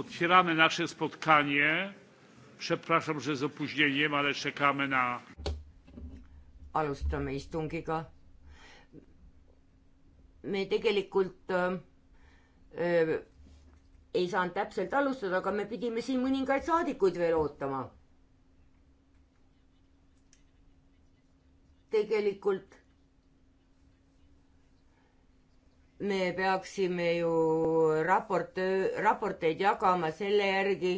Otwieramy nasze spotkanie. Przepraszam, że z opóźnieniem, ale czekamy na. alustame istungiga. me tegelikult öö, äh, äh, ei saanud täpselt alustada, aga me pidime siin mõningaid saadikuid veel ootama. tegelikult me peaksime ju raport, raporteid jagama selle järgi,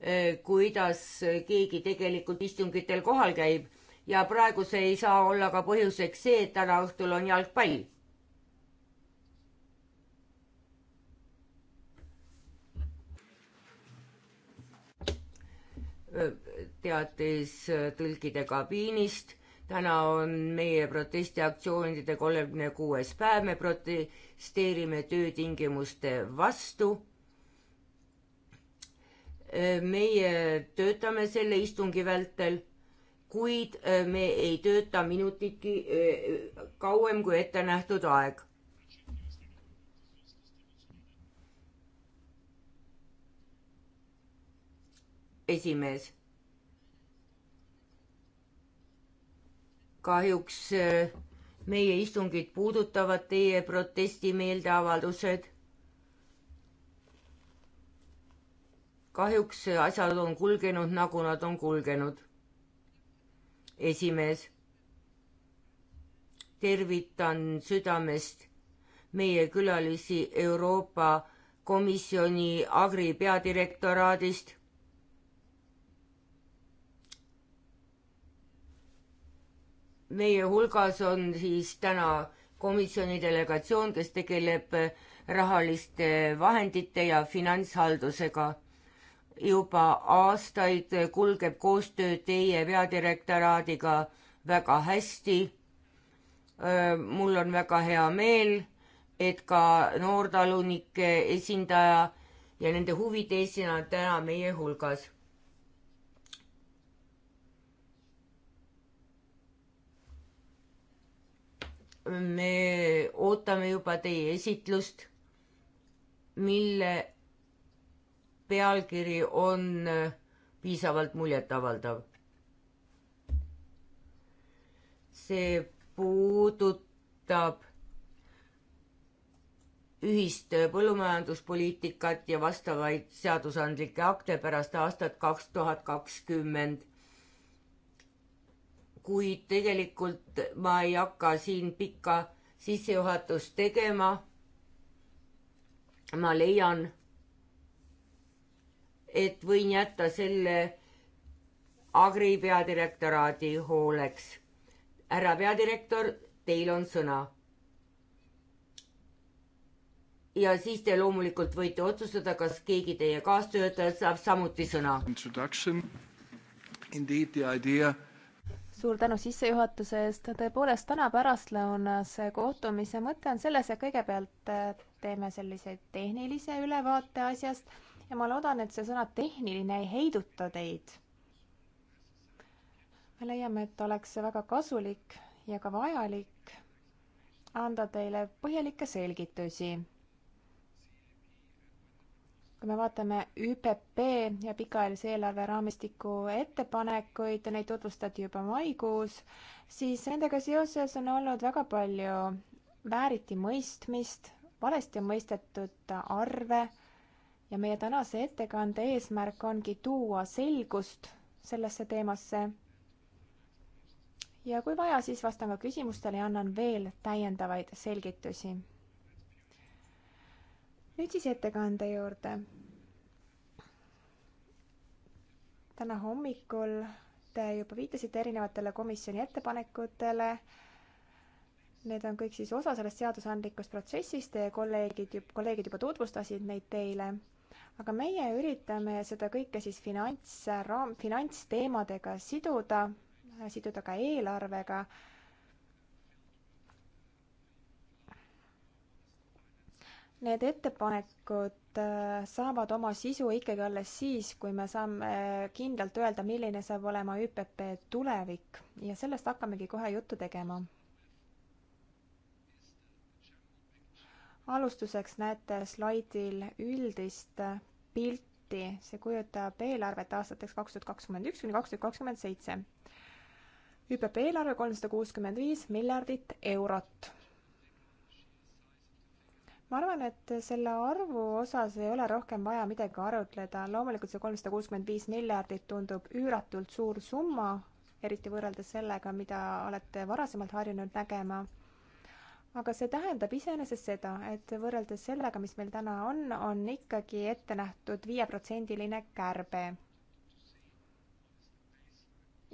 eh, kuidas keegi tegelikult istungitel kohal käib ja praegu see ei saa olla ka põhjuseks see, et täna õhtul on jalgpall. teatis tõlkide kabiinist täna on meie protestiaktsioonide kolmekümne kuues päev, me protesteerime töötingimuste vastu. meie töötame selle istungi vältel, kuid me ei tööta minutitki eh, kauem kui ette nähtud aeg. esimees kahjuks äh, meie istungit puudutavad teie protestimeeldeavaldused. kahjuks asjad on kulgenud, nagu nad on kulgenud. esimees, tervitan südamest meie külalisi Euroopa Komisjoni Agri peadirektoraadist meie hulgas on siis täna komisjoni delegatsioon, kes tegeleb rahaliste vahendite ja finantshaldusega. juba aastaid kulgeb koostöö teie peadirektoraadiga väga hästi. mul on väga hea meel, et ka noortalunike esindaja ja nende huvide esindaja on täna meie hulgas me ootame juba teie esitlust, mille pealkiri on piisavalt muljetavaldav. see puudutab ühist põllumajanduspoliitikat ja vastavaid seadusandlikke akte pärast aastat kaks tuhat kakskümmend kuid tegelikult ma ei hakka siin pikka sissejuhatust tegema. ma leian, et võin jätta selle Agri peadirektoraadi hooleks. härra peadirektor, teil on sõna. ja siis te loomulikult võite otsustada, kas keegi teie kaastöötajad saab samuti sõna. Introduction, indeed the idea suur tänu sissejuhatuse eest. tõepoolest, täna pärastlõunase kohtumise mõte on selles, et kõigepealt äh, teeme sellise tehnilise ülevaate asjast ja ma loodan, et see sõna tehniline ei heiduta teid. me leiame, et oleks väga kasulik ja ka vajalik anda teile põhjalikke selgitusi kui me vaatame ÜPP ja pikaajalise eelarve raamistiku ettepanekuid, neid tutvustati juba maikuus, siis nendega seoses on olnud väga palju vääritimõistmist, valesti mõistetud arve ja meie tänase ettekande eesmärk ongi tuua selgust sellesse teemasse. ja kui vaja, siis vastan ka küsimustele ja annan veel täiendavaid selgitusi. nüüd siis ettekande juurde. täna hommikul te juba viitasite erinevatele komisjoni ettepanekutele. Need on kõik siis osa sellest seadusandlikust protsessist, teie kolleegid, kolleegid juba tutvustasid neid teile. aga meie üritame seda kõike siis finantsraam, finantsteemadega siduda, siduda ka eelarvega Need ettepanekud äh, saavad oma sisu ikkagi alles siis, kui me saame kindlalt öelda, milline saab olema ÜPP tulevik ja sellest hakkamegi kohe juttu tegema. alustuseks näete slaidil üldist pilti, see kujutab eelarvet aastateks kaks tuhat kakskümmend üks kuni kaks tuhat kakskümmend seitse. ÜPP eelarve kolmsada kuuskümmend viis miljardit eurot ma arvan, et selle arvu osas ei ole rohkem vaja midagi arutleda, loomulikult see kolmsada kuuskümmend viis miljardit tundub üüratult suur summa, eriti võrreldes sellega, mida olete varasemalt harjunud nägema. aga see tähendab iseenesest seda, et võrreldes sellega, mis meil täna on, on ikkagi ette nähtud viieprotsendiline kärbe.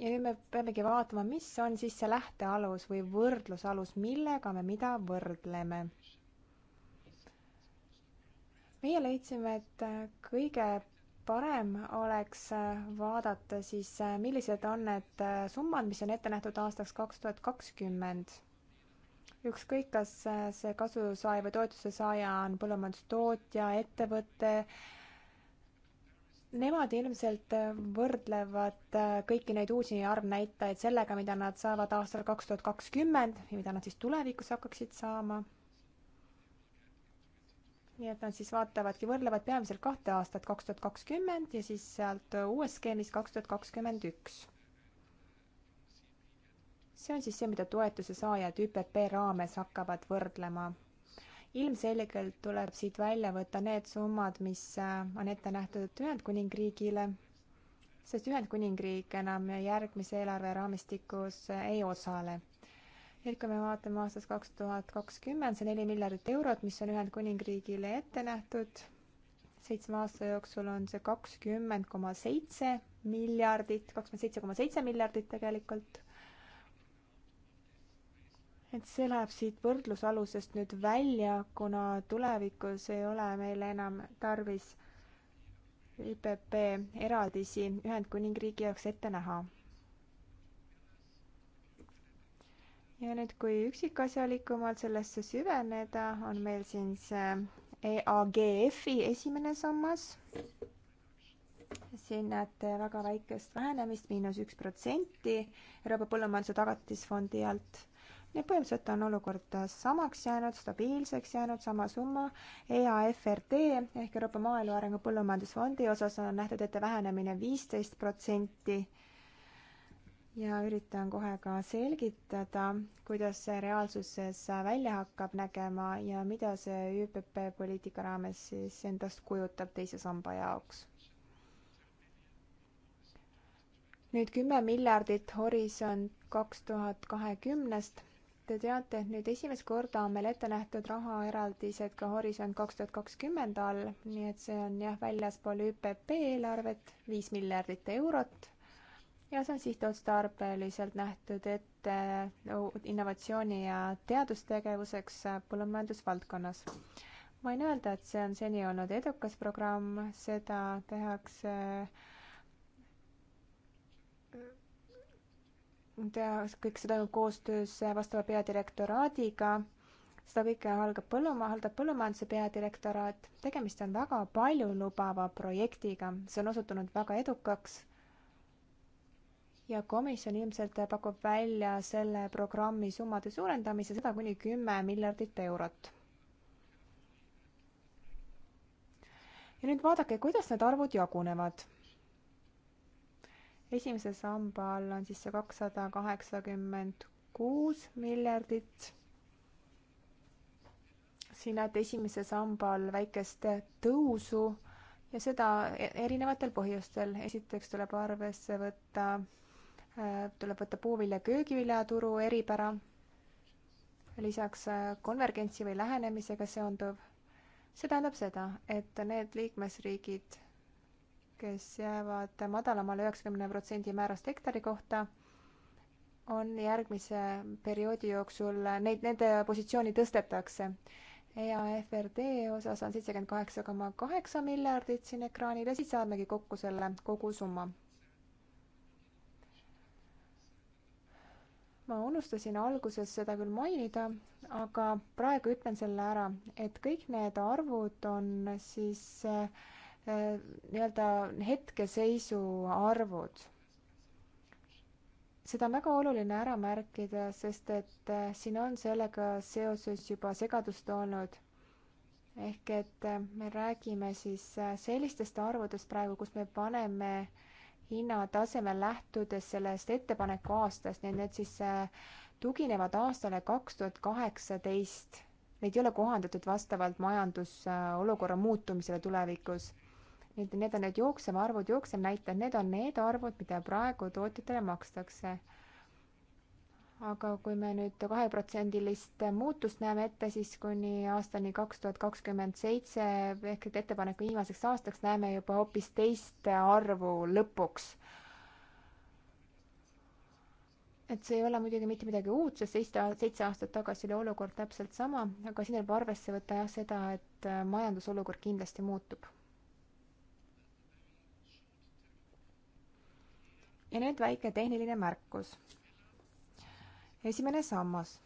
ja nüüd me peamegi vaatama, mis on siis see lähtealus või võrdlusalus, millega me mida võrdleme meie leidsime, et äh, kõige parem oleks äh, vaadata siis, äh, millised on need summad, mis on ette nähtud aastaks kaks tuhat kakskümmend. ükskõik, kas see kasusaaja või toetuse saaja on põllumajandustootja, ettevõte, nemad ilmselt võrdlevad kõiki neid uusi arvnäitajaid sellega, mida nad saavad aastal kaks tuhat kakskümmend ja mida nad siis tulevikus hakkaksid saama nii et nad siis vaatavadki, võrdlevad peamiselt kahte aastat, kaks tuhat kakskümmend ja siis sealt uues skeemis kaks tuhat kakskümmend üks. see on siis see, mida toetuse saajad ÜPP raames hakkavad võrdlema. ilmselgelt tuleb siit välja võtta need summad, mis äh, on ette nähtud Ühendkuningriigile, sest Ühendkuningriik enam järgmise eelarveraamistikus äh, ei osale et kui me vaatame aastast kaks tuhat kakskümmend, see neli miljardit eurot, mis on Ühendkuningriigile ette nähtud, seitsme aasta jooksul on see kakskümmend koma seitse miljardit, kakskümmend seitse koma seitse miljardit tegelikult. et see läheb siit võrdlusalusest nüüd välja, kuna tulevikus ei ole meil enam tarvis ÜPP eraldisi Ühendkuningriigi jaoks ette näha ja nüüd, kui üksikasjalikumalt sellesse süveneda, on meil siin see EAGF-i esimene sammas. siin näete väga väikest vähenemist, miinus üks protsenti Euroopa Põllumajanduse Tagatisfondi alt. nii põhimõtteliselt on olukord samaks jäänud, stabiilseks jäänud, sama summa. EAFRD ehk Euroopa Maaelu Arengu Põllumajandusfondi osas on nähtud ette vähenemine viisteist protsenti ja üritan kohe ka selgitada, kuidas see reaalsuses välja hakkab nägema ja mida see ÜPP poliitika raames siis endast kujutab teise samba jaoks nüüd kümme miljardit horisont kaks tuhat kahekümnest. Te teate, et nüüd esimest korda on meil ette nähtud rahaeraldised ka Horisont kaks tuhat kakskümmend all, nii et see on jah, väljaspool ÜPP eelarvet viis miljardit eurot ja see on sihtotstarbeliselt nähtud ette innovatsiooni ja teadustegevuseks põllumajandusvaldkonnas. võin öelda, et see on seni olnud edukas programm, seda tehakse tehakse kõik seda koostöös vastava peadirektoraadiga seda kõike algab põllumaa, haldab põllumajanduse peadirektoraat. tegemist on väga paljulubava projektiga, see on osutunud väga edukaks ja komisjon ilmselt pakub välja selle programmi summade suurendamise, seda kuni kümme miljardit eurot. ja nüüd vaadake, kuidas need arvud jagunevad. esimese samba all on siis see kakssada kaheksakümmend kuus miljardit. siin näete esimese samba all väikest tõusu ja seda erinevatel põhjustel. esiteks tuleb arvesse võtta Äh, tuleb võtta puuvilja, köögiviljaturu eripära, lisaks äh, konvergentsi või lähenemisega seonduv. see tähendab seda, et need liikmesriigid, kes jäävad madalamale üheksakümne protsendi määrast hektari kohta, on järgmise perioodi jooksul, neid, nende positsiooni tõstetakse. EAFRD osas on seitsekümmend kaheksa koma kaheksa miljardit siin ekraanil ja siis saamegi kokku selle kogusumma ma unustasin alguses seda küll mainida, aga praegu ütlen selle ära, et kõik need arvud on siis eh, nii-öelda hetkeseisu arvud seda on väga oluline ära märkida, sest et eh, siin on sellega seoses juba segadust olnud. ehk et eh, me räägime siis sellistest arvudest praegu, kus me paneme äh, hinnatasemel, lähtudes sellest ettepaneku aastast, nii et need siis äh, tuginevad aastale kaks tuhat kaheksateist. Neid ei ole kohandatud vastavalt majandusolukorra muutumisele tulevikus. nii et need on need jooksevarvud, jooksev näitaja, need on need arvud, mida praegu tootjatele makstakse aga kui me nüüd kaheprotsendilist muutust näeme ette, siis kuni aastani kaks tuhat kakskümmend seitse ehk et ettepaneku viimaseks aastaks näeme juba hoopis teist arvu lõpuks. et see ei ole muidugi mitte midagi uut, sest seitse, seitse aastat tagasi oli olukord täpselt sama, aga siin tuleb arvesse võtta jah seda, et majandusolukord kindlasti muutub ja nüüd väike tehniline märkus esimene sammas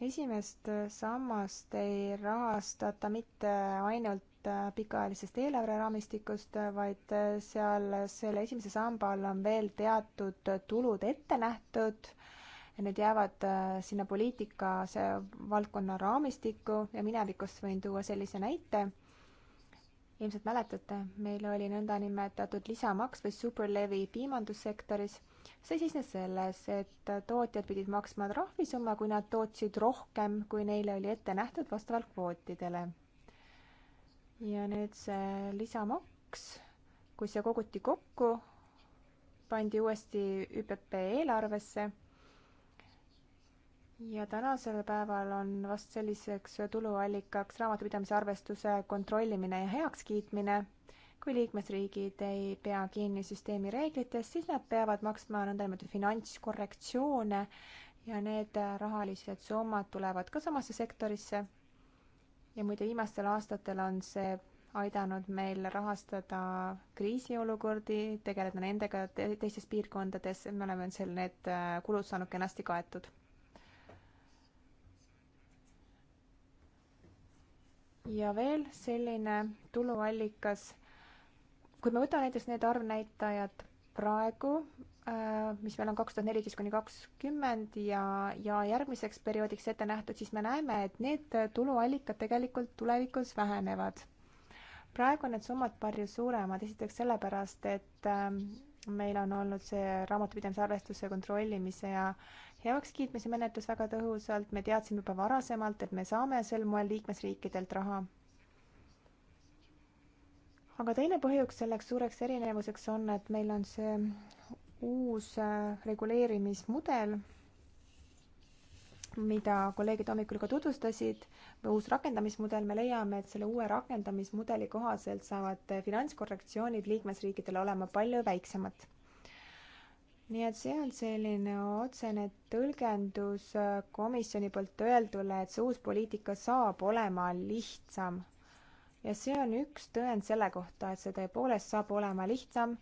esimest sammast ei rahastata mitte ainult äh, pikaajalisest eelarveraamistikust, vaid äh, seal selle esimese samba all on veel teatud tulud ette nähtud. Need jäävad äh, sinna poliitika valdkonna raamistikku ja minevikust võin tuua sellise näite ilmselt mäletate, meil oli nõndanimetatud lisamaks või superlevi piimandussektoris. see seisnes selles, et tootjad pidid maksma trahvisumma, kui nad tootsid rohkem, kui neile oli ette nähtud vastavalt kvootidele. ja nüüd see lisamaks, kui see koguti kokku, pandi uuesti ÜPP eelarvesse ja tänasel päeval on vast selliseks tuluallikaks raamatupidamise arvestuse kontrollimine ja heakskiitmine. kui liikmesriigid ei pea kinni süsteemi reeglitest, siis nad peavad maksma nõndanimetatud finantskorrektsioone ja need rahalised summad tulevad ka samasse sektorisse. ja muide, viimastel aastatel on see aidanud meil rahastada kriisiolukordi, tegeleda nendega teistes piirkondades, me oleme seal need kulud saanud kenasti kaetud ja veel selline tuluallikas, kui me võtame näiteks need arvnäitajad praegu, äh, mis meil on kaks tuhat neliteist kuni kakskümmend ja, ja järgmiseks perioodiks ette nähtud, siis me näeme, et need tuluallikad tegelikult tulevikus vähenevad. praegu on need summad palju suuremad, esiteks sellepärast, et ähm, meil on olnud see raamatupidamise arvestuse kontrollimise ja heakskiitmise menetlus väga tõhusalt, me teadsime juba varasemalt, et me saame sel moel liikmesriikidelt raha. aga teine põhjus selleks suureks erinevuseks on, et meil on see uus äh, reguleerimismudel, mida kolleegid hommikul ka tutvustasid, uus rakendamismudel, me leiame, et selle uue rakendamismudeli kohaselt saavad äh, finantskorrektsioonid liikmesriikidele olema palju väiksemad nii et see on selline otsene tõlgendus äh, komisjoni poolt öeldule, et see uus poliitika saab olema lihtsam. ja see on üks tõend selle kohta, et see tõepoolest saab olema lihtsam.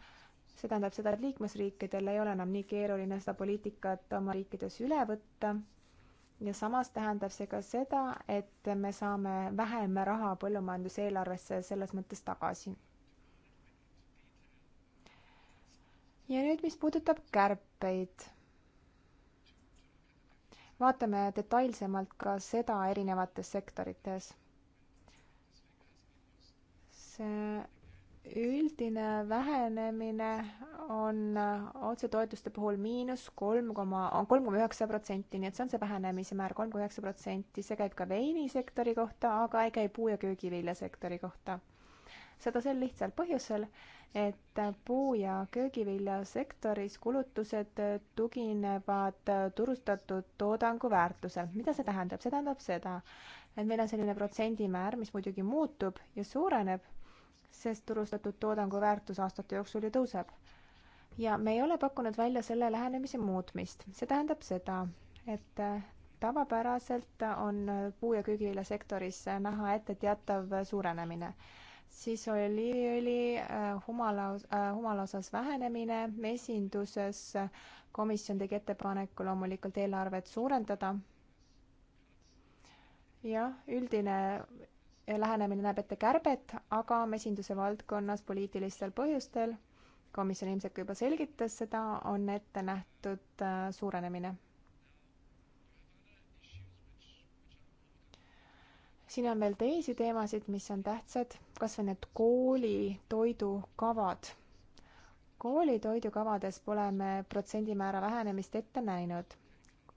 see tähendab seda, et liikmesriikidel ei ole enam nii keeruline seda poliitikat oma riikides üle võtta. ja samas tähendab see ka seda, et me saame vähem raha põllumajanduseelarvesse selles mõttes tagasi ja nüüd, mis puudutab kärpeid. vaatame detailsemalt ka seda erinevates sektorites. see üldine vähenemine on otsetoetuste puhul miinus kolm koma, on kolm koma üheksa protsenti, nii et see on see vähenemise määr, kolm koma üheksa protsenti, see käib ka veinisektori kohta, aga ei käi puu- ja köögiviljasektori kohta. seda sel lihtsal põhjusel, et puu- ja köögiviljasektoris kulutused tuginevad turustatud toodangu väärtusel. mida see tähendab? see tähendab seda, et meil on selline protsendimäär, mis muidugi muutub ja suureneb, sest turustatud toodangu väärtus aastate jooksul ju tõuseb. ja me ei ole pakkunud välja selle lähenemise muutmist. see tähendab seda, et tavapäraselt on puu- ja köögiviljasektoris näha ette teatav suurenemine siis oli õliõli äh, humalaos, äh, humalaosas vähenemine, mesinduses äh, komisjon tegi ettepaneku loomulikult eelarvet suurendada. jah, üldine lähenemine näeb ette kärbet, aga mesinduse valdkonnas poliitilistel põhjustel, komisjon ilmselt ka juba selgitas seda, on ette nähtud suurenemine siin on veel teisi teemasid, mis on tähtsad, kas või need koolitoidukavad. koolitoidukavades pole me protsendimäära vähenemist ette näinud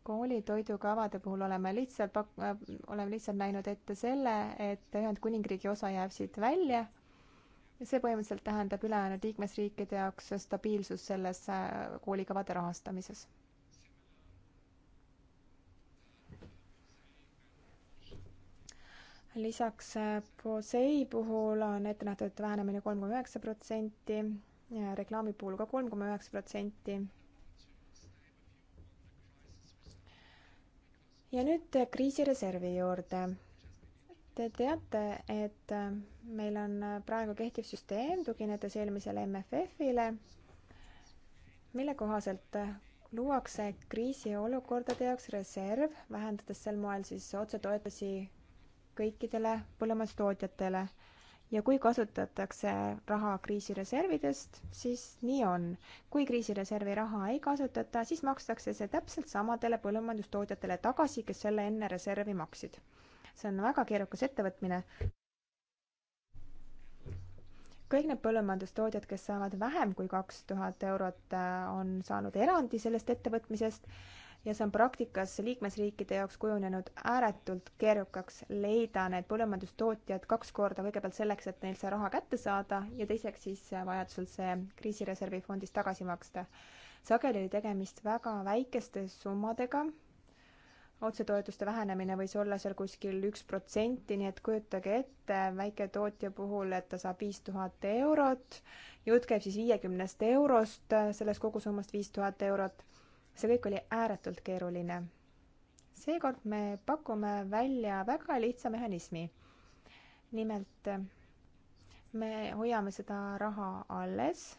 koolitoidukavade puhul oleme lihtsalt pak-, äh, oleme lihtsalt näinud ette selle, et Ühendkuningriigi osa jääb siit välja. see põhimõtteliselt tähendab ülejäänud liikmesriikide jaoks stabiilsus selles äh, koolikavade rahastamises. lisaks äh, Posei puhul on ette nähtud vähenemine kolm koma üheksa protsenti ja reklaami puhul ka kolm koma üheksa protsenti. ja nüüd äh, kriisireservi juurde. Te teate, et äh, meil on praegu kehtiv süsteem, tuginedes eelmisele MFF-ile, mille kohaselt luuakse kriisiolukordade jaoks reserv, vähendades sel moel siis otsetoetusi kõikidele põllumajandustootjatele. ja kui kasutatakse raha kriisireservidest, siis nii on. kui kriisireservi raha ei kasutata, siis makstakse see täpselt samadele põllumajandustootjatele tagasi, kes selle enne reservi maksid. see on väga keerukas ettevõtmine kõik need põllumajandustootjad, kes saavad vähem kui kaks tuhat eurot, äh, on saanud erandi sellest ettevõtmisest ja see on praktikas liikmesriikide jaoks kujunenud ääretult keerukaks leida need põllumajandustootjad kaks korda, kõigepealt selleks, et neil see raha kätte saada ja teiseks siis vajadusel see kriisireservi fondist tagasi maksta. sageli oli tegemist väga väikeste summadega, otsetoetuste vähenemine võis olla seal kuskil üks protsenti, nii et kujutage ette väiketootja puhul, et ta saab viis tuhat eurot, jutt käib siis viiekümnest eurost, sellest kogusummast viis tuhat eurot see kõik oli ääretult keeruline. seekord me pakume välja väga lihtsa mehhanismi. nimelt me hoiame seda raha alles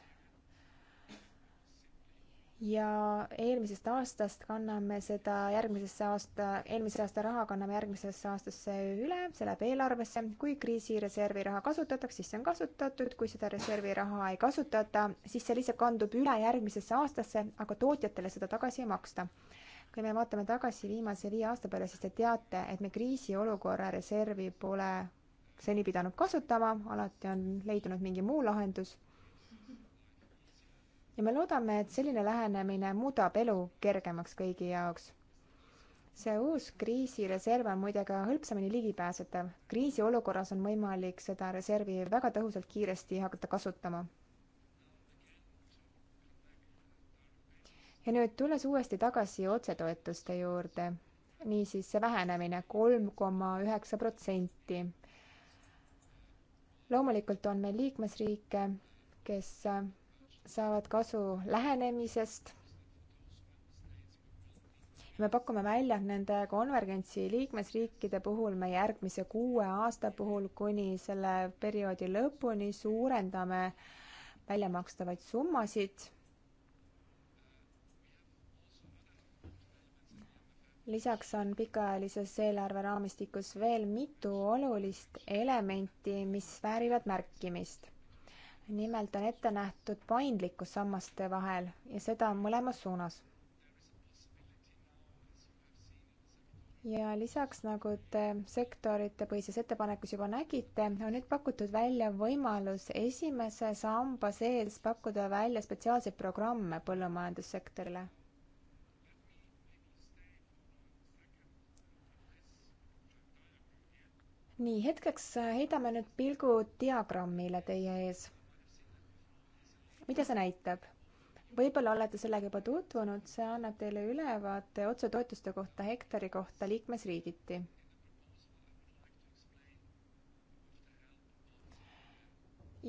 ja eelmisest aastast kanname seda järgmisesse aasta, eelmise aasta raha kanname järgmisesse aastasse üle, see läheb eelarvesse. kui kriisireservi raha kasutatakse, siis see on kasutatud, kui seda reservi raha ei kasutata, siis see lihtsalt kandub üle järgmisesse aastasse, aga tootjatele seda tagasi ei maksta. kui me vaatame tagasi viimase viie aasta peale, siis te teate, et me kriisiolukorra reservi pole seni pidanud kasutama, alati on leidunud mingi muu lahendus ja me loodame, et selline lähenemine muudab elu kergemaks kõigi jaoks. see uus kriisireserv on muide ka hõlpsamini ligipääsetav. kriisiolukorras on võimalik seda reservi väga tõhusalt kiiresti hakata kasutama. ja nüüd tulles uuesti tagasi otsetoetuste juurde, niisiis see vähenemine kolm koma üheksa protsenti. loomulikult on meil liikmesriike, kes saavad kasu lähenemisest. me pakume välja, et nende konvergentsi liikmesriikide puhul me järgmise kuue aasta puhul kuni selle perioodi lõpuni suurendame väljamakstavaid summasid lisaks on pikaajalises eelarveraamistikus veel mitu olulist elementi, mis väärivad märkimist nimelt on ette nähtud paindlikkus sammaste vahel ja seda mõlemas suunas. ja lisaks, nagu te sektoritepõhises ettepanekus juba nägite, on nüüd pakutud välja võimalus esimese samba sees pakkuda välja spetsiaalseid programme põllumajandussektorile nii, hetkeks heidame nüüd pilgu diagrammile teie ees mida see näitab? võib-olla olete sellega juba tutvunud, see annab teile ülevaate otsetoetuste kohta hektari kohta liikmesriigiti.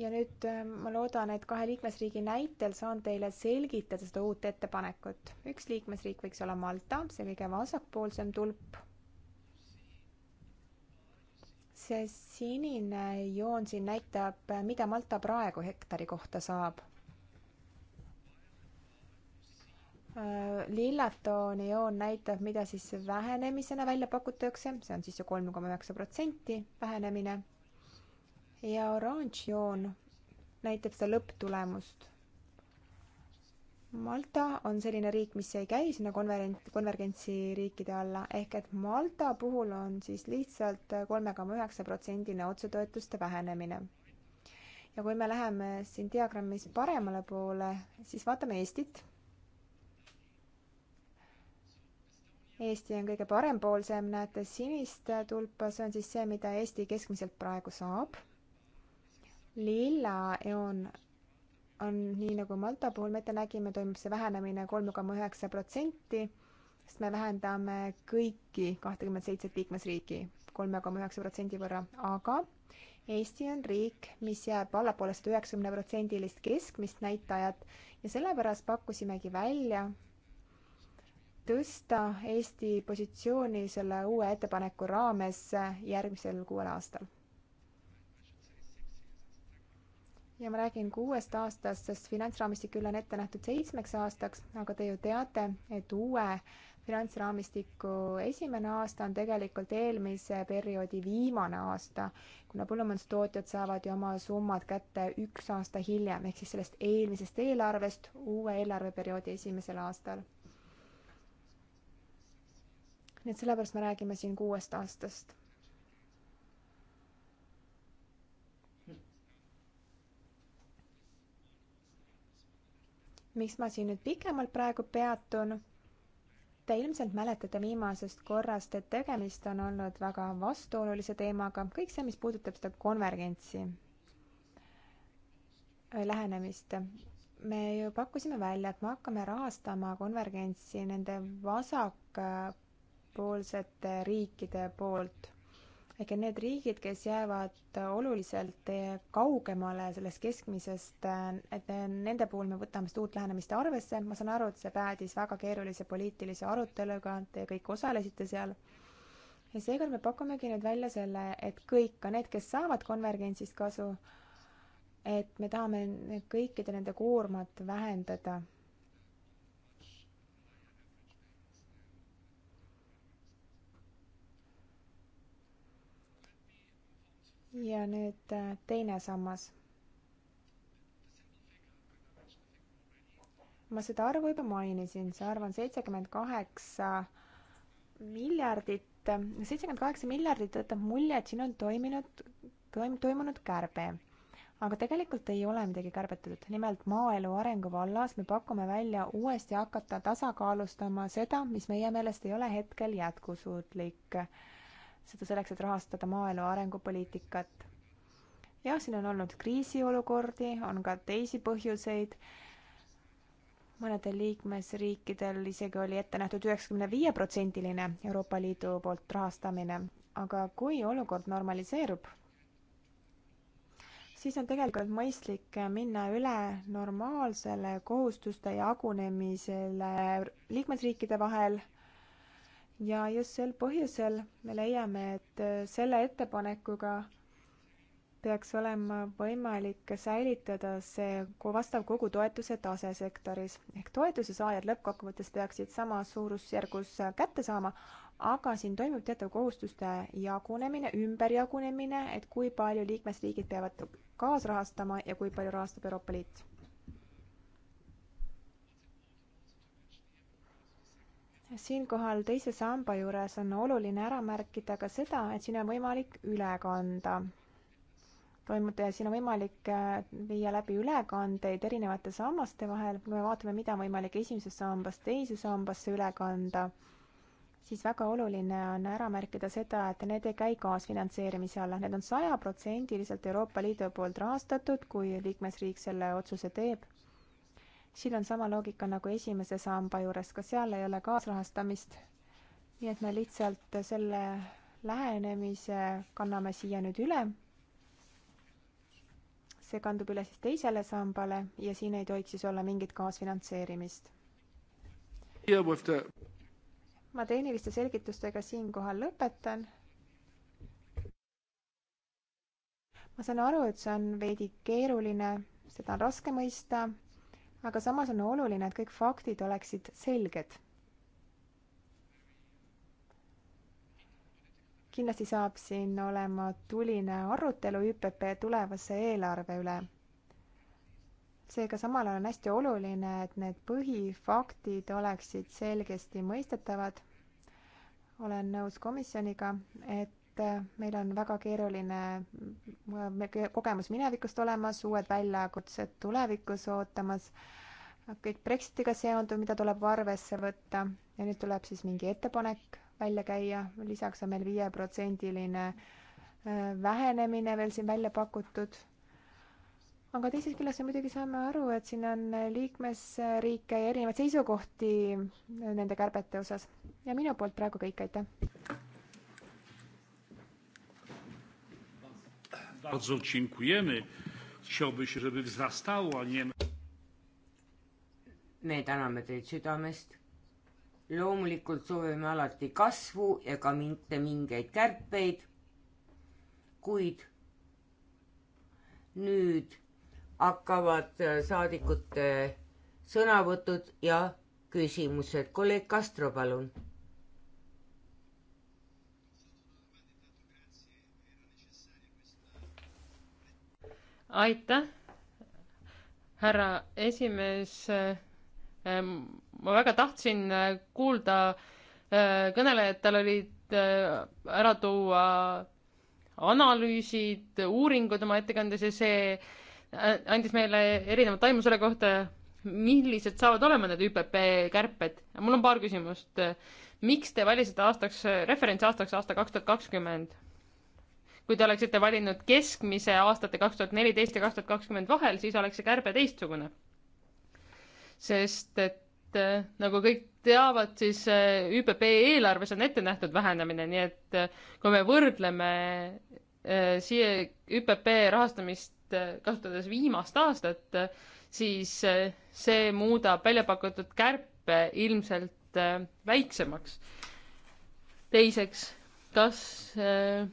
ja nüüd äh, ma loodan, et kahe liikmesriigi näitel saan teile selgitada seda uut ettepanekut. üks liikmesriik võiks olla Malta, see kõige vasakpoolsem tulp. see sinine joon siin näitab, äh, mida Malta praegu hektari kohta saab Äh, lillatooni joon näitab, mida siis vähenemisena välja pakutakse, see on siis ju kolm koma üheksa protsenti vähenemine. ja oranž joon näitab seda lõpptulemust. Malta on selline riik, mis ei käi sinna konverent-, konvergentsi riikide alla, ehk et Malta puhul on siis lihtsalt kolme koma üheksa protsendine otsetoetuste vähenemine. ja kui me läheme siin diagrammis paremale poole, siis vaatame Eestit Eesti on kõige parempoolsem, näete sinist tulpa, see on siis see, mida Eesti keskmiselt praegu saab. lilla joon on nii, nagu Malta puhul me ette nägime, toimub see vähenemine kolm koma üheksa protsenti, sest me vähendame kõiki kahtekümmet seitset liikmesriiki kolme koma üheksa protsendi võrra, aga Eesti on riik, mis jääb allapoole seda üheksakümne protsendilist keskmist näitajat ja sellepärast pakkusimegi välja tõsta Eesti positsiooni selle uue ettepaneku raames järgmisel kuuel aastal. ja ma räägin kuuest aastast, sest finantsraamistik küll on ette nähtud seitsmeks aastaks, aga te ju teate, et uue finantsraamistiku esimene aasta on tegelikult eelmise perioodi viimane aasta, kuna põllumajandustootjad saavad ju oma summad kätte üks aasta hiljem, ehk siis sellest eelmisest eelarvest uue eelarveperioodi esimesel aastal nii et sellepärast me räägime siin kuuest aastast. miks ma siin nüüd pikemalt praegu peatun? Te ilmselt mäletate viimasest korrast, et tegemist on olnud väga vastuolulise teemaga, kõik see, mis puudutab seda konvergentsi lähenemist. me ju pakkusime välja, et me hakkame rahastama konvergentsi nende vasak poolsete riikide poolt. ehk et need riigid, kes jäävad oluliselt kaugemale sellest keskmisest, et nende puhul me võtame seda uut lähenemist arvesse, ma saan aru, et see päädis väga keerulise poliitilise aruteluga, te kõik osalesite seal, ja seekord me pakumegi nüüd välja selle, et kõik, ka need, kes saavad konvergentsist kasu, et me tahame kõikide nende koormat vähendada ja nüüd äh, teine sammas. ma seda arvu juba mainisin, see arv on seitsekümmend kaheksa miljardit. seitsekümmend kaheksa miljardit jätab mulje, et siin on toiminud, toim-, toimunud kärbe. aga tegelikult ei ole midagi kärbetud, nimelt maaelu arengu vallas me pakume välja uuesti hakata tasakaalustama seda, mis meie meelest ei ole hetkel jätkusuutlik seda selleks, et rahastada maaelu arengupoliitikat. jah, siin on olnud kriisiolukordi, on ka teisi põhjuseid, mõnedel liikmesriikidel isegi oli ette nähtud üheksakümne viie protsendiline Euroopa Liidu poolt rahastamine, aga kui olukord normaliseerub, siis on tegelikult mõistlik minna üle normaalsele kohustuste jagunemisele liikmesriikide vahel ja just sel põhjusel me leiame, et äh, selle ettepanekuga peaks olema võimalik säilitada see vastav kogu toetuse tase sektoris. ehk toetuse saajad lõppkokkuvõttes peaksid samas suurusjärgus äh, kätte saama, aga siin toimub teatav kohustuste jagunemine, ümberjagunemine, et kui palju liikmesriigid peavad kaasrahastama ja kui palju rahastab Euroopa Liit siinkohal teise samba juures on oluline ära märkida ka seda, et siin on võimalik üle kanda toimub ja siin on võimalik äh, viia läbi ülekandeid erinevate sammaste vahel. kui me vaatame, mida on võimalik esimesest sambast teise sambasse üle kanda, siis väga oluline on ära märkida seda, et need ei käi kaasfinantseerimise alla, need on sajaprotsendiliselt Euroopa Liidu poolt rahastatud, kui liikmesriik selle otsuse teeb siin on sama loogika nagu esimese samba juures, ka seal ei ole kaasrahastamist. nii et me lihtsalt selle lähenemise kanname siia nüüd üle. see kandub üle siis teisele sambale ja siin ei tohiks siis olla mingit kaasfinantseerimist. ma tehniliste selgitustega siinkohal lõpetan ma saan aru, et see on veidi keeruline, seda on raske mõista aga samas on oluline, et kõik faktid oleksid selged. kindlasti saab siin olema tuline arutelu ÜPP tulevase eelarve üle. seega samal ajal on hästi oluline, et need põhifaktid oleksid selgesti mõistetavad. olen nõus komisjoniga, et et äh, meil on väga keeruline mm, kogemus minevikust olemas, uued väljakutsed tulevikus ootamas, kõik Brexitiga seonduv, mida tuleb arvesse võtta ja nüüd tuleb siis mingi ettepanek välja käia, lisaks on meil viieprotsendiline äh, vähenemine veel siin välja pakutud. aga teisest küljest me muidugi saame aru, et siin on liikmesriike ja erinevaid seisukohti äh, nende kärbete osas ja minu poolt praegu kõik, aitäh! bardzo dziękujemy. Chciałby się, żeby wzrastało, a nie... me täname teid südamest. loomulikult soovime alati kasvu ega mitte mingeid kärpeid. kuid nüüd hakkavad äh, saadikute sõnavõtud ja küsimused. kolleeg Castro, palun aitäh, härra esimees. Äh, ma väga tahtsin äh, kuulda äh, kõnelejatel olid ära tuua analüüsid, uuringud oma ettekandes ja see andis meile erinevat aimu selle kohta, millised saavad olema need ÜPP kärped. mul on paar küsimust. miks te valisite aastaks, referentsaastaks aasta kaks tuhat kakskümmend? kui te oleksite valinud keskmise aastate kaks tuhat neliteist ja kaks tuhat kakskümmend vahel, siis oleks see kärbe teistsugune. sest et äh, nagu kõik teavad, siis äh, ÜPP eelarves on ette nähtud vähenemine, nii et äh, kui me võrdleme siia ÜPP rahastamist kasutades viimast aastat, siis see muudab välja pakutud kärpe ilmselt väiksemaks. teiseks, kas äh,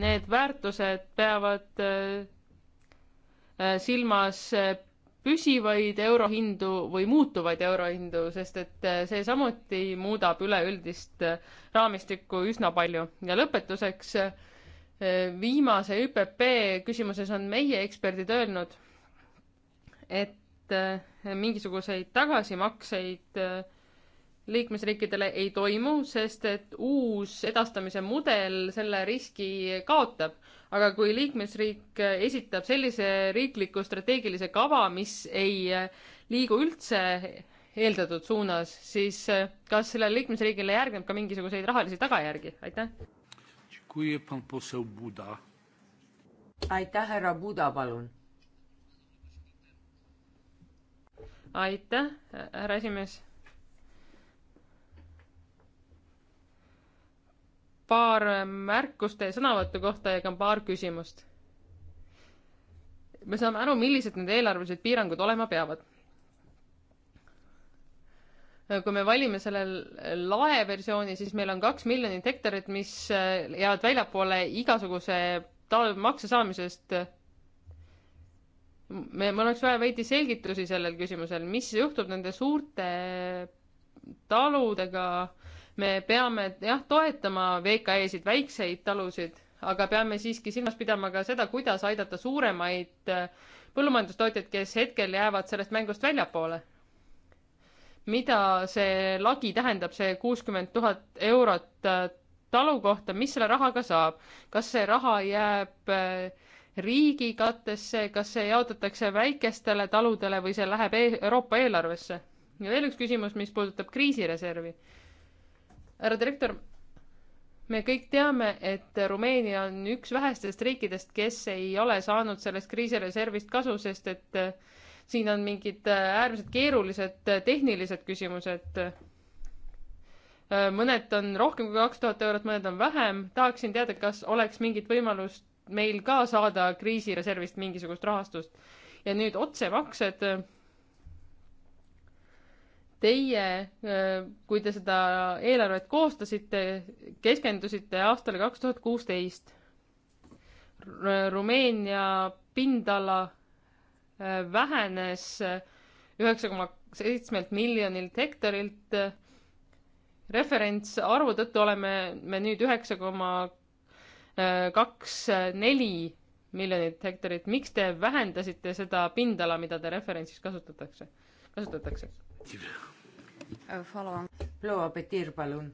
need väärtused peavad äh, äh, silmas äh, püsivaid eurohindu või muutuvaid eurohindu, sest et see samuti muudab üleüldist raamistikku üsna palju. ja lõpetuseks, viimase ÜPP küsimuses on meie eksperdid öelnud, et mingisuguseid tagasimakseid äh, liikmesriikidele ei toimu, sest et uus edastamise mudel selle riski kaotab. aga kui liikmesriik esitab sellise riikliku strateegilise kava, mis ei liigu üldse eeldatud suunas, siis kas sellele liikmesriigile järgneb ka mingisuguseid rahalisi tagajärgi? aitäh. aitäh, härra Buda, palun. aitäh, härra esimees paar äh, märkust teie sõnavõtu kohta ja ka paar küsimust. me saame aru, millised need eelarvelised piirangud olema peavad. Äh, kui me valime selle lae versiooni, siis meil on kaks miljonit hektarit, mis äh, jäävad väljapoole igasuguse makse saamisest. me, mul oleks vaja veidi selgitusi sellel küsimusel, mis juhtub nende suurte taludega me peame jah, toetama VKE-sid, väikseid talusid, aga peame siiski silmas pidama ka seda, kuidas aidata suuremaid äh, põllumajandustootjaid, kes hetkel jäävad sellest mängust väljapoole. mida see lagi tähendab, see kuuskümmend tuhat eurot äh, talu kohta, mis selle rahaga saab, kas see raha jääb äh, riigi katesse, kas see jaotatakse väikestele taludele või see läheb e Euroopa eelarvesse? ja veel üks küsimus, mis puudutab kriisireservi härra direktor, me kõik teame, et Rumeenia on üks vähestest riikidest, kes ei ole saanud sellest kriisireservist kasu, sest et eh, siin on mingid eh, äärmiselt keerulised eh, tehnilised küsimused. mõned on rohkem kui kaks tuhat eurot, mõned on vähem. tahaksin teada, kas oleks mingit võimalust meil ka saada kriisireservist mingisugust rahastust. ja nüüd otsemaksed teie, äh, kui te seda eelarvet koostasite, keskendusite aastale kaks tuhat kuusteist. Rumeenia pindala äh, vähenes äh, üheksa koma seitsmelt miljonilt hektarilt. referentsarvu tõttu oleme me nüüd üheksa koma kaks neli miljonit hektarit. miks te vähendasite seda pindala, mida te referentsis kasutatakse, kasutatakse? proua Petir, palun.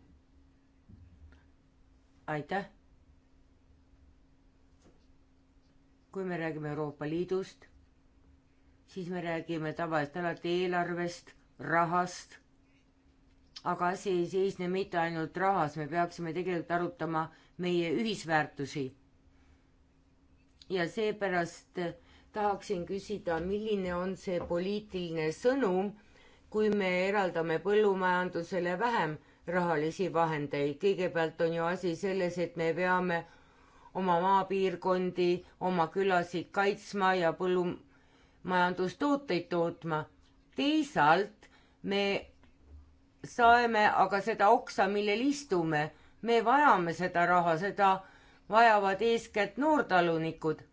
aitäh. kui me räägime Euroopa Liidust, siis me räägime tavaliselt alati eelarvest, rahast. aga asi ei seisne mitte ainult rahas, me peaksime tegelikult arutama meie ühisväärtusi. ja seepärast tahaksin küsida, milline on see poliitiline sõnum kui me eraldame põllumajandusele vähem rahalisi vahendeid, kõigepealt on ju asi selles, et me peame oma maapiirkondi, oma külasid kaitsma ja põllumajandustooteid tootma. teisalt me saeme aga seda oksa, millel istume, me vajame seda raha, seda vajavad eeskätt noortalunikud.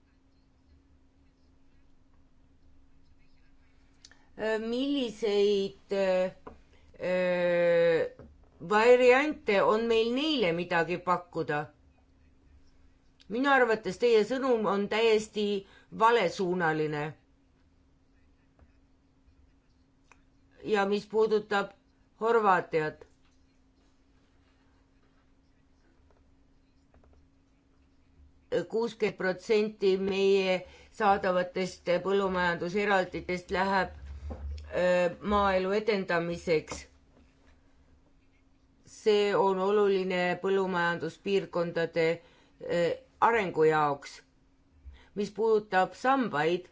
Äh, milliseid äh, äh, variante on meil neile midagi pakkuda? minu arvates teie sõnum on täiesti valesuunaline. ja mis puudutab Horvaatiat kuuskümmend protsenti meie saadavatest põllumajanduseralditest läheb Äh, maaelu edendamiseks. see on oluline põllumajanduspiirkondade äh, arengu jaoks. mis puudutab sambaid,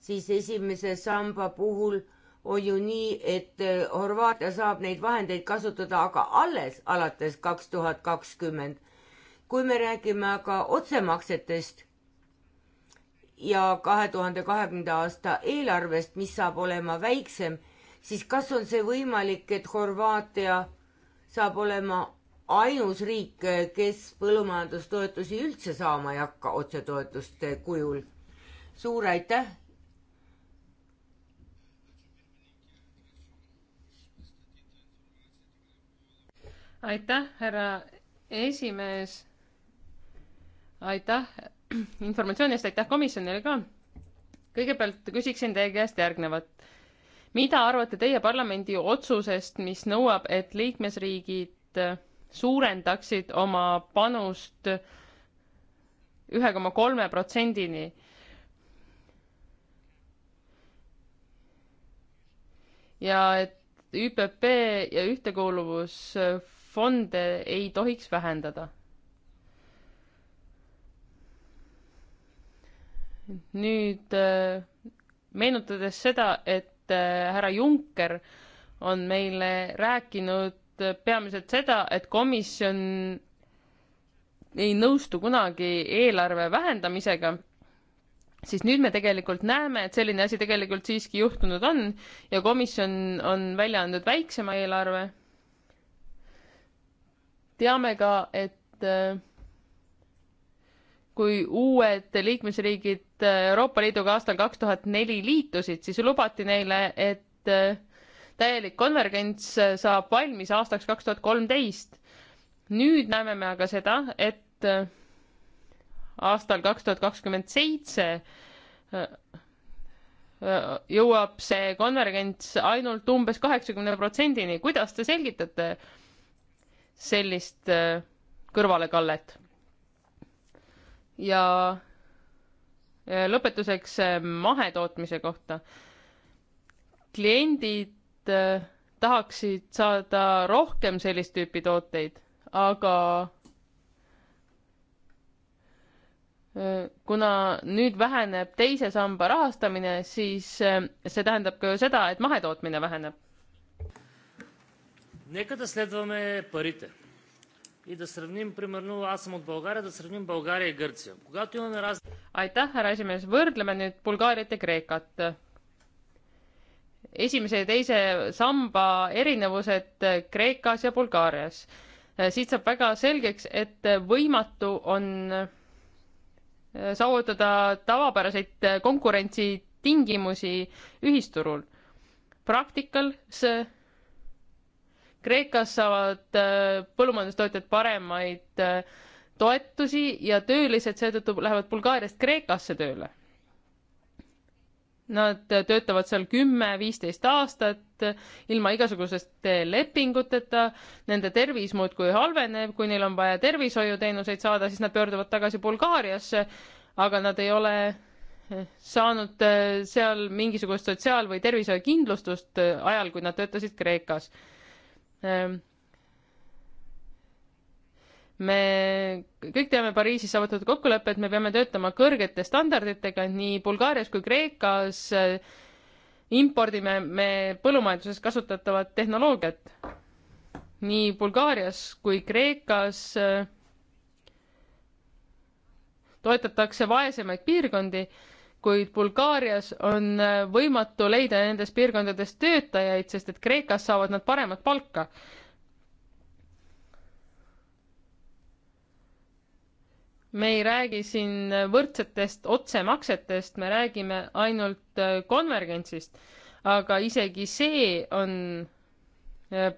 siis esimese samba puhul on ju nii, et äh, Horvaatia saab neid vahendeid kasutada aga alles alates kaks tuhat kakskümmend. kui me räägime aga otsemaksetest ja kahe tuhande kahekümnenda aasta eelarvest, mis saab olema väiksem, siis kas on see võimalik, et Horvaatia saab olema ainus riik, kes põllumajandustoetusi üldse saama ei hakka otsetoetuste kujul? suur aitäh! aitäh, härra esimees. aitäh informatsiooni eest, aitäh komisjonile ka. kõigepealt küsiksin teie käest järgnevat. mida arvate teie parlamendi otsusest, mis nõuab, et liikmesriigid suurendaksid oma panust ühe koma kolme protsendini? ja et ÜPP ja ühtekuuluvusfonde ei tohiks vähendada nüüd äh, meenutades seda, et äh, härra Juncker on meile rääkinud peamiselt seda, et komisjon ei nõustu kunagi eelarve vähendamisega, siis nüüd me tegelikult näeme, et selline asi tegelikult siiski juhtunud on ja komisjon on välja andnud väiksema eelarve. teame ka, et äh, kui uued liikmesriigid Euroopa Liiduga aastal kaks tuhat neli liitusid, siis lubati neile, et äh, täielik konvergents saab valmis aastaks kaks tuhat kolmteist. nüüd näeme me aga seda, et äh, aastal kaks tuhat kakskümmend seitse äh, jõuab see konvergents ainult umbes kaheksakümne protsendini. kuidas te selgitate sellist kõrvalekallet? ja lõpetuseks äh, mahetootmise kohta. kliendid äh, tahaksid saada rohkem sellist tüüpi tooteid, aga äh, kuna nüüd väheneb teise samba rahastamine, siis see tähendab ka ju seda, et mahetootmine väheneb. Нека да следваме парите и да сравним, примерно, аз съм от България, да сравним България и Гърция. Когато имаме раз... Aitäh, härra esimees, võrdleme nüüd Bulgaariat ja Kreekat. esimese ja teise samba erinevused Kreekas ja Bulgaarias. siit saab väga selgeks, et võimatu on saavutada tavapäraseid konkurentsitingimusi ühisturul. praktikal see Kreekas saavad äh, põllumajandustootjad paremaid äh, toetusi ja töölised seetõttu lähevad Bulgaariast Kreekasse tööle. Nad töötavad seal kümme-viisteist aastat ilma igasuguseste lepinguteta, nende tervis muudkui halveneb, kui neil on vaja tervishoiuteenuseid saada, siis nad pöörduvad tagasi Bulgaariasse, aga nad ei ole eh, saanud eh, seal mingisugust sotsiaal- või tervishoiukindlustust eh, ajal, kui nad töötasid Kreekas Ähm, me kõik teame Pariisis saavutatud kokkulepet, me peame töötama kõrgete standarditega nii Bulgaarias kui Kreekas. impordime me põllumajanduses kasutatavat tehnoloogiat nii Bulgaarias kui Kreekas äh, toetatakse vaesemaid piirkondi kuid Bulgaarias on äh, võimatu leida nendes piirkondades töötajaid, sest et Kreekas saavad nad paremat palka. me ei räägi siin võrdsetest otsemaksetest, me räägime ainult äh, konvergentsist, aga isegi see on äh,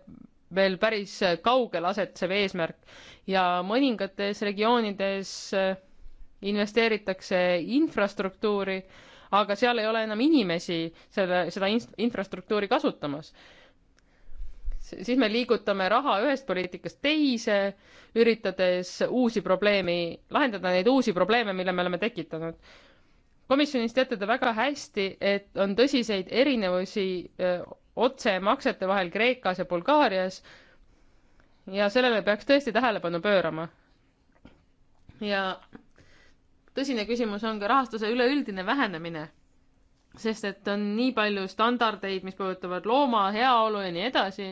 veel päris kaugel asetsev eesmärk ja mõningates regioonides äh, investeeritakse infrastruktuuri, aga seal ei ole enam inimesi selle, seda in-, infrastruktuuri kasutamas. siis me liigutame raha ühest poliitikast teise, üritades uusi probleemi, lahendada neid uusi probleeme, mille me oleme tekitanud. komisjonis teate te väga hästi, et on tõsiseid erinevusi otsemaksete vahel Kreekas ja Bulgaarias ja sellele peaks tõesti tähelepanu pöörama. ja tõsine küsimus on ka rahastuse üleüldine vähenemine. sest et on nii palju standardeid, mis puudutavad looma heaolu ja nii edasi.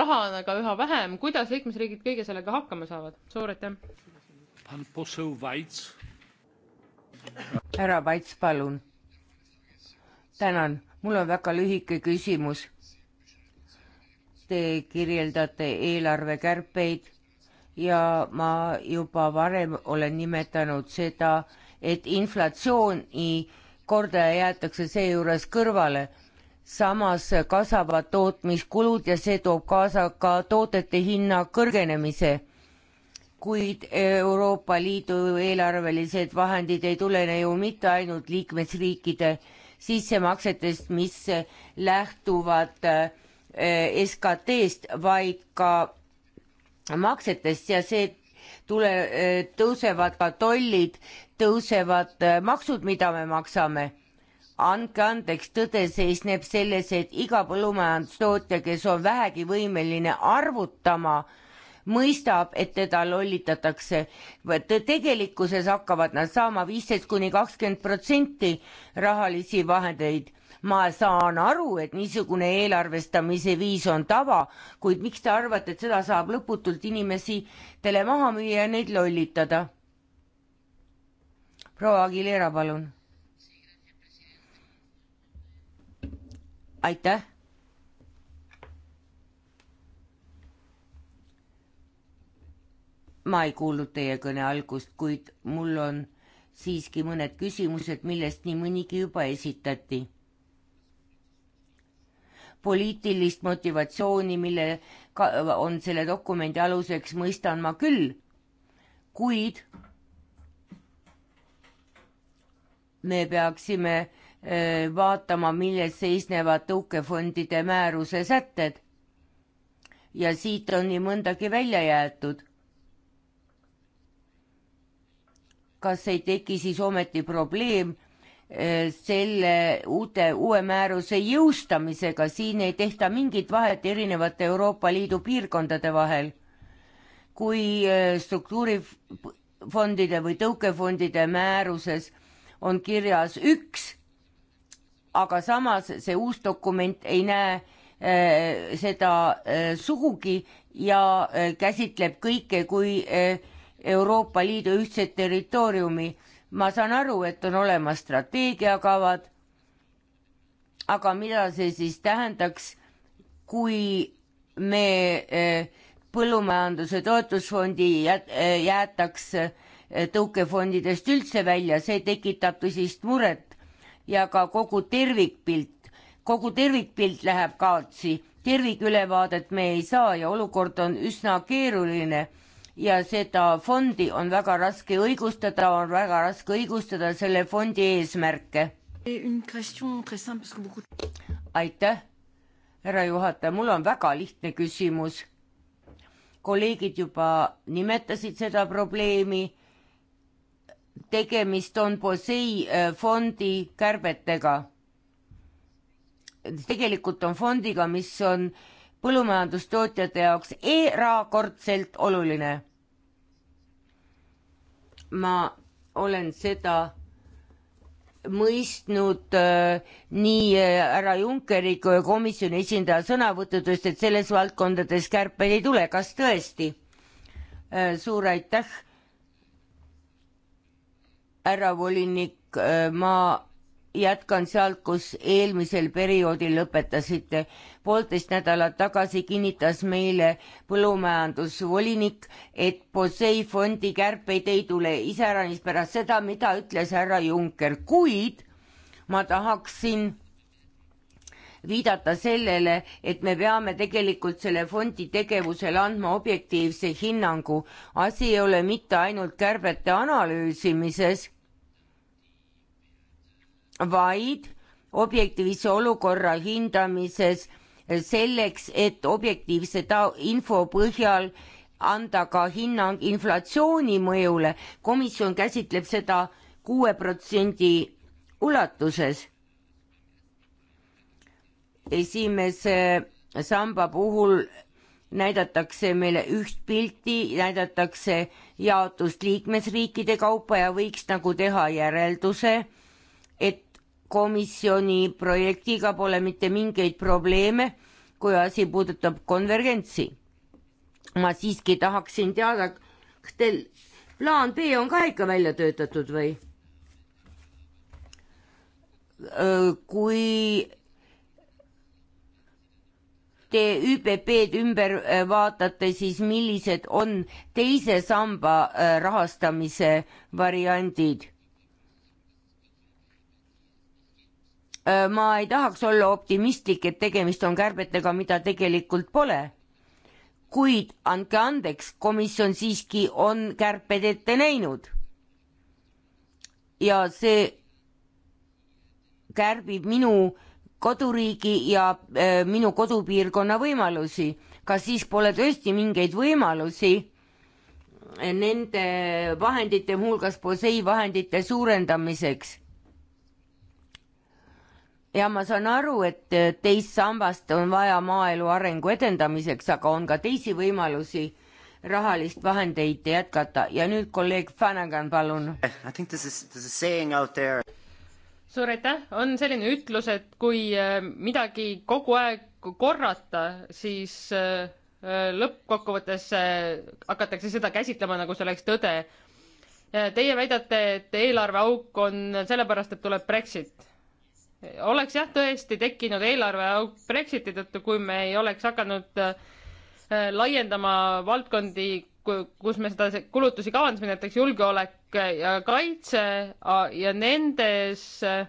raha on aga üha vähem, kuidas liikmesriigid kõige sellega hakkama saavad? suur aitäh! härra Vaits, palun. tänan, mul on väga lühike küsimus. Te kirjeldate eelarvekärpeid ja ma juba varem olen nimetanud seda, et inflatsiooni kordaja jäetakse seejuures kõrvale. samas kasvavad tootmiskulud ja see toob kaasa ka toodete hinna kõrgenemise. kuid Euroopa Liidu eelarvelised vahendid ei tulene ju mitte ainult liikmesriikide sissemaksetest, mis lähtuvad eh, SKT-st, vaid ka maksetest ja see tule, tõusevad ka tollid, tõusevad äh, maksud, mida me maksame. andke andeks, tõde seisneb selles, et iga põllumajandustootja, kes on vähegi võimeline arvutama, mõistab, et teda lollitatakse. tegelikkuses hakkavad nad saama viisteist kuni kakskümmend protsenti rahalisi vahendeid ma saan aru, et niisugune eelarvestamise viis on tava, kuid miks te arvate, et seda saab lõputult inimesi tele maha müüa ja neid lollitada? proua Aguilera, palun. aitäh ma ei kuulnud teie kõne algust, kuid mul on siiski mõned küsimused, millest nii mõnigi juba esitati poliitilist motivatsiooni, mille ka, on selle dokumendi aluseks, mõistan ma küll, kuid me peaksime äh, vaatama, milles seisnevad tõukefondide määruse sätted. ja siit on nii mõndagi välja jäetud. kas ei teki siis ometi probleem, Eh, selle uute, uue määruse jõustamisega, siin ei tehta mingit vahet erinevate Euroopa Liidu piirkondade vahel. kui eh, struktuurifondide või tõukefondide määruses on kirjas üks, aga samas see uus dokument ei näe äh, seda äh, sugugi ja äh, käsitleb kõike kui Euroopa Liidu ühtset territooriumi ma saan aru, et on olemas strateegiakavad, aga mida see siis tähendaks, kui me eh, põllumajanduse toetusfondi eh, jäetaks eh, tõukefondidest üldse välja, see tekitab tõsist muret ja ka kogu tervikpilt, kogu tervikpilt läheb kaotsi, tervikülevaadet me ei saa ja olukord on üsna keeruline ja seda fondi on väga raske õigustada, on väga raske õigustada selle fondi eesmärke. aitäh, härra juhataja, mul on väga lihtne küsimus. kolleegid juba nimetasid seda probleemi. tegemist on POSEI äh, fondi kärbetega. tegelikult on fondiga, mis on äh, põllumajandustootjate jaoks erakordselt oluline. ma olen seda mõistnud äh, nii äh, härra Junckeri kui komisjoni esindaja sõnavõttudest, et selles valdkondades kärpeid ei tule, kas tõesti äh,? suur aitäh, härra volinik äh,, ma jätkan sealt, kus eelmisel perioodil lõpetasite. poolteist nädalat tagasi kinnitas meile põllumajandusvolinik, et Posei fondi kärpeid ei tule iseäranis pärast seda, mida ütles härra Juncker, kuid ma tahaksin viidata sellele, et me peame tegelikult selle fondi tegevusele andma objektiivse hinnangu. asi ei ole mitte ainult kärbete analüüsimises vaid objektiivse olukorra hindamises selleks, et objektiivse ta-, info põhjal anda ka hinnang inflatsiooni mõjule. komisjon käsitleb seda kuue protsendi ulatuses. esimese samba puhul näidatakse meile üht pilti, näidatakse jaotust liikmesriikide kaupa ja võiks nagu teha järelduse, komisjoni projektiga pole mitte mingeid probleeme, kui asi puudutab konvergentsi. ma siiski tahaksin teada, kas teil plaan B on ka ikka välja töötatud või? kui te ÜPP-d ümber vaatate, siis millised on teise samba rahastamise variandid? Äh, ma ei tahaks olla optimistlik, et tegemist on kärbetega, mida tegelikult pole. kuid andke andeks, komisjon siiski on kärped ette näinud. ja see kärbib minu koduriigi ja äh, minu kodupiirkonna võimalusi. kas siis pole tõesti mingeid võimalusi nende vahendite, muuhulgas posei vahendite suurendamiseks ja ma saan aru, et äh, teist sambast on vaja maaelu arengu edendamiseks, aga on ka teisi võimalusi rahalist vahendeid jätkata ja nüüd kolleeg Flanagan, palun. suur aitäh, on selline ütlus, et kui äh, midagi kogu aeg korrata, siis äh, lõppkokkuvõttes hakatakse seda käsitlema, nagu see oleks tõde. Teie väidate, et eelarveauk on sellepärast, et tuleb Brexit oleks jah tõesti tekkinud eelarveauk Brexiti tõttu, kui me ei oleks hakanud äh, laiendama valdkondi, kus me seda kulutusi kavandasime, näiteks julgeolek ja kaitse ja nendes äh,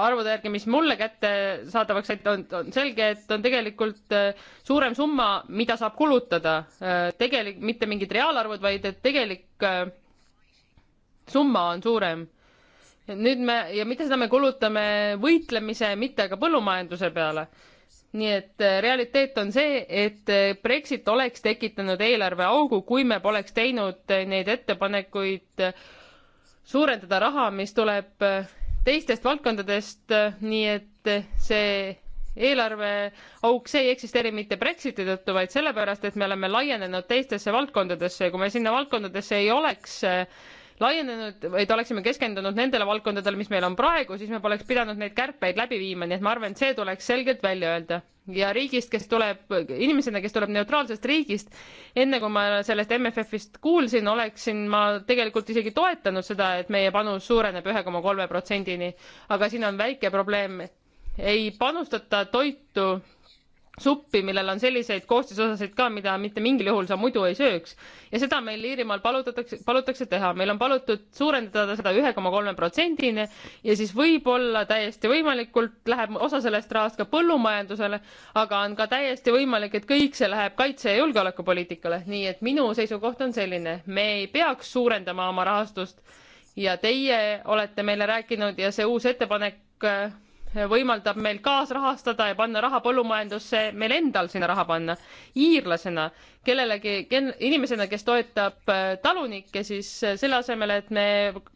arvude järgi, mis mulle kättesaadavaks said, on, on selge, et on tegelikult äh, suurem summa, mida saab kulutada. tegelik, mitte mingid reaalarvud, vaid et tegelik summa on suurem nüüd me ja mitte seda me kulutame võitlemise, mitte aga põllumajanduse peale. nii et äh, realiteet on see, et äh, Brexit oleks tekitanud eelarveaugu, kui me poleks teinud äh, neid ettepanekuid suurendada raha, mis tuleb teistest valdkondadest, nii et see eelarveauk, see ei eksisteeri mitte Brexiti tõttu, vaid sellepärast, et me oleme laienenud teistesse valdkondadesse ja kui me sinna valdkondadesse ei oleks äh, laienenud, vaid oleksime keskendunud nendele valdkondadele, mis meil on praegu, siis me poleks pidanud neid kärpeid läbi viima, nii et ma arvan, et see tuleks selgelt välja öelda. ja riigist, kes tuleb, inimesena, kes tuleb neutraalsest riigist, enne kui ma sellest MFF-ist kuulsin, oleksin ma tegelikult isegi toetanud seda, et meie panus suureneb ühe koma kolme protsendini. aga siin on väike probleem, ei panustata toitu suppi, millel on selliseid koostisosasid ka, mida mitte mingil juhul sa muidu ei sööks. ja seda meil Iirimaal palutatakse, palutakse teha, meil on palutud suurendada seda ühe koma kolme protsendini ja siis võib-olla täiesti võimalikult läheb osa sellest rahast ka põllumajandusele, aga on ka täiesti võimalik, et kõik see läheb kaitse- ja julgeolekupoliitikale, nii et minu seisukoht on selline, me ei peaks suurendama oma rahastust ja teie olete meile rääkinud ja see uus ettepanek äh, võimaldab meil kaasrahastada ja panna raha põllumajandusse, meil endal sinna raha panna. iirlasena, kellelegi, inimesena, kes toetab äh, talunikke, siis äh, selle asemel, et me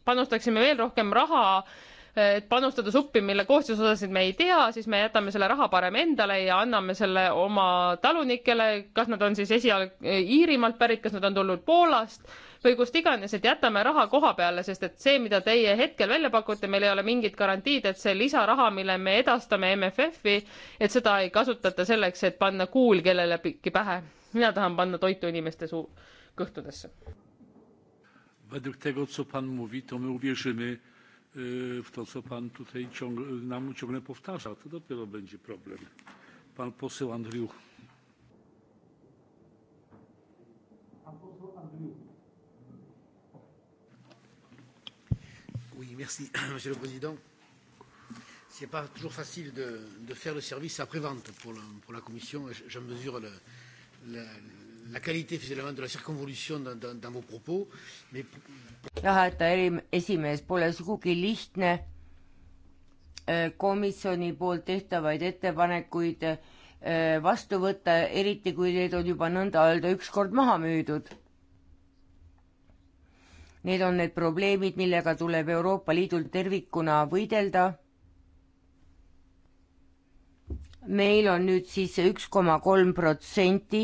panustaksime veel rohkem raha äh, et panustada suppi, mille koostisosasid me ei tea, siis me jätame selle raha parem endale ja anname selle oma talunikele, kas nad on siis esialgu Iirimaalt pärit, kas nad on tulnud Poolast või kust iganes, et jätame raha koha peale, sest et see, mida teie hetkel välja pakute, meil ei ole mingit garantiid, et see lisaraha, mille me edastame MFF-i, et seda ei kasutata selleks, et panna kuul kellelegi pähe. mina tahan panna toitu inimeste suu-, kõhtudesse. Według tego, co pan mówi, to my uwierzymy e, w to, co pan tutaj ciągle, nam ciągle powtarza. To dopiero będzie problem. Pan poseł Andriuch merci, Monsieur le Président. Ce n'est pas toujours facile de, de faire le service après-vente pour, la, pour la Commission. J'en mesure le, la, la qualité finalement de la circonvolution dans, dans, dans vos propos. Mais... jah, et ta esimees pole sugugi lihtne äh, komisjoni poolt tehtavaid ettepanekuid äh, vastu võtta, eriti kui need on juba nõnda öelda ükskord maha müüdud Need on need probleemid, millega tuleb Euroopa Liidul tervikuna võidelda. meil on nüüd siis üks koma kolm protsenti,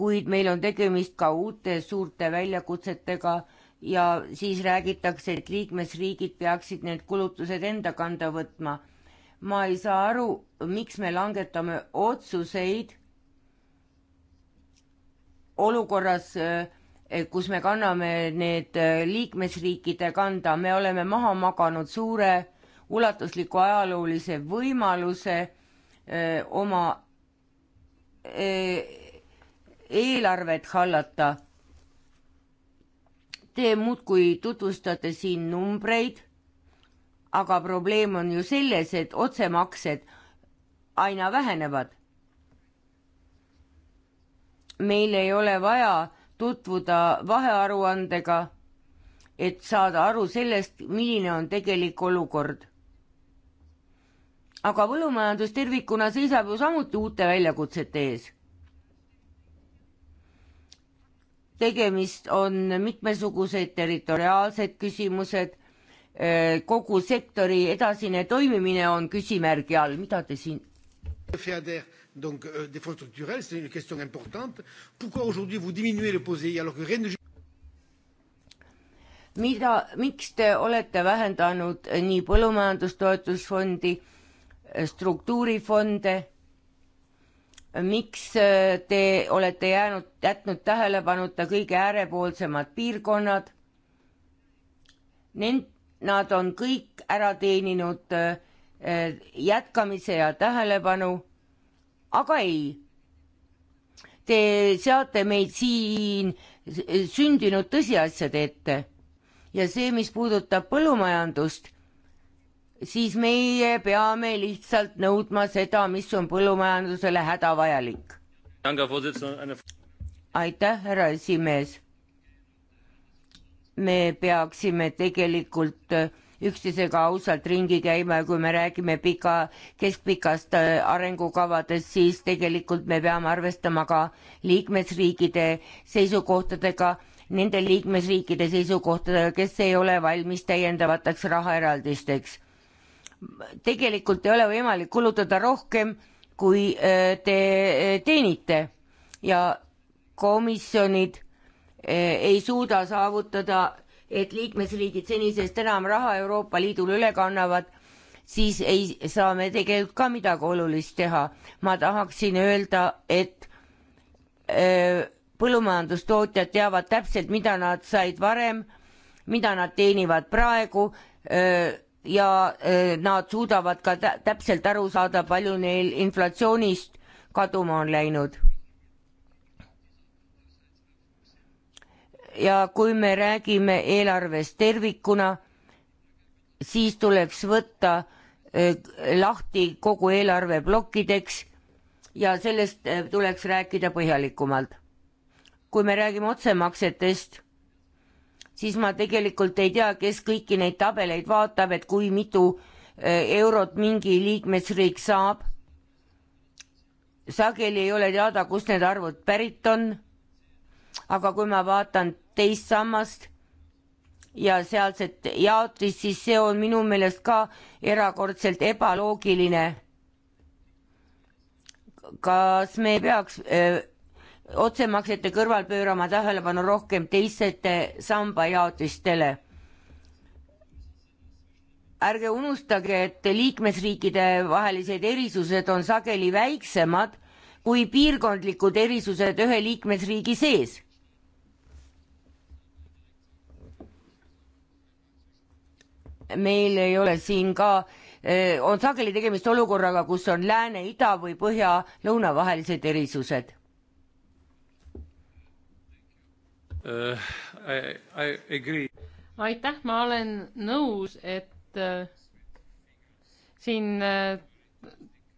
kuid meil on tegemist ka uute suurte väljakutsetega ja siis räägitakse, et liikmesriigid peaksid need kulutused enda kanda võtma. ma ei saa aru, miks me langetame otsuseid olukorras äh, Eh, kus me kanname need eh, liikmesriikide kanda, me oleme maha maganud suure ulatusliku ajaloolise võimaluse öö, eh, oma öö, eelarvet hallata. Te muudkui tutvustate siin numbreid, aga probleem on ju selles, et otsemaksed aina vähenevad. meil ei ole vaja tutvuda vahearuandega, et saada aru sellest, milline on tegelik olukord. aga põllumajandus tervikuna seisab ju samuti uute väljakutsete ees. tegemist on mitmesugused territoriaalsed küsimused, kogu sektori edasine toimimine on küsimärgi all, mida te siin. Donc, euh, des fonds structurels, c'est une question importante. Pourquoi aujourd'hui vous diminuez le POSEI alors que rien ne... mida, miks te olete vähendanud eh, nii põllumajandustoetusfondi, eh, struktuurifonde, eh, miks te olete jäänud, jätnud tähelepanuta kõige äärepoolsemad piirkonnad? Nend-, nad on kõik ära teeninud jätkamise ja tähelepanu aga ei. Te seate meid siin sündinud tõsiasjade ette ja see, mis puudutab põllumajandust, siis meie peame lihtsalt nõudma seda, mis on põllumajandusele hädavajalik. aitäh, härra esimees. me peaksime tegelikult äh, üksteisega ausalt ringi käima ja kui me räägime pika, keskpikast äh, arengukavadest, siis tegelikult me peame arvestama ka liikmesriikide seisukohtadega, nende liikmesriikide seisukohtadega, kes ei ole valmis täiendavateks rahaeraldisteks. tegelikult ei ole võimalik kulutada rohkem, kui äh, te äh, teenite ja komisjonid ei suuda saavutada et liikmesriigid senisest enam raha Euroopa Liidule üle kannavad, siis ei saa me tegelikult ka midagi olulist teha. ma tahaksin öelda, et öö, põllumajandustootjad teavad täpselt, mida nad said varem, mida nad teenivad praegu öö, ja öö, nad suudavad ka täpselt aru saada, palju neil inflatsioonist kaduma on läinud ja kui me räägime eelarvest tervikuna, siis tuleks võtta lahti kogu eelarve plokkideks ja sellest tuleks rääkida põhjalikumalt. kui me räägime otsemaksetest, siis ma tegelikult ei tea, kes kõiki neid tabeleid vaatab, et kui mitu eurot mingi liikmesriik saab. sageli ei ole teada, kust need arvud pärit on aga kui ma vaatan teist sammast ja sealset jaotist, siis see on minu meelest ka erakordselt ebaloogiline. kas me ei peaks öö, äh, otsemaksete kõrval pöörama tähelepanu rohkem teistele samba jaotistele? ärge unustage, et liikmesriikide vahelised erisused on sageli väiksemad kui piirkondlikud erisused ühe liikmesriigi sees meil ei ole siin ka, eh, on sageli tegemist olukorraga, kus on lääne, ida või põhja-lõuna vahelised erisused uh,. aitäh, ma olen nõus, et uh, siin uh,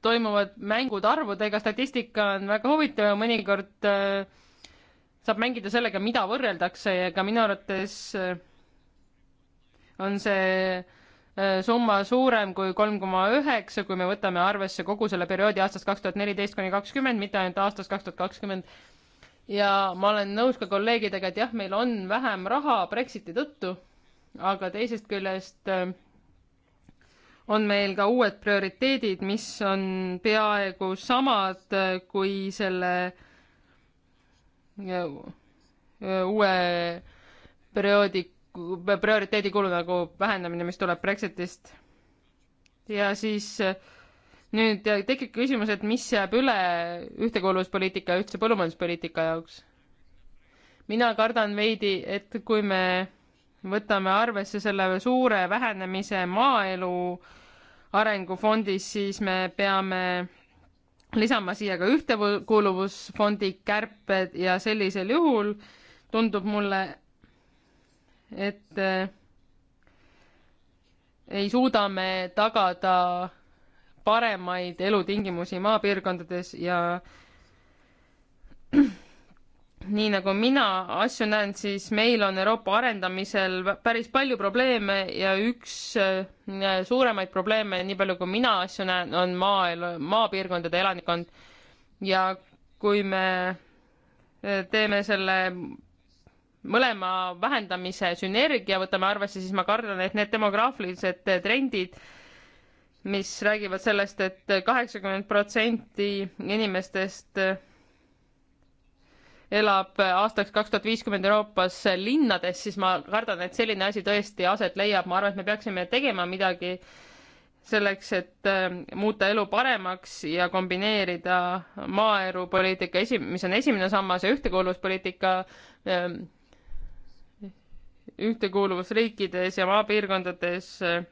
toimuvad mängud arvudega, statistika on väga huvitav ja mõnikord saab mängida sellega, mida võrreldakse ja ka minu arvates on see äh, summa suurem kui kolm koma üheksa, kui me võtame arvesse kogu selle perioodi aastast kaks tuhat neliteist kuni kakskümmend, mitte ainult aastast kaks tuhat kakskümmend. ja ma olen nõus ka kolleegidega, et jah, meil on vähem raha Brexiti tõttu, aga teisest küljest äh, on meil ka uued prioriteedid, mis on peaaegu samad äh, kui selle uue perioodi prioriteedikulu nagu vähendamine, mis tuleb Brexitist. ja siis nüüd tekib küsimus, et mis jääb üle ühtekuuluvuspoliitika ja ühtse põllumajanduspoliitika jaoks. mina kardan veidi, et kui me võtame arvesse selle suure vähenemise maaelu arengufondis, siis me peame lisama siia ka ühtekuuluvusfondi kärped ja sellisel juhul tundub mulle, et eh, ei suuda me tagada paremaid elutingimusi maapiirkondades ja nii nagu mina asju näen, siis meil on Euroopa arendamisel päris palju probleeme ja üks eh, suuremaid probleeme, nii palju kui mina asju näen, on maaelu, maapiirkondade elanikkond. ja kui me eh, teeme selle mõlema vähendamise sünergia võtame arvesse, siis ma kardan, et need demograafilised trendid, mis räägivad sellest et, et kaheksakümmend protsenti inimestest elab aastaks kaks tuhat viiskümmend Euroopas linnades, siis ma kardan, et selline asi tõesti aset leiab, ma arvan, et me peaksime tegema midagi selleks, et äh, muuta elu paremaks ja kombineerida maaelupoliitika esi-, mis on esimene sammas ja ühtekuuluvuspoliitika ähm, ühtekuuluvusriikides ja maapiirkondades äh,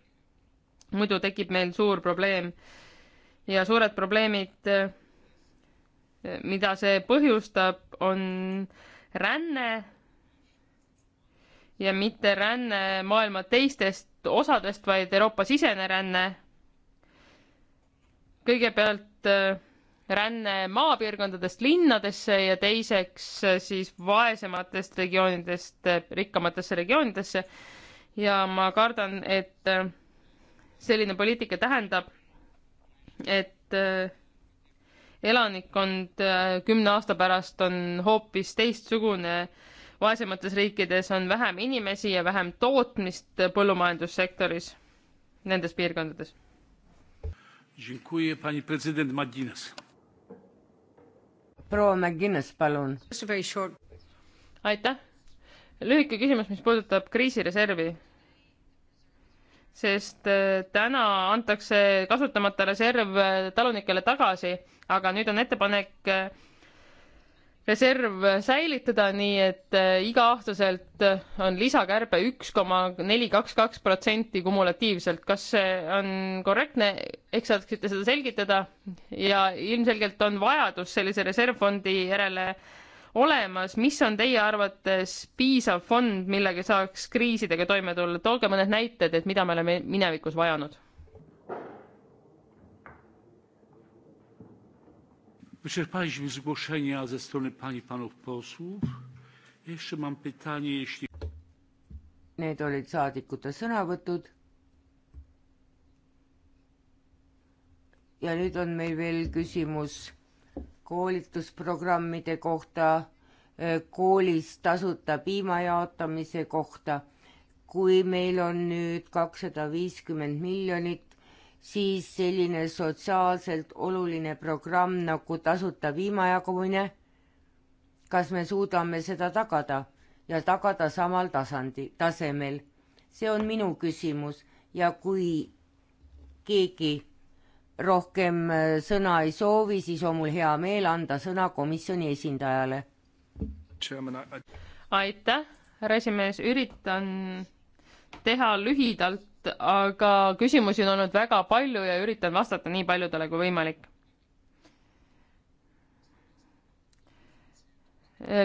muidu tekib meil suur probleem. ja suured probleemid, äh, mida see põhjustab, on ränne ja mitte ränne maailma teistest osadest, vaid Euroopa sisene ränne. kõigepealt äh, ränne maapiirkondadest linnadesse ja teiseks äh, siis vaesematest regioonidest äh, rikkamatesse regioonidesse. ja ma kardan, et äh, selline poliitika tähendab, et elanikkond kümne aasta pärast on hoopis teistsugune. vaesemates riikides on vähem inimesi ja vähem tootmist põllumajandussektoris nendes piirkondades. Dziękuję pani prezydent Madines proua McGuinness, palun. aitäh. lühike küsimus, mis puudutab kriisireservi. sest äh, täna antakse kasutamata reserv äh, talunikele tagasi, aga nüüd on ettepanek äh, reserv säilitada, nii et äh, iga-aastaselt äh, on lisakärbe üks koma neli kaks kaks protsenti kumulatiivselt. kas see on korrektne, eks saaksite seda selgitada ja ilmselgelt on vajadus sellise reservfondi järele olemas, mis on teie arvates piisav fond, millega saaks kriisidega toime tulla, tooge mõned näited, et mida me oleme minevikus vajanud Wyczerpaliśmy zgłoszenia ze strony pań i panów posłów. Jeszcze mam pytanie, jeśli... Need olid saadikute sõnavõtud. ja nüüd on meil veel küsimus koolitusprogrammide kohta, eh, koolis tasuta piima jaotamise kohta. kui meil on nüüd kakssada viiskümmend miljonit siis selline sotsiaalselt oluline programm nagu tasuta piimajagumine, kas me suudame seda tagada ja tagada samal tasandi, tasemel? see on minu küsimus ja kui keegi rohkem äh, sõna ei soovi, siis on mul hea meel anda sõna komisjoni esindajale. aitäh, härra esimees, üritan teha lühidalt aga küsimusi on olnud väga palju ja üritan vastata nii paljudele kui võimalik.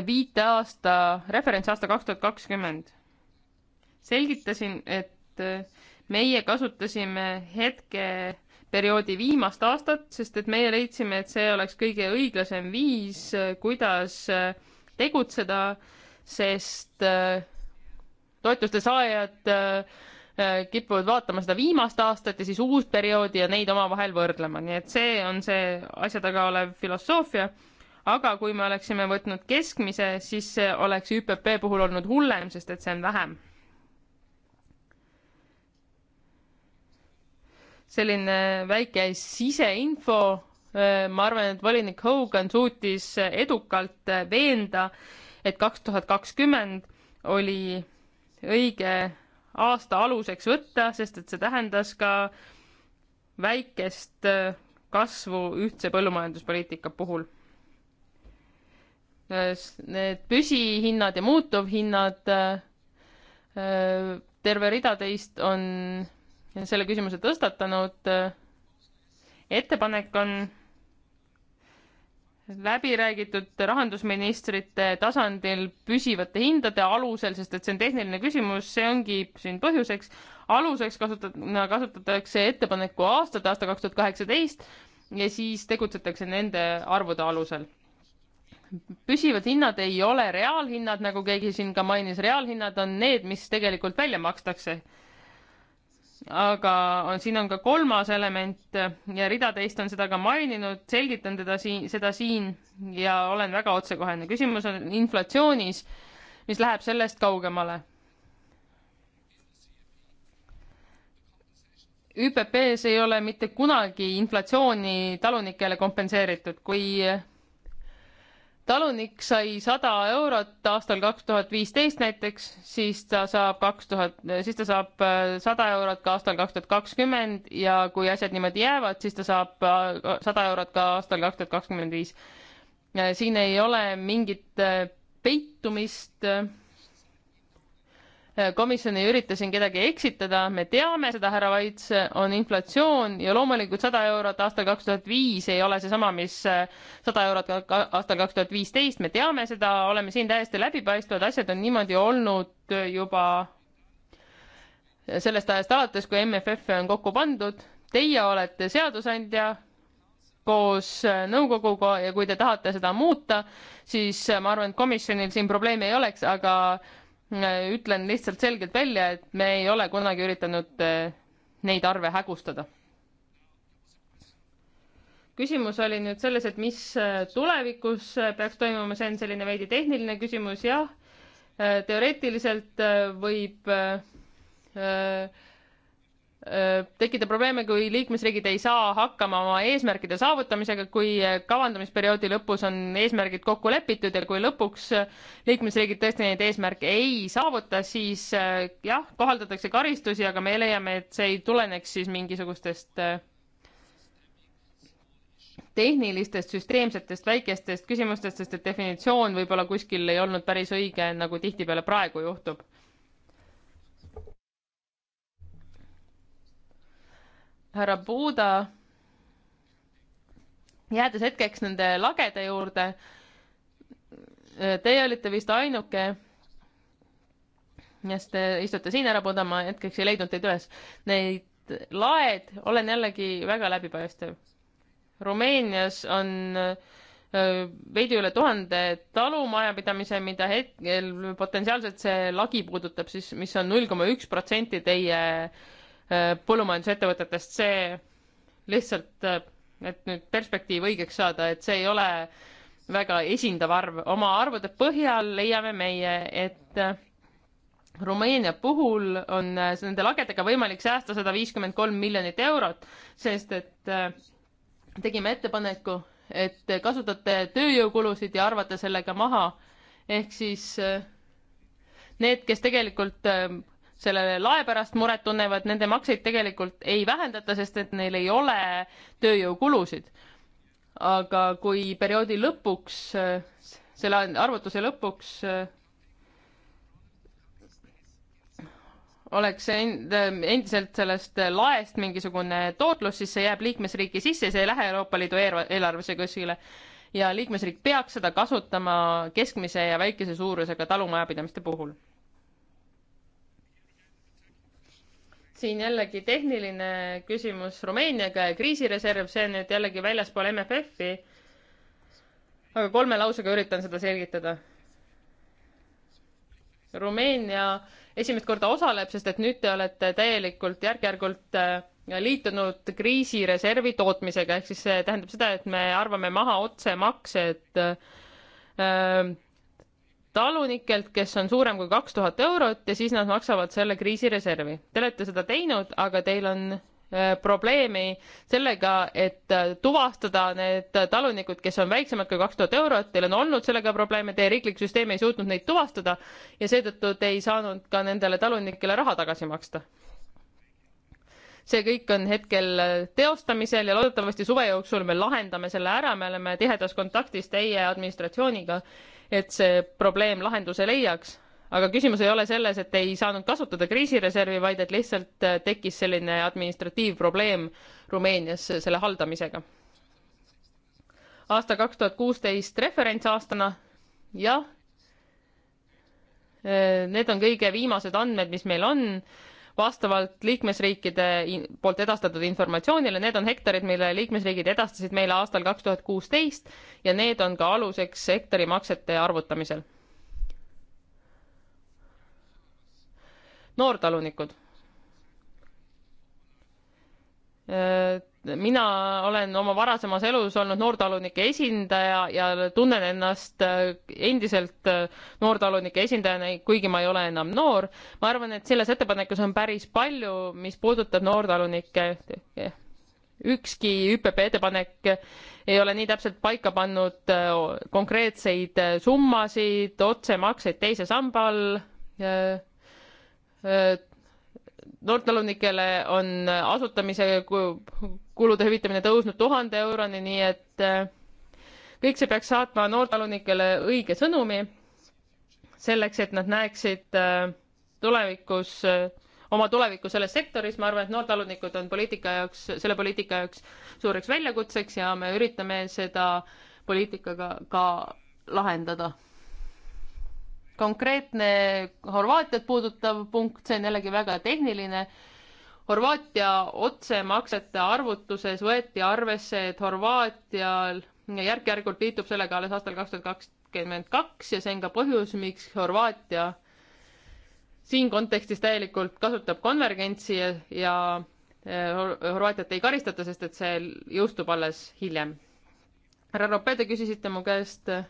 viiteaasta, referentsaasta kaks tuhat kakskümmend. selgitasin, et meie kasutasime hetkeperioodi viimast aastat, sest et meie leidsime, et see oleks kõige õiglasem viis, kuidas tegutseda, sest toetuste saajad äh, Äh, kipuvad vaatama seda viimast aastat ja siis uut perioodi ja neid omavahel võrdlema, nii et see on see asja taga olev filosoofia. aga kui me oleksime võtnud keskmise, siis see oleks ÜPP puhul olnud hullem, sest et see on vähem. selline väike siseinfo, äh, ma arvan, et volinik Hogan suutis edukalt veenda, et kaks tuhat kakskümmend oli õige aasta aluseks võtta, sest et see tähendas ka väikest äh, kasvu ühtse põllumajanduspoliitika puhul. Äh, need püsihinnad ja muutuvhinnad, äh, terve rida teist on selle küsimuse tõstatanud. ettepanek on läbi räägitud rahandusministrite tasandil püsivate hindade alusel, sest et see on tehniline küsimus, see ongi siin põhjuseks. aluseks kasutat-, kasutatakse ettepaneku aastat, aasta kaks tuhat kaheksateist ja siis tegutsetakse nende arvude alusel. püsivad hinnad ei ole reaalhinnad, nagu keegi siin ka mainis, reaalhinnad on need, mis tegelikult välja makstakse aga on, siin on ka kolmas element ja rida teist on seda ka maininud, selgitan teda siin, seda siin ja olen väga otsekohene. küsimus on inflatsioonis, mis läheb sellest kaugemale. ÜPP-s ei ole mitte kunagi inflatsiooni talunikele kompenseeritud, kui talunik sai sada eurot aastal kaks tuhat viisteist näiteks, siis ta saab kaks tuhat, siis ta saab äh, sada eurot ka aastal kaks tuhat kakskümmend ja kui asjad niimoodi jäävad, siis ta saab äh, sada eurot ka aastal kaks tuhat kakskümmend viis. Äh, siin ei ole mingit peitumist Äh, komisjon ei ürita siin kedagi eksitada, me teame seda, härra Vaits, on inflatsioon ja loomulikult sada eurot aastal kaks tuhat viis ei ole seesama, mis äh, sada eurot aastal kaks tuhat viisteist, me teame seda, oleme siin täiesti läbipaistvad, asjad on niimoodi olnud juba sellest ajast alates, kui MFF on kokku pandud. Teie olete seadusandja koos äh, nõukoguga ja kui te tahate seda muuta, siis ma arvan, et komisjonil siin probleemi ei oleks, aga Äh, ütlen lihtsalt selgelt välja, et me ei ole kunagi üritanud äh, neid arve hägustada. küsimus oli nüüd selles, et mis äh, tulevikus peaks toimuma, see on selline veidi tehniline küsimus, jah. teoreetiliselt võib äh, tekkida probleeme, kui liikmesriigid ei saa hakkama oma eesmärkide saavutamisega, kui äh, kavandamisperioodi lõpus on eesmärgid kokku lepitud ja kui lõpuks äh, liikmesriigid tõesti neid eesmärke ei saavuta, siis äh, jah, kohaldatakse karistusi, aga me leiame, et see ei tuleneks siis mingisugustest tehnilistest süsteemsetest väikestest küsimustest, sest et definitsioon võib-olla kuskil ei olnud päris õige, nagu tihtipeale praegu juhtub härra Buda, jäädes hetkeks nende lagede juurde, teie olite vist ainuke, kes te istute siin, härra Buda, ma hetkeks ei leidnud teid üles. Neid laed, olen jällegi väga läbipaistev. Rumeenias on veidi üle tuhande talumajapidamise, mida hetkel potentsiaalselt see lagi puudutab, siis mis on null koma üks protsenti teie äh, Äh, põllumajandusettevõtetest, see lihtsalt, äh, et nüüd perspektiiv õigeks saada, et see ei ole väga esindav arv. oma arvude põhjal leiame meie, et äh, Rumeenia puhul on nende lagedega võimalik säästa sada viiskümmend kolm miljonit eurot, sest et tegime ettepaneku, et kasutate tööjõukulusid ja arvate sellega maha. ehk siis need, kes tegelikult selle lae pärast muret tunnevad, nende makseid tegelikult ei vähendata, sest et neil ei ole tööjõukulusid. aga kui perioodi lõpuks, selle arvutuse lõpuks oleks endiselt sellest laest mingisugune tootlus, siis see jääb liikmesriigi sisse, see ei lähe Euroopa Liidu eelarvesse kuskile ja liikmesriik peaks seda kasutama keskmise ja väikese suurusega talumajapidamiste puhul siin jällegi tehniline küsimus Rumeeniaga ja kriisireserv, see on nüüd jällegi väljaspool MFF-i. aga kolme lausega üritan seda selgitada. Rumeenia esimest korda osaleb, sest et nüüd te olete täielikult järk-järgult äh, liitunud kriisireservi tootmisega, ehk siis see tähendab seda, et me arvame maha otsemaksed äh, talunikelt, kes on suurem kui kaks tuhat eurot ja siis nad maksavad selle kriisireservi. Te olete seda teinud, aga teil on äh, probleemi sellega, et äh, tuvastada need talunikud, kes on väiksemad kui kaks tuhat eurot, teil on olnud sellega probleeme, teie riiklik süsteem ei suutnud neid tuvastada ja seetõttu te ei saanud ka nendele talunikele raha tagasi maksta. see kõik on hetkel äh, teostamisel ja loodetavasti suve jooksul me lahendame selle ära, me oleme tihedas kontaktis teie administratsiooniga et see probleem lahenduse leiaks, aga küsimus ei ole selles, et ei saanud kasutada kriisireservi, vaid et lihtsalt äh, tekkis selline administratiivprobleem Rumeenias selle haldamisega. aasta kaks tuhat kuusteist referentsaastana, jah, äh, need on kõige viimased andmed, mis meil on vastavalt liikmesriikide poolt edastatud informatsioonile. Need on hektarid, mille liikmesriigid edastasid meile aastal kaks tuhat kuusteist ja need on ka aluseks hektarimaksete arvutamisel. noortalunikud mina olen oma varasemas elus olnud noortealunike esindaja ja tunnen ennast äh, endiselt äh, noortealunike esindajana, kuigi ma ei ole enam noor. ma arvan, et selles ettepanekus on päris palju, mis puudutab noortealunikke. Eh, ükski ÜPP ettepanek ei ole nii täpselt paika pannud äh, konkreetseid summasid, otsemakseid teise samba all noortalunikele on asutamise kulude hüvitamine tõusnud tuhande euroni, nii et äh, kõik see peaks saatma noortalunikele õige sõnumi selleks, et nad näeksid äh, tulevikus, äh, oma tulevikku selles sektoris, ma arvan, et noortalunikud on poliitika jaoks, selle poliitika jaoks suureks väljakutseks ja me üritame seda poliitikaga ka lahendada konkreetne Horvaatiat puudutav punkt, see on jällegi väga tehniline. Horvaatia otsemaksete arvutuses võeti arvesse, et Horvaatial järk-järgult liitub sellega alles aastal kaks tuhat kakskümmend kaks ja see on ka põhjus, miks Horvaatia siin kontekstis täielikult kasutab konvergentsi ja, ja eh, Horvaatiat ei karistata, sest et see jõustub alles hiljem. härra Rope, te küsisite mu käest äh,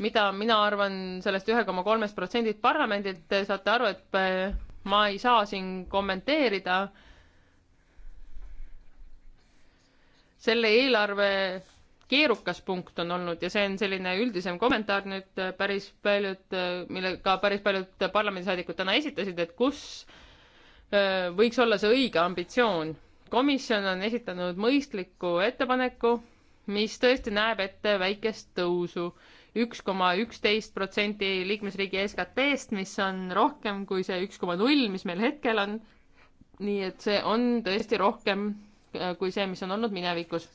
mida mina arvan sellest ühe koma kolmest protsendilt parlamendilt, te saate aru, et eh, ma ei saa siin kommenteerida selle eelarve keerukas punkt on olnud ja see on selline üldisem kommentaar nüüd eh, päris paljud, eh, mille ka päris paljud parlamendisaadikud täna esitasid, et kus võiks olla see õige ambitsioon. komisjon on esitanud mõistliku ettepaneku, mis tõesti näeb ette väikest tõusu üks koma üksteist protsenti liikmesriigi SKT-st, mis on rohkem kui see üks koma null, mis meil hetkel on. nii et see on tõesti rohkem äh, kui see, mis on olnud minevikus.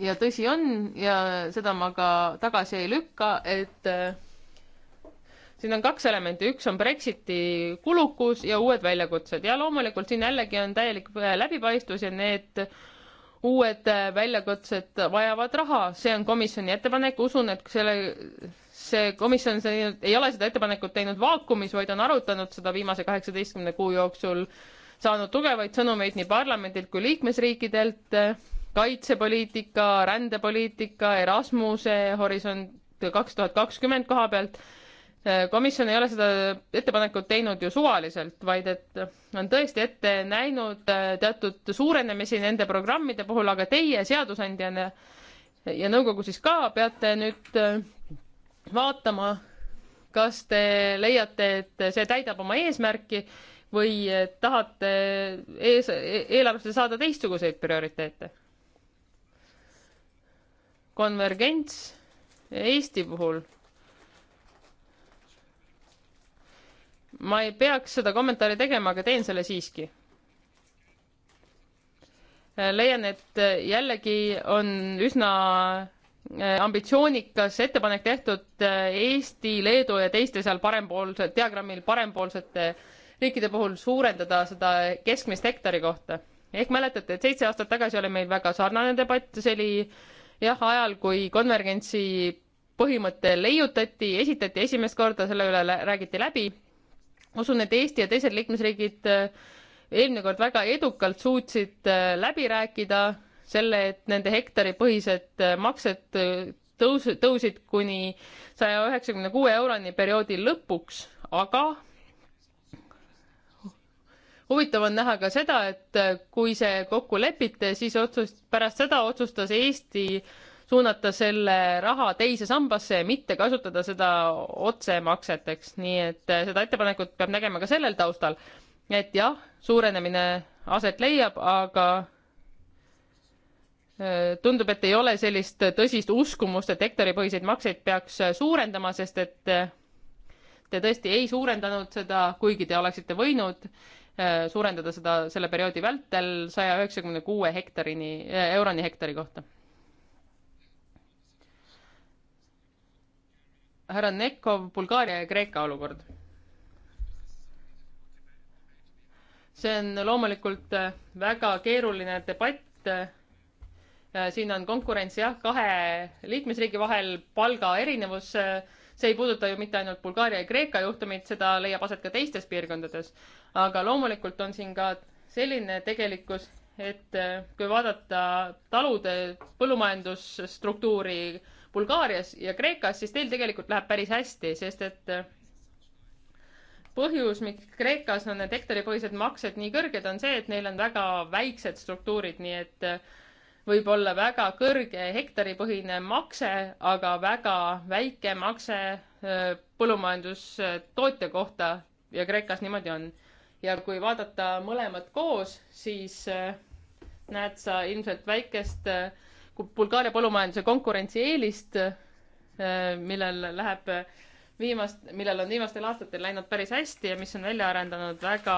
ja tõsi on ja seda ma ka tagasi ei lükka, et äh, siin on kaks elementi, üks on Brexiti kulukus ja uued väljakutsed ja loomulikult siin jällegi on täielik äh, läbipaistvus ja need äh, uued äh, väljakutsed vajavad raha, see on komisjoni ettepanek, usun, et selle, see komisjon ei ole seda ettepanekut teinud vaakumis, vaid on arutanud seda viimase kaheksateistkümne kuu jooksul, saanud tugevaid sõnumeid nii parlamendilt kui liikmesriikidelt, äh, kaitsepoliitika, rändepoliitika, Erasmuse, Horisont kaks tuhat kakskümmend koha pealt Äh, komisjon ei ole seda ettepanekut teinud ju suvaliselt, vaid et on tõesti ette näinud äh, teatud suurenemisi nende programmide puhul, aga teie seadusandjana ja nõukogu siis ka peate nüüd äh, vaatama, kas te leiate, et see täidab oma eesmärki või tahate ees, e-, eelarvesse saada teistsuguseid prioriteete? konvergents Eesti puhul ma ei peaks seda kommentaari tegema, aga teen selle siiski. Äh, leian, et äh, jällegi on üsna äh, ambitsioonikas ettepanek tehtud Eesti, Leedu ja teiste seal parempoolse, diagrammil parempoolsete riikide puhul suurendada seda keskmist hektari kohta. ehk mäletate, et seitse aastat tagasi oli meil väga sarnane debatt, see oli jah, ajal, kui konvergentsi põhimõte leiutati, esitati esimest korda, selle üle räägiti läbi ma usun, et Eesti ja teised liikmesriigid äh, eelmine kord väga edukalt suutsid äh, läbi rääkida selle, et nende hektaripõhised äh, maksed tõus, tõusid kuni saja üheksakümne kuue euroni perioodi lõpuks, aga huvitav on näha ka seda, et kui see kokku lepiti, siis otsus, pärast seda otsustas Eesti suunata selle raha teise sambasse ja mitte kasutada seda otsemakseteks, nii et äh, seda ettepanekut peab nägema ka sellel taustal, et jah, suurenemine aset leiab, aga äh, tundub, et ei ole sellist tõsist uskumust, et hektaripõhiseid makseid peaks äh, suurendama, sest et te tõesti ei suurendanud seda, kuigi te oleksite võinud suurendada seda selle perioodi vältel saja üheksakümne kuue hektarini, euroni hektari kohta härra Nekov, Bulgaaria ja Kreeka olukord. see on loomulikult äh, väga keeruline debatt. Äh, siin on konkurents jah, kahe liikmesriigi vahel palga erinevus. Äh, see ei puuduta ju mitte ainult Bulgaaria ja Kreeka juhtumit, seda leiab aset ka teistes piirkondades. aga loomulikult on siin ka selline tegelikkus, et kui vaadata talude põllumajandusstruktuuri Bulgaarias ja Kreekas, siis teil tegelikult läheb päris hästi, sest et äh, põhjus, miks Kreekas on need hektaripõhised maksed nii kõrged, on see, et neil on väga väiksed struktuurid, nii et äh, võib olla väga kõrge hektaripõhine makse, aga väga väike makse äh, põllumajandustootja kohta ja Kreekas niimoodi on. ja kui vaadata mõlemat koos, siis näed sa ilmselt väikest äh, Bulgaaria põllumajanduse konkurentsieelist, äh, millel läheb viimast, millel on viimastel aastatel läinud päris hästi ja mis on välja arendanud väga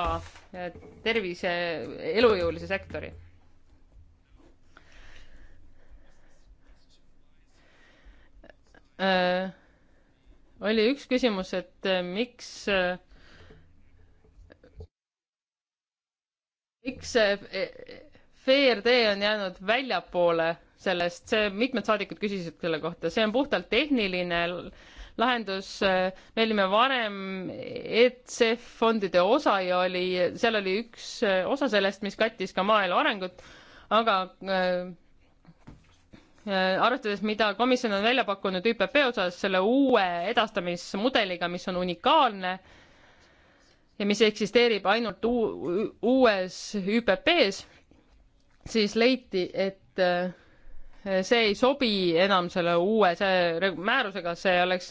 äh, tervise, elujõulise sektori. Äh, oli üks küsimus, et miks miks FRD e on jäänud väljapoole sellest, see, mitmed saadikud küsisid selle kohta, see on puhtalt tehniline lahendus, me olime varem ETSF fondide osa ja oli, seal oli üks osa sellest, mis kattis ka maaelu arengut, aga äh, äh, arvestades, mida komisjon on välja pakkunud ÜPP osas selle uue edastamismudeliga, mis on unikaalne ja mis eksisteerib ainult uues ÜPP-s, siis leiti, et äh, see ei sobi enam selle uue see määrusega, see oleks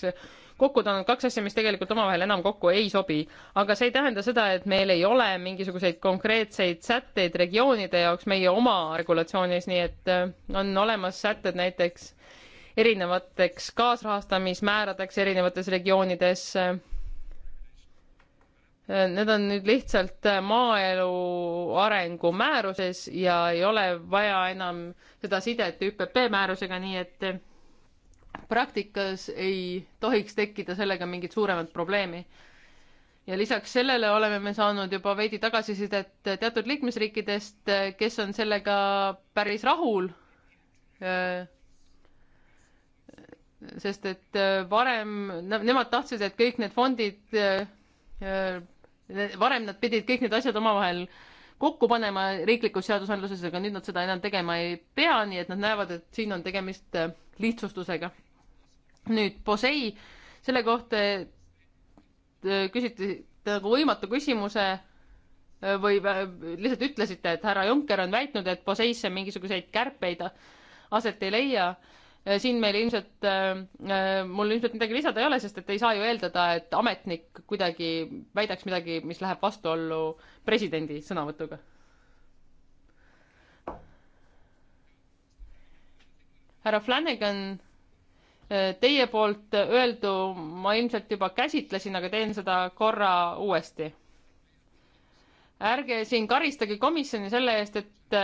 kokku toonud kaks asja, mis tegelikult omavahel enam kokku ei sobi. aga see ei tähenda seda, et meil ei ole mingisuguseid konkreetseid sätteid regioonide jaoks meie oma regulatsioonis, nii et äh, on olemas sätted näiteks erinevateks kaasrahastamismääradeks erinevates regioonides äh, Need on nüüd lihtsalt äh, maaelu arengu määruses ja ei ole vaja enam seda sidet ÜPP määrusega, nii et äh, praktikas ei tohiks tekkida sellega mingit suuremat probleemi. ja lisaks sellele oleme me saanud juba veidi tagasisidet äh, teatud liikmesriikidest, kes on sellega päris rahul. sest et varem nemad tahtsid, et kõik need fondid varem nad pidid kõik need asjad omavahel kokku panema riiklikus seadusandluses, aga nüüd nad seda enam tegema ei pea, nii et nad näevad, et siin on tegemist äh, lihtsustusega. nüüd Posei, selle kohta äh, küsiti nagu võimatu küsimuse äh, või lihtsalt ütlesite, et härra Juncker on väitnud, et Poseisse mingisuguseid kärpeid aset ei leia Äh, siin meil ilmselt, äh, äh, mul ilmselt midagi lisada ei ole, sest et ei saa ju eeldada, et ametnik kuidagi väidaks midagi, mis läheb vastuollu presidendi sõnavõtuga. härra Flanagan, teie poolt öeldu ma ilmselt juba käsitlesin, aga teen seda korra uuesti. ärge siin karistage komisjoni selle eest, et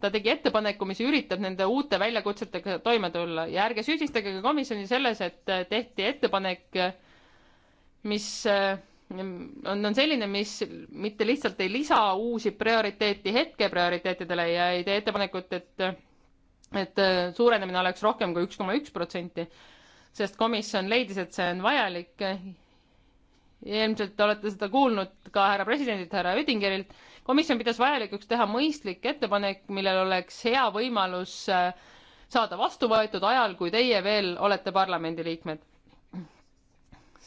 ta tegi ettepaneku, mis üritab nende uute väljakutsetega toime tulla ja ärge süüdistage ka komisjoni selles, et äh, tehti ettepanek, äh, mis äh, on, on selline, mis mitte lihtsalt ei lisa uusi prioriteeti hetke prioriteetidele ja ei tee ettepanekut, et et suurenemine oleks rohkem kui üks koma üks protsenti, sest komisjon leidis, et see on vajalik. ilmselt olete seda kuulnud ka härra presidendilt, härra Oettingerilt komisjon pidas vajalikuks teha mõistlik ettepanek, millel oleks hea võimalus äh, saada vastu võetud ajal, kui teie veel olete parlamendiliikmed.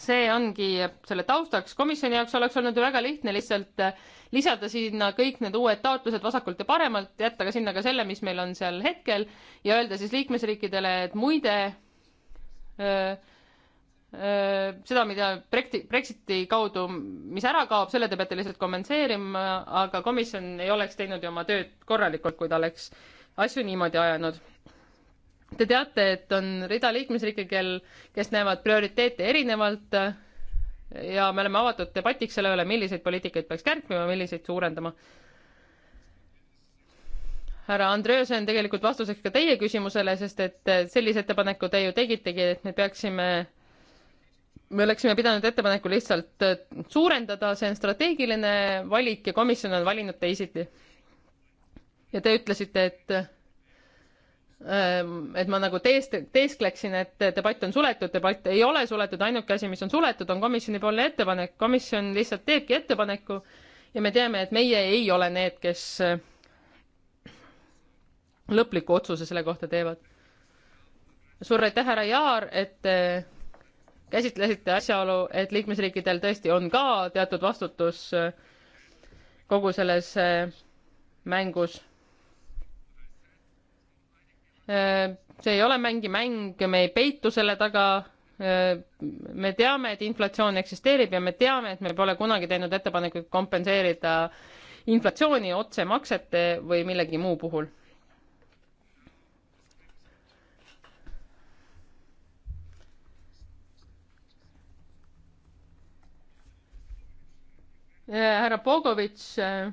see ongi selle taustaks, komisjoni jaoks oleks olnud ju väga lihtne lihtsalt äh, lisada sinna kõik need uued taotlused vasakult ja paremalt, jätta ka sinna ka selle, mis meil on seal hetkel ja öelda siis liikmesriikidele, et muide öö, äh, Äh, seda, mida Brexiti, Brexiti kaudu, mis ära kaob, selle te peate lihtsalt kompenseerima, aga komisjon ei oleks teinud ju oma tööd korralikult, kui ta oleks asju niimoodi ajanud. Te teate, et on rida liikmesriike, kel, kes näevad prioriteete erinevalt ja me oleme avatud debatiks selle üle, milliseid poliitikaid peaks kärpima, milliseid suurendama. härra Andreesen, tegelikult vastuseks ka teie küsimusele, sest et sellise ettepaneku te ju tegitegi, et me peaksime me oleksime pidanud ettepaneku lihtsalt äh, suurendada, see on strateegiline valik ja komisjon on valinud teisiti. ja te ütlesite, et ähm, et ma nagu teest-, teeskleksin, et debatt on suletud, debatt ei ole suletud, ainuke asi, mis on suletud, on komisjonipoolne ettepanek, komisjon lihtsalt teebki ettepaneku ja me teame, et meie ei ole need, kes äh, lõpliku otsuse selle kohta teevad. suur aitäh, härra Jaar, et äh, käsitlesite asjaolu, et liikmesriikidel tõesti on ka teatud vastutus äh, kogu selles äh, mängus. Äh, see ei ole mängi mäng, me ei peitu selle taga. me teame, et inflatsioon eksisteerib ja me teame, et me pole kunagi teinud ettepanekuid kompenseerida inflatsiooni otsemaksete või millegi muu puhul Äh, härra Bogovitš, äh,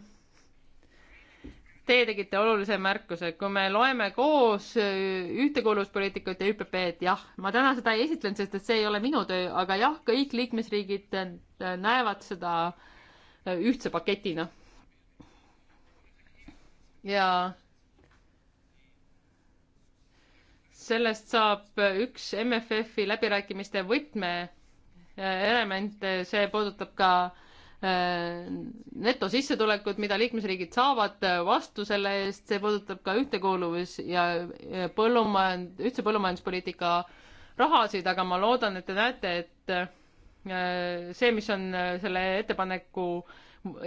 teie tegite olulise märkuse, kui me loeme koos äh, ühtekuuluvuspoliitikat ja ÜPP-d, jah, ma täna seda ei esitlenud, sest et see ei ole minu töö, aga jah, kõik liikmesriigid näevad seda ühtse paketina. ja sellest saab üks MFF-i läbirääkimiste võtmeelemente, see puudutab ka äh, Äh, netosissetulekud, mida liikmesriigid saavad äh, vastu selle eest, see puudutab ka ühtekuuluvus ja äh, põllumajand, ühtse põllumajanduspoliitika rahasid, aga ma loodan, et te näete, et see, mis on selle ettepaneku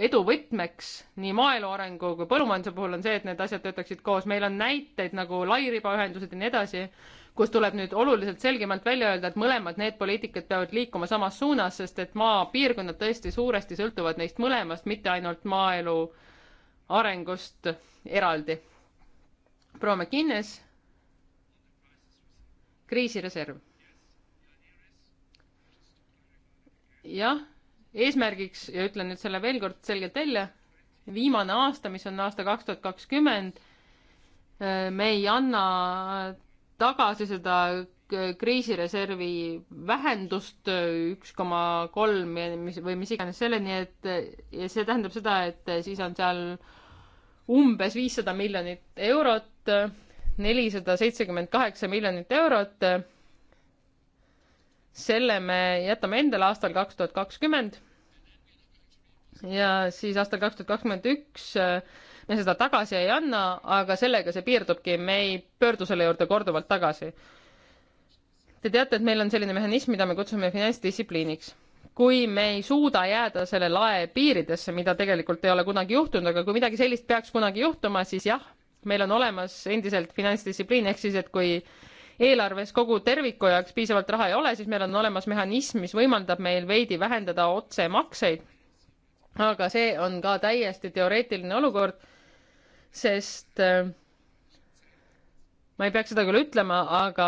edu võtmeks nii maaelu arengu kui põllumajanduse puhul on see, et need asjad töötaksid koos. meil on näiteid nagu lairibaühendused ja nii edasi kus tuleb nüüd oluliselt selgemalt välja öelda, et mõlemad need poliitikad peavad liikuma samas suunas, sest et maapiirkonnad tõesti suuresti sõltuvad neist mõlemast, mitte ainult maaelu arengust eraldi. proua McInnes, kriisireserv. jah, eesmärgiks ja ütlen nüüd selle veel kord selgelt välja, viimane aasta, mis on aasta kaks tuhat kakskümmend, me ei anna tagasi seda kriisireservi vähendust äh, üks koma kolm või mis iganes selleni, et ja see tähendab seda, et siis on seal umbes viissada miljonit eurot, nelisada seitsekümmend kaheksa miljonit eurot. selle me jätame endale aastal kaks tuhat kakskümmend. ja siis aastal kaks tuhat kakskümmend üks äh, me seda tagasi ei anna, aga sellega see piirdubki, me ei pöördu selle juurde korduvalt tagasi. Te teate, et meil on selline mehhanism, mida me kutsume finantsdistsipliiniks. kui me ei suuda jääda selle lae piiridesse, mida tegelikult ei ole kunagi juhtunud, aga kui midagi sellist peaks kunagi juhtuma, siis jah, meil on olemas endiselt finantsdistsipliin, ehk siis et kui eelarves kogu terviku jaoks piisavalt raha ei ole, siis meil on olemas mehhanism, mis võimaldab meil veidi vähendada otsemakseid. aga see on ka täiesti teoreetiline olukord sest äh, ma ei peaks seda küll ütlema, aga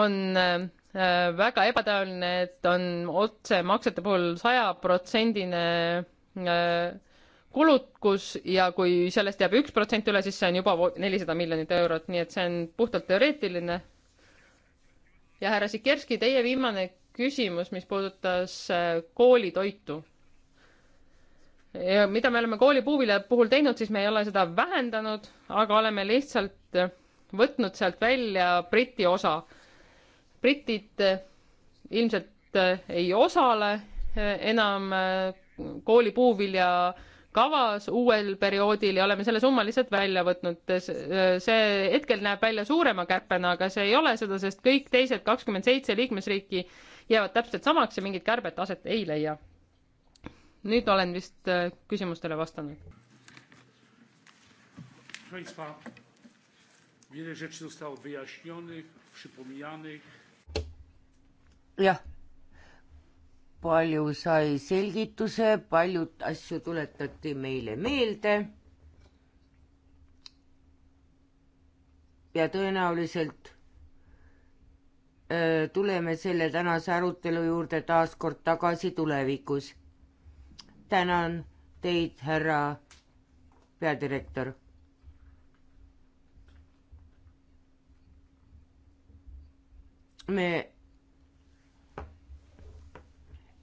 on äh, väga ebatõenäoline, et on otsemaksete puhul sajaprotsendine äh, kulukus ja kui sellest jääb üks protsent üle, siis see on juba nelisada miljonit eurot, nii et see on puhtalt teoreetiline. ja härra Sikerski, teie viimane küsimus, mis puudutas koolitoitu ja mida me oleme koolipuuvile puhul teinud, siis me ei ole seda vähendanud, aga oleme lihtsalt võtnud sealt välja Briti osa. britid eh, ilmselt eh, ei osale eh, enam koolipuuvilja kavas uuel perioodil ja oleme selle summa lihtsalt välja võtnud. see hetkel näeb välja suurema kärpena, aga see ei ole seda, sest kõik teised kakskümmend seitse liikmesriiki jäävad täpselt samaks ja mingit kärbet aset ei leia nüüd olen vist äh, küsimustele vastanud. jah, palju sai selgituse, paljud asju tuletati meile meelde. ja tõenäoliselt äh, tuleme selle tänase arutelu juurde taas kord tagasi tulevikus tänan teid, härra peadirektor. me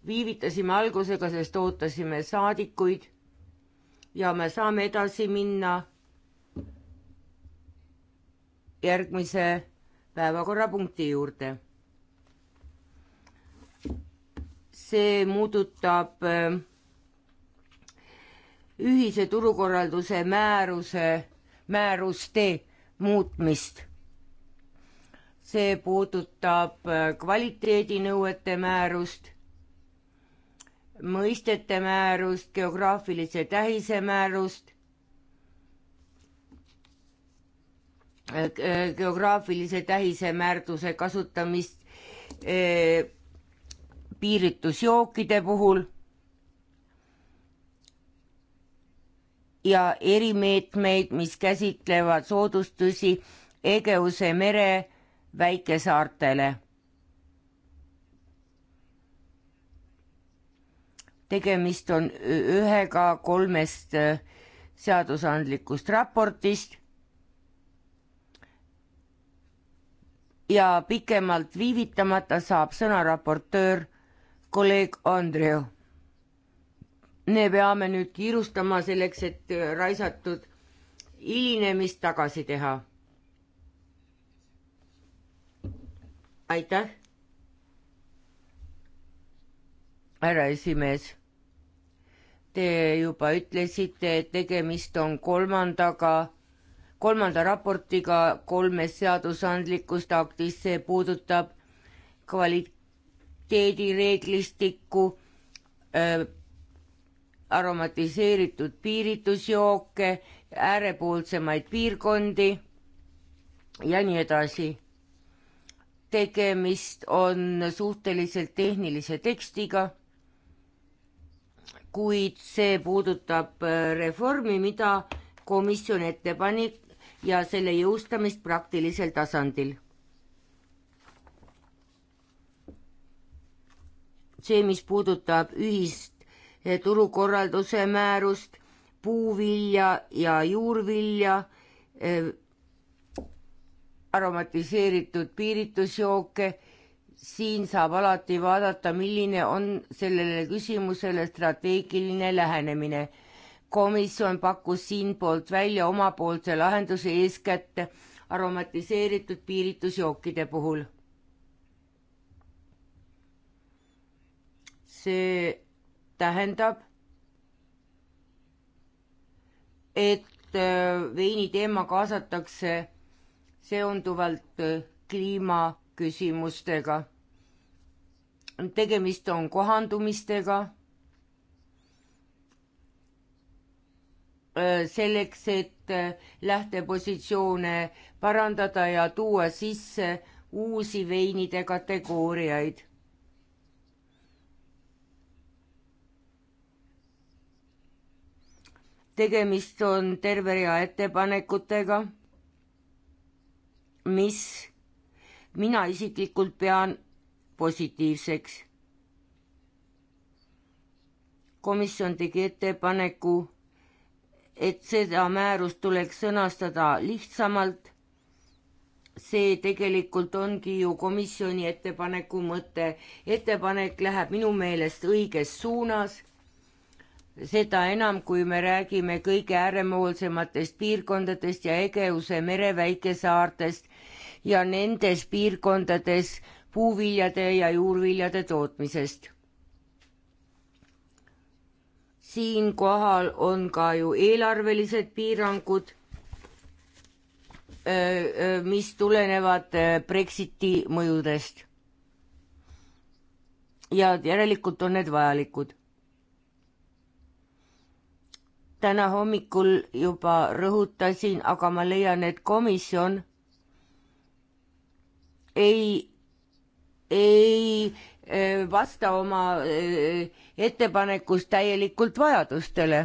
viivitasime algusega, sest ootasime saadikuid ja me saame edasi minna järgmise päevakorrapunkti juurde. see muudutab äh, ühise turukorralduse määruse, määruste muutmist. see puudutab äh, kvaliteedinõuete määrust, mõistete määrust, geograafilise tähise määrust, äh, geograafilise tähise määrduse kasutamist äh, piiritusjookide puhul ja erimeetmeid, mis käsitlevad soodustusi Egeuse mere väikesaartele. tegemist on ühega kolmest äh, seadusandlikust raportist ja pikemalt viivitamata saab sõna raportöör kolleeg Andreu me peame nüüd kiirustama selleks, et äh, raisatud hilinemist tagasi teha. aitäh, härra esimees. Te juba ütlesite, et tegemist on kolmandaga, kolmanda raportiga kolmest seadusandlikust aktist, see puudutab kvaliteedireeglistikku äh, aromatiseeritud piiritusjooke, äärepoolsemaid piirkondi ja nii edasi. tegemist on suhteliselt tehnilise tekstiga, kuid see puudutab äh, reformi, mida komisjon ette pani ja selle jõustamist praktilisel tasandil see, mis puudutab ühist turukorralduse määrust, puuvilja ja juurvilja, e, aromatiseeritud piiritusjooke, siin saab alati vaadata, milline on sellele küsimusele strateegiline lähenemine. komisjon pakkus siinpoolt välja omapoolse lahenduse eeskätt aromatiseeritud piiritusjookide puhul. see tähendab, et äh, veini teema kaasatakse seonduvalt äh, kliimaküsimustega. tegemist on kohandumistega. Äh, selleks, et lähtepositsioone parandada ja tuua sisse uusi veinide kategooriaid tegemist on terve rea ettepanekutega, mis mina isiklikult pean positiivseks. komisjon tegi ettepaneku, et seda määrust tuleks sõnastada lihtsamalt. see tegelikult ongi ju komisjoni ettepaneku mõte. ettepanek läheb minu meelest õiges suunas seda enam, kui me räägime kõige ääremoolsematest piirkondadest ja Egeuse mere väikesaartest ja nendes piirkondades puuviljade ja juurviljade tootmisest. siinkohal on ka ju eelarvelised piirangud, mis tulenevad Brexiti mõjudest. ja järelikult on need vajalikud täna hommikul juba rõhutasin, aga ma leian, et komisjon ei, ei e, vasta oma e, ettepanekus täielikult vajadustele.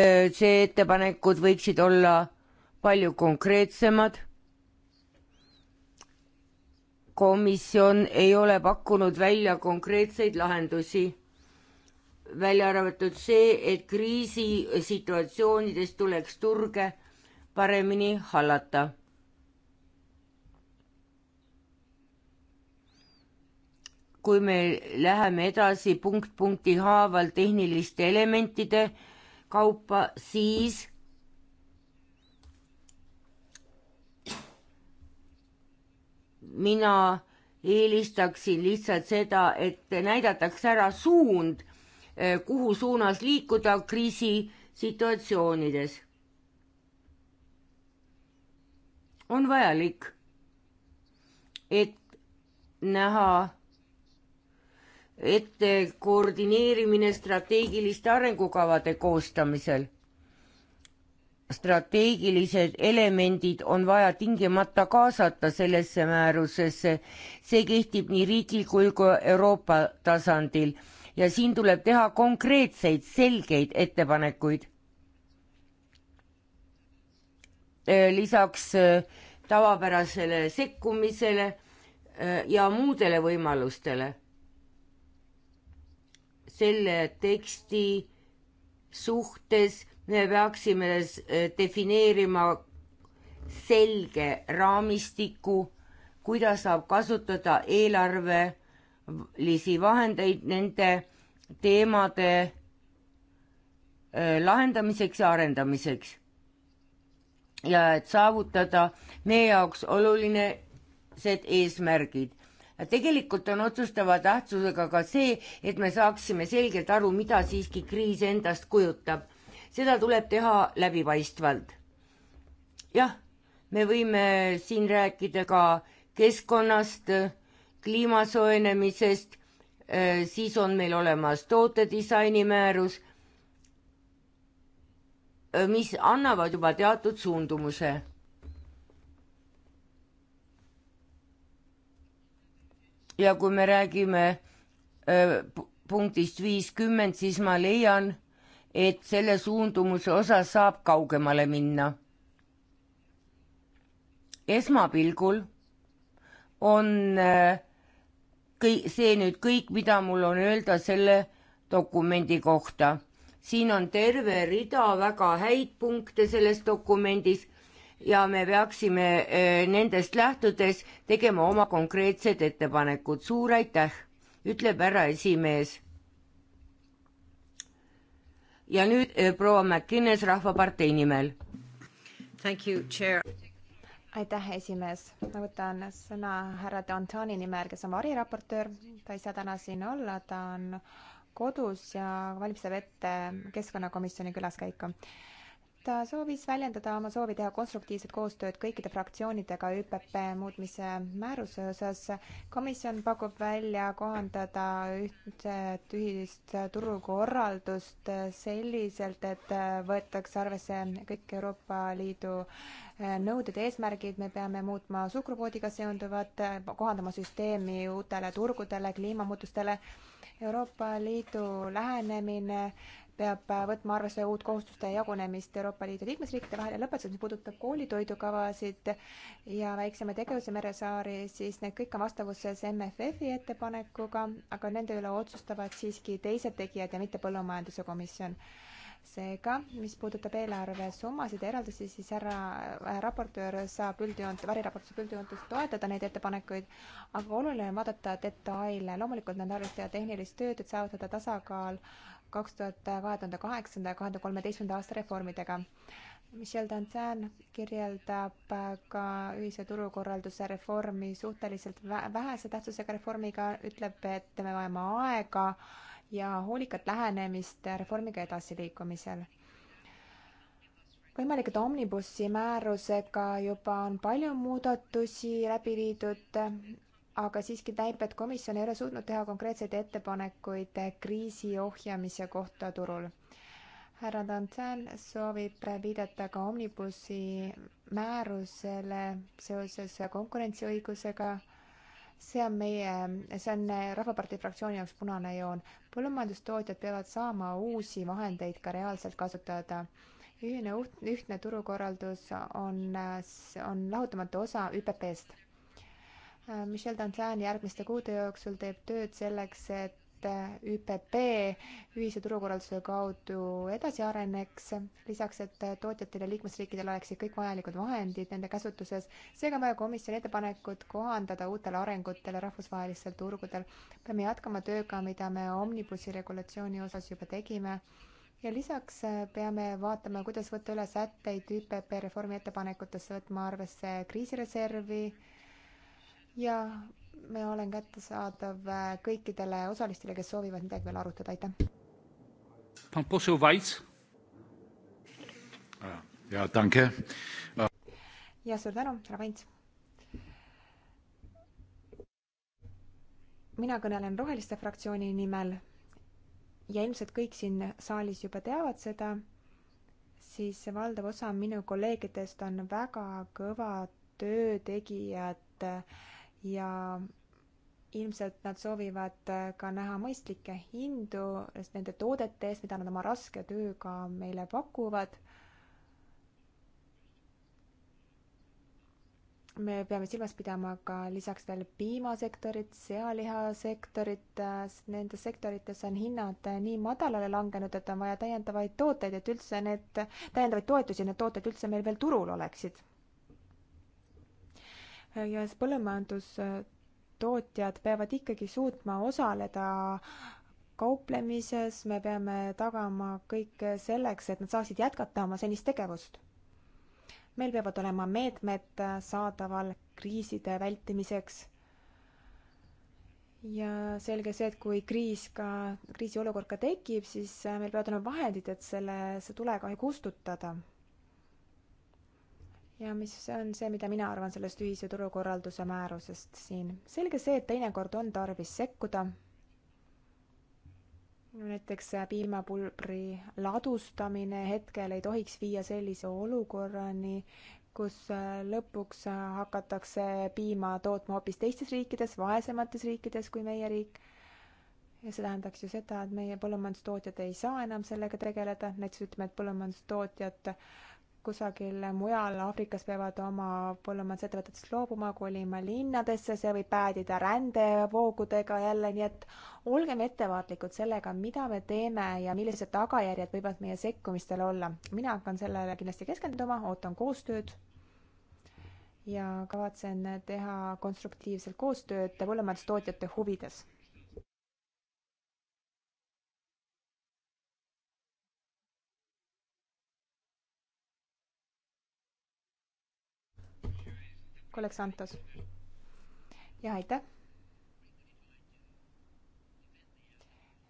E, see ettepanekud võiksid olla palju konkreetsemad. komisjon ei ole pakkunud välja konkreetseid lahendusi välja arvatud see, et kriisisituatsioonides tuleks turge paremini hallata. kui me läheme edasi punkt punkti haaval tehniliste elementide kaupa, siis mina eelistaksin lihtsalt seda, et näidatakse ära suund Eh, kuhu suunas liikuda kriisisituatsioonides. on vajalik, et näha ette koordineerimine strateegiliste arengukavade koostamisel. strateegilised elemendid on vaja tingimata kaasata sellesse määrusesse, see kehtib nii riigil kui ka Euroopa tasandil ja siin tuleb teha konkreetseid, selgeid ettepanekuid. Äh, lisaks äh, tavapärasele sekkumisele äh, ja muudele võimalustele. selle teksti suhtes me peaksime defineerima selge raamistiku, kuidas saab kasutada eelarve rahalisi vahendeid nende teemade äh, lahendamiseks ja arendamiseks. ja et saavutada meie jaoks olulised eesmärgid. tegelikult on otsustava tähtsusega ka see, et me saaksime selgelt aru, mida siiski kriis endast kujutab. seda tuleb teha läbipaistvalt. jah, me võime siin rääkida ka keskkonnast kliima soojenemisest, äh, siis on meil olemas tootedisaini määrus, äh, mis annavad juba teatud suundumuse. ja kui me räägime äh, punktist viiskümmend, siis ma leian, et selle suundumuse osas saab kaugemale minna. esmapilgul on äh, kõik, see nüüd kõik, mida mul on öelda selle dokumendi kohta. siin on terve rida väga häid punkte selles dokumendis ja me peaksime eh, nendest lähtudes tegema oma konkreetsed ettepanekud. suur aitäh, ütleb härra esimees. ja nüüd eh, proua McInnes Rahvapartei nimel aitäh, esimees. ma võtan sõna härra Dantani nimel, kes on variraportöör. ta ei saa täna siin olla, ta on kodus ja valmistab ette keskkonnakomisjoni külaskäiku ta soovis väljendada oma soovi teha konstruktiivset koostööd kõikide fraktsioonidega ÜPP muutmise määruse osas. komisjon pakub välja kohandada ühtset ühist turukorraldust selliselt, et võetakse arvesse kõik Euroopa Liidu eh, nõuded ja eesmärgid, me peame muutma suhkrukvoodiga seonduvat, kohandama süsteemi uutele turgudele, kliimamuutustele Euroopa Liidu lähenemine peab võtma arvesse uut kohustuste jagunemist Euroopa Liidu liikmesriikide vahel ja lõpetuseks, mis puudutab koolitoidukavasid ja väiksema tegevuse meresaari, siis need kõik on vastavuses MFF-i ettepanekuga, aga nende üle otsustavad siiski teised tegijad ja mitte Põllumajanduse komisjon. seega, mis puudutab eelarve summasid ja eraldusi, siis härra äh, raportöör saab üldjoont, variraportuse üldjoontes toetada neid ettepanekuid, aga oluline on vaadata detaile, loomulikult nad arvestavad tehnilist tööd, et saavutada tasakaal äh, kaks tuhat, kahe tuhande kaheksanda ja kahe tuhande kolmeteistkümnenda aasta reformidega. Michel Dantin kirjeldab ka ühise turukorralduse reformi suhteliselt vähese tähtsusega reformiga, ütleb, et me vajame aega ja hoolikat lähenemist reformiga edasiliikumisel võimalik, et Omnibussi määrusega juba on palju muudatusi läbi viidud aga siiski näib, et komisjon ei ole suutnud teha konkreetseid ettepanekuid kriisi ohjamise kohta turul. härra Dantan soovib viidata ka omnibussi määrusele seoses konkurentsiõigusega. see on meie, see on Rahvapartei fraktsiooni jaoks punane joon. põllumajandustootjad peavad saama uusi vahendeid ka reaalselt kasutada ühine, ühtne turukorraldus on, on lahutamatu osa ÜPP-st Äh, Michel Dantin järgmiste kuude jooksul teeb tööd selleks, et äh, ÜPP ühise turukorralduse kaudu edasi areneks, lisaks, et äh, tootjatel ja liikmesriikidel oleksid kõik vajalikud vahendid nende käsutuses. seega on vaja komisjoni ettepanekut kohandada uutele arengutele rahvusvahelistel turgudel. peame jätkama tööga, mida me Omnibusi regulatsiooni osas juba tegime ja lisaks peame vaatama, kuidas võtta üle sätteid ÜPP reformi ettepanekutesse, võtma arvesse kriisireservi, ja ma olen kättesaadav äh, kõikidele osalistele, kes soovivad midagi veel arutada, aitäh. ja suur tänu, härra Vaints. mina kõnelen Roheliste fraktsiooni nimel ja ilmselt kõik siin saalis juba teavad seda, siis valdav osa minu kolleegidest on väga kõva töö tegijad äh, ja ilmselt nad soovivad äh, ka näha mõistlikke hindu nende toodete eest, mida nad oma raske tööga meile pakuvad. me peame silmas pidama ka lisaks veel piimasektorit, sealihasektorit, äh, nendes sektorites on hinnad äh, nii madalale langenud, et on vaja täiendavaid tooteid, et üldse need, täiendavaid toetusi, et need tooted üldse meil veel turul oleksid ja põllumajandustootjad peavad ikkagi suutma osaleda kauplemises, me peame tagama kõik selleks, et nad saaksid jätkata oma senist tegevust. meil peavad olema meetmed saadaval kriiside vältimiseks. ja selge see, et kui kriis ka, kriisiolukord ka tekib, siis meil peavad olema vahendid, et selle, see tulekahju kustutada ja mis on see, mida mina arvan sellest ühise turukorralduse määrusest siin. selge see, et teinekord on tarvis sekkuda, näiteks piimapulbri ladustamine hetkel ei tohiks viia sellise olukorrani, kus äh, lõpuks äh, hakatakse piima tootma hoopis teistes riikides, vaesemates riikides kui meie riik. ja see tähendaks ju seda, et meie põllumajandustootjad ei saa enam sellega tegeleda, näiteks ütleme, et põllumajandustootjad kusagil mujal Aafrikas peavad oma põllumajandusettevõtetest loobuma, kolima linnadesse, see võib päädida rändevoogudega jälle, nii et olgem ettevaatlikud sellega, mida me teeme ja millised tagajärjed võivad meie sekkumistel olla. mina hakkan sellele kindlasti keskenduma, ootan koostööd ja kavatsen teha konstruktiivselt koostööd põllumajandustootjate huvides kolleeg Santos. ja aitäh.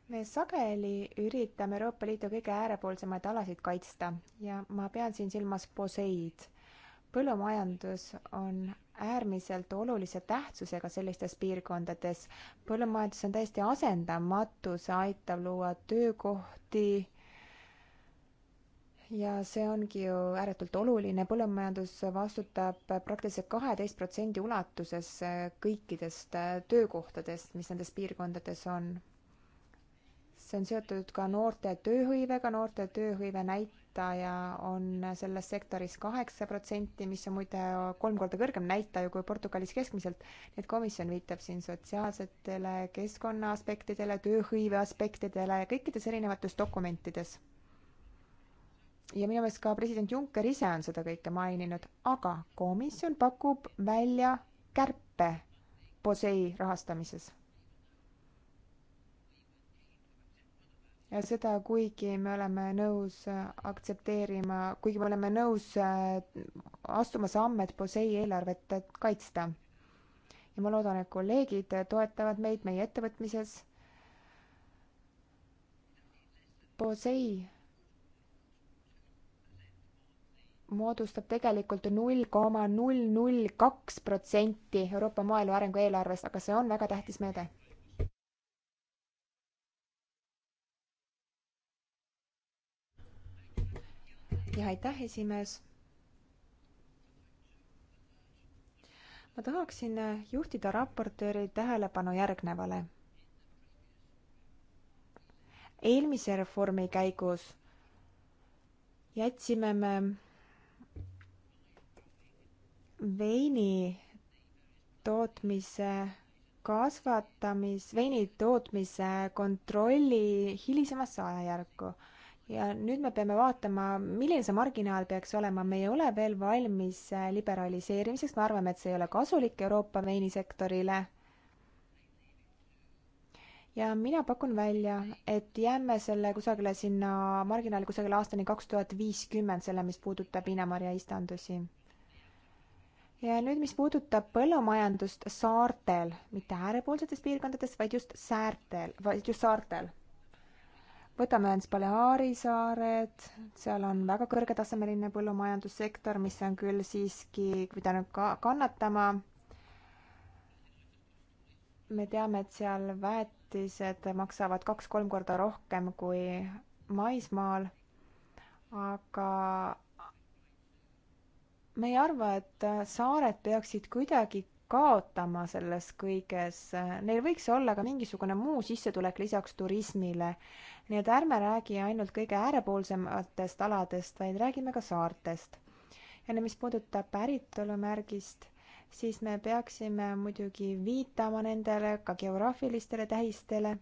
me sageli üritame Euroopa Liidu kõige äärepoolsemaid alasid kaitsta ja ma pean siin silmas poseid. põllumajandus on äärmiselt olulise tähtsusega sellistes piirkondades. põllumajandus on täiesti asendamatu, see aitab luua töökohti ja see ongi ju ääretult oluline, põllumajandus vastutab praktiliselt kaheteist protsendi ulatuses kõikidest töökohtadest, mis nendes piirkondades on. see on seotud ka noorte tööhõivega, noorte tööhõive näitaja on selles sektoris kaheksa protsenti, mis on muide kolm korda kõrgem näitaja kui Portugalis keskmiselt. nii et komisjon viitab siin sotsiaalsetele keskkonna aspektidele, tööhõive aspektidele kõikides erinevates dokumentides ja minu meelest ka president Juncker ise on seda kõike maininud, aga komisjon pakub välja kärpe POSEI rahastamises. ja seda, kuigi me oleme nõus aktsepteerima, kuigi me oleme nõus äh, astuma samme, et POSEI eelarvet äh, kaitsta. ja ma loodan, et kolleegid toetavad meid meie ettevõtmises. POSEI moodustab tegelikult null koma null null kaks protsenti Euroopa Maaelu Arengu eelarvest, aga see on väga tähtis meede. ja aitäh, esimees. ma tahaksin juhtida raportööri tähelepanu järgnevale. eelmise reformi käigus jätsime me veini tootmise kasvatamis, veini tootmise kontrolli hilisemasse ajajärku. ja nüüd me peame vaatama, milline see marginaal peaks olema, me ei ole veel valmis äh, liberaliseerimiseks, me arvame, et see ei ole kasulik Euroopa veinisektorile. ja mina pakun välja, et jääme selle kusagile sinna marginaali kusagile aastani kaks tuhat viiskümmend, selle, mis puudutab viinamarja istandusi ja nüüd, mis puudutab põllumajandust saartel, mitte äärepoolsetes piirkondades, vaid just säärtel, vaid just saartel. võtame näiteks Baleari saared, seal on väga kõrgetasemeline põllumajandussektor, mis on küll siiski pidanud ka kannatama. me teame, et seal väetised maksavad kaks-kolm korda rohkem kui maismaal, aga me ei arva, et äh, saared peaksid kuidagi kaotama selles kõiges, neil võiks olla ka mingisugune muu sissetulek lisaks turismile. nii et ärme räägi ainult kõige äärepoolsematest aladest, vaid räägime ka saartest. ja nüüd, mis puudutab päritolumärgist, siis me peaksime muidugi viitama nendele ka geograafilistele tähistele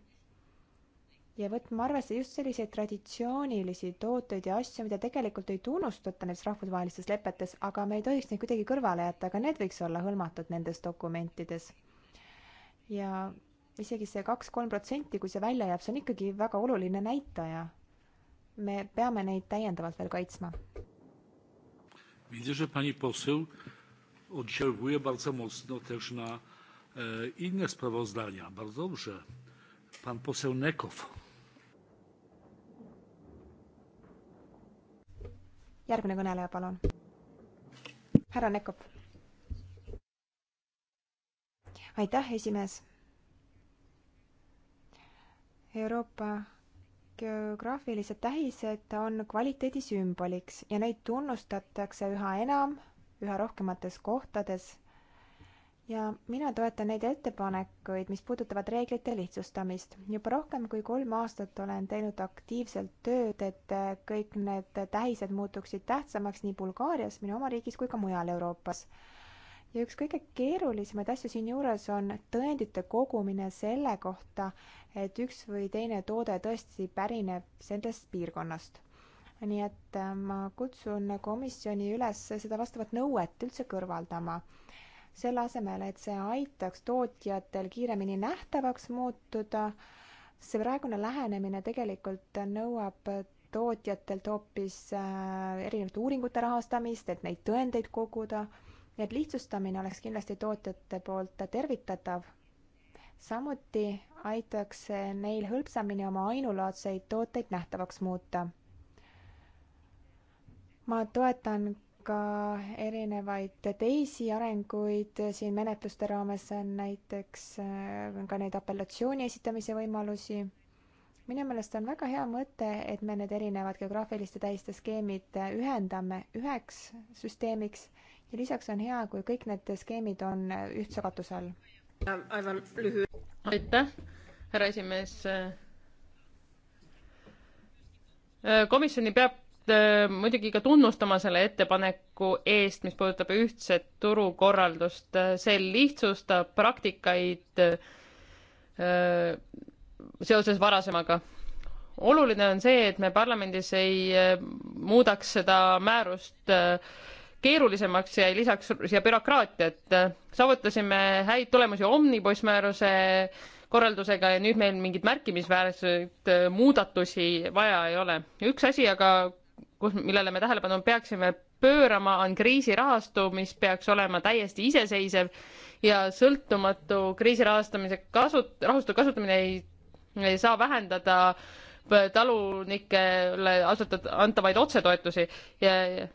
ja võtma arvesse just selliseid traditsioonilisi tooteid ja asju, mida tegelikult ei tunnustata nendes rahvusvahelistes lepetes, aga me ei tohiks neid kuidagi kõrvale jätta, ka need võiks olla hõlmatud nendes dokumentides. ja isegi see kaks-kolm protsenti, kui see välja jääb, see on ikkagi väga oluline näitaja. me peame neid täiendavalt veel kaitsma. Widzę, że pani poseł oddziałuje bardzo mocno też na e, inne sprawozdania. Bardzo dobrze. Pan poseł Nekow järgmine kõneleja, palun. härra Nekop. aitäh, esimees. Euroopa geograafilised tähised on kvaliteedi sümboliks ja neid tunnustatakse üha enam, üha rohkemates kohtades ja mina toetan neid ettepanekuid, mis puudutavad reeglite lihtsustamist. juba rohkem kui kolm aastat olen teinud aktiivselt tööd, et äh, kõik need tähised muutuksid tähtsamaks nii Bulgaarias, minu oma riigis, kui ka mujal Euroopas. ja üks kõige keerulisemaid asju siinjuures on tõendite kogumine selle kohta, et üks või teine toode tõesti pärineb sellest piirkonnast nii et äh, ma kutsun komisjoni üles seda vastavat nõuet üldse kõrvaldama selle asemel, et see aitaks tootjatel kiiremini nähtavaks muutuda, see praegune lähenemine tegelikult nõuab tootjatelt hoopis äh, erinevate uuringute rahastamist, et neid tõendeid koguda. nii et lihtsustamine oleks kindlasti tootjate poolt tervitatav. samuti aitaks neil hõlpsamini oma ainulaadseid tooteid nähtavaks muuta ma toetan ka erinevaid teisi arenguid siin menetluste raames, näiteks äh, ka neid apellatsiooni esitamise võimalusi. minu meelest on väga hea mõte, et me need erinevad geograafiliste tähiste skeemid äh, ühendame üheks süsteemiks ja lisaks on hea, kui kõik need skeemid on äh, ühtse katuse all. aitäh, härra esimees. komisjoni peab Äh, muidugi ka tunnustama selle ettepaneku eest, mis puudutab ühtset turukorraldust. Äh, see lihtsustab praktikaid äh, seoses varasemaga. oluline on see, et me parlamendis ei muudaks seda määrust keerulisemaks ja lisaks siia bürokraatiat. saavutasime häid tulemusi Omnibus määruse korraldusega ja nüüd meil mingeid märkimisväärseid muudatusi vaja ei ole. üks asi aga kus, millele me tähelepanu peaksime pöörama, on kriisirahastu, mis peaks olema täiesti iseseisev ja sõltumatu kriisirahastamise kasut-, rahastu kasutamine ei, ei saa vähendada talunikele asutat-, antavaid otsetoetusi ja, ja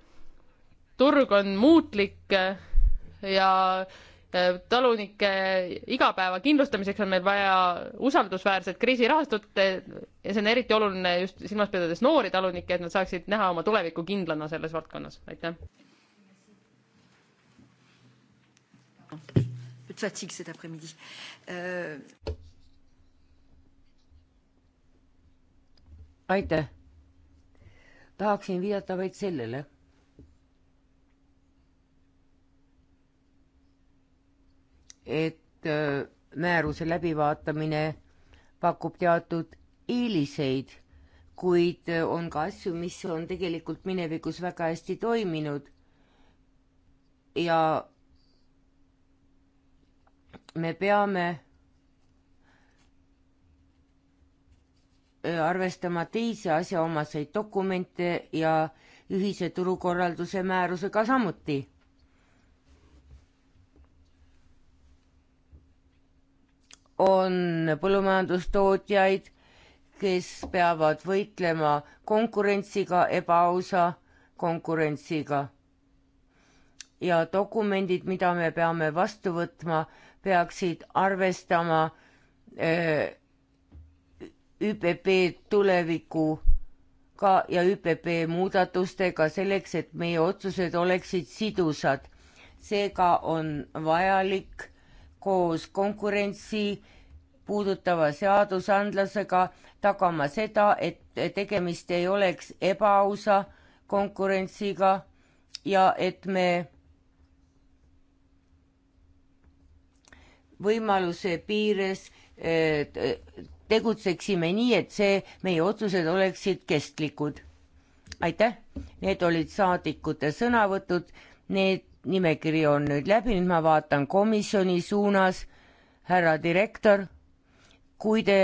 turg on muutlik ja Äh, talunike igapäeva kindlustamiseks on meil vaja usaldusväärset kriisirahastut ja see on eriti oluline just silmas pidades noori talunikke, et nad saaksid näha oma tulevikku kindlana selles valdkonnas, aitäh. Euh, aitäh. tahaksin viidata vaid sellele et äh, määruse läbivaatamine pakub teatud eeliseid, kuid äh, on ka asju, mis on tegelikult minevikus väga hästi toiminud. ja me peame äh, arvestama teisi asjaomaseid dokumente ja ühise turukorralduse määrusega samuti on põllumajandustootjaid, kes peavad võitlema konkurentsiga, ebaausa konkurentsiga. ja dokumendid, mida me peame vastu võtma, peaksid arvestama öö, eh, ÜPP tulevikuga ja ÜPP muudatustega selleks, et meie otsused oleksid sidusad. seega on vajalik koos konkurentsi puudutava seadusandlusega tagama seda, et tegemist ei oleks ebaausa konkurentsiga ja et me võimaluse piires tegutseksime nii, et see, meie otsused oleksid kestlikud. aitäh, need olid saadikute sõnavõtud, need nimekiri on nüüd läbi, nüüd ma vaatan komisjoni suunas, härra direktor, kui te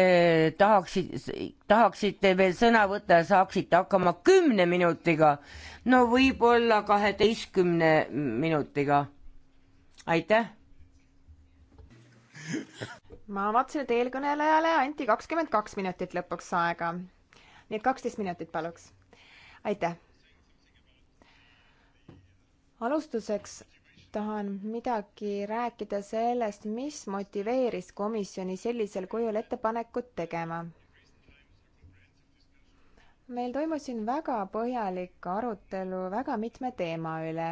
tahaksite, tahaksite veel sõna võtta ja saaksite hakkama kümne minutiga, no võib-olla kaheteistkümne minutiga. aitäh. ma vaatasin, et eelkõnelejale anti kakskümmend kaks minutit lõpuks aega. nii et kaksteist minutit paluks. aitäh alustuseks tahan midagi rääkida sellest, mis motiveeris komisjoni sellisel kujul ettepanekut tegema. meil toimus siin väga põhjalik arutelu väga mitme teema üle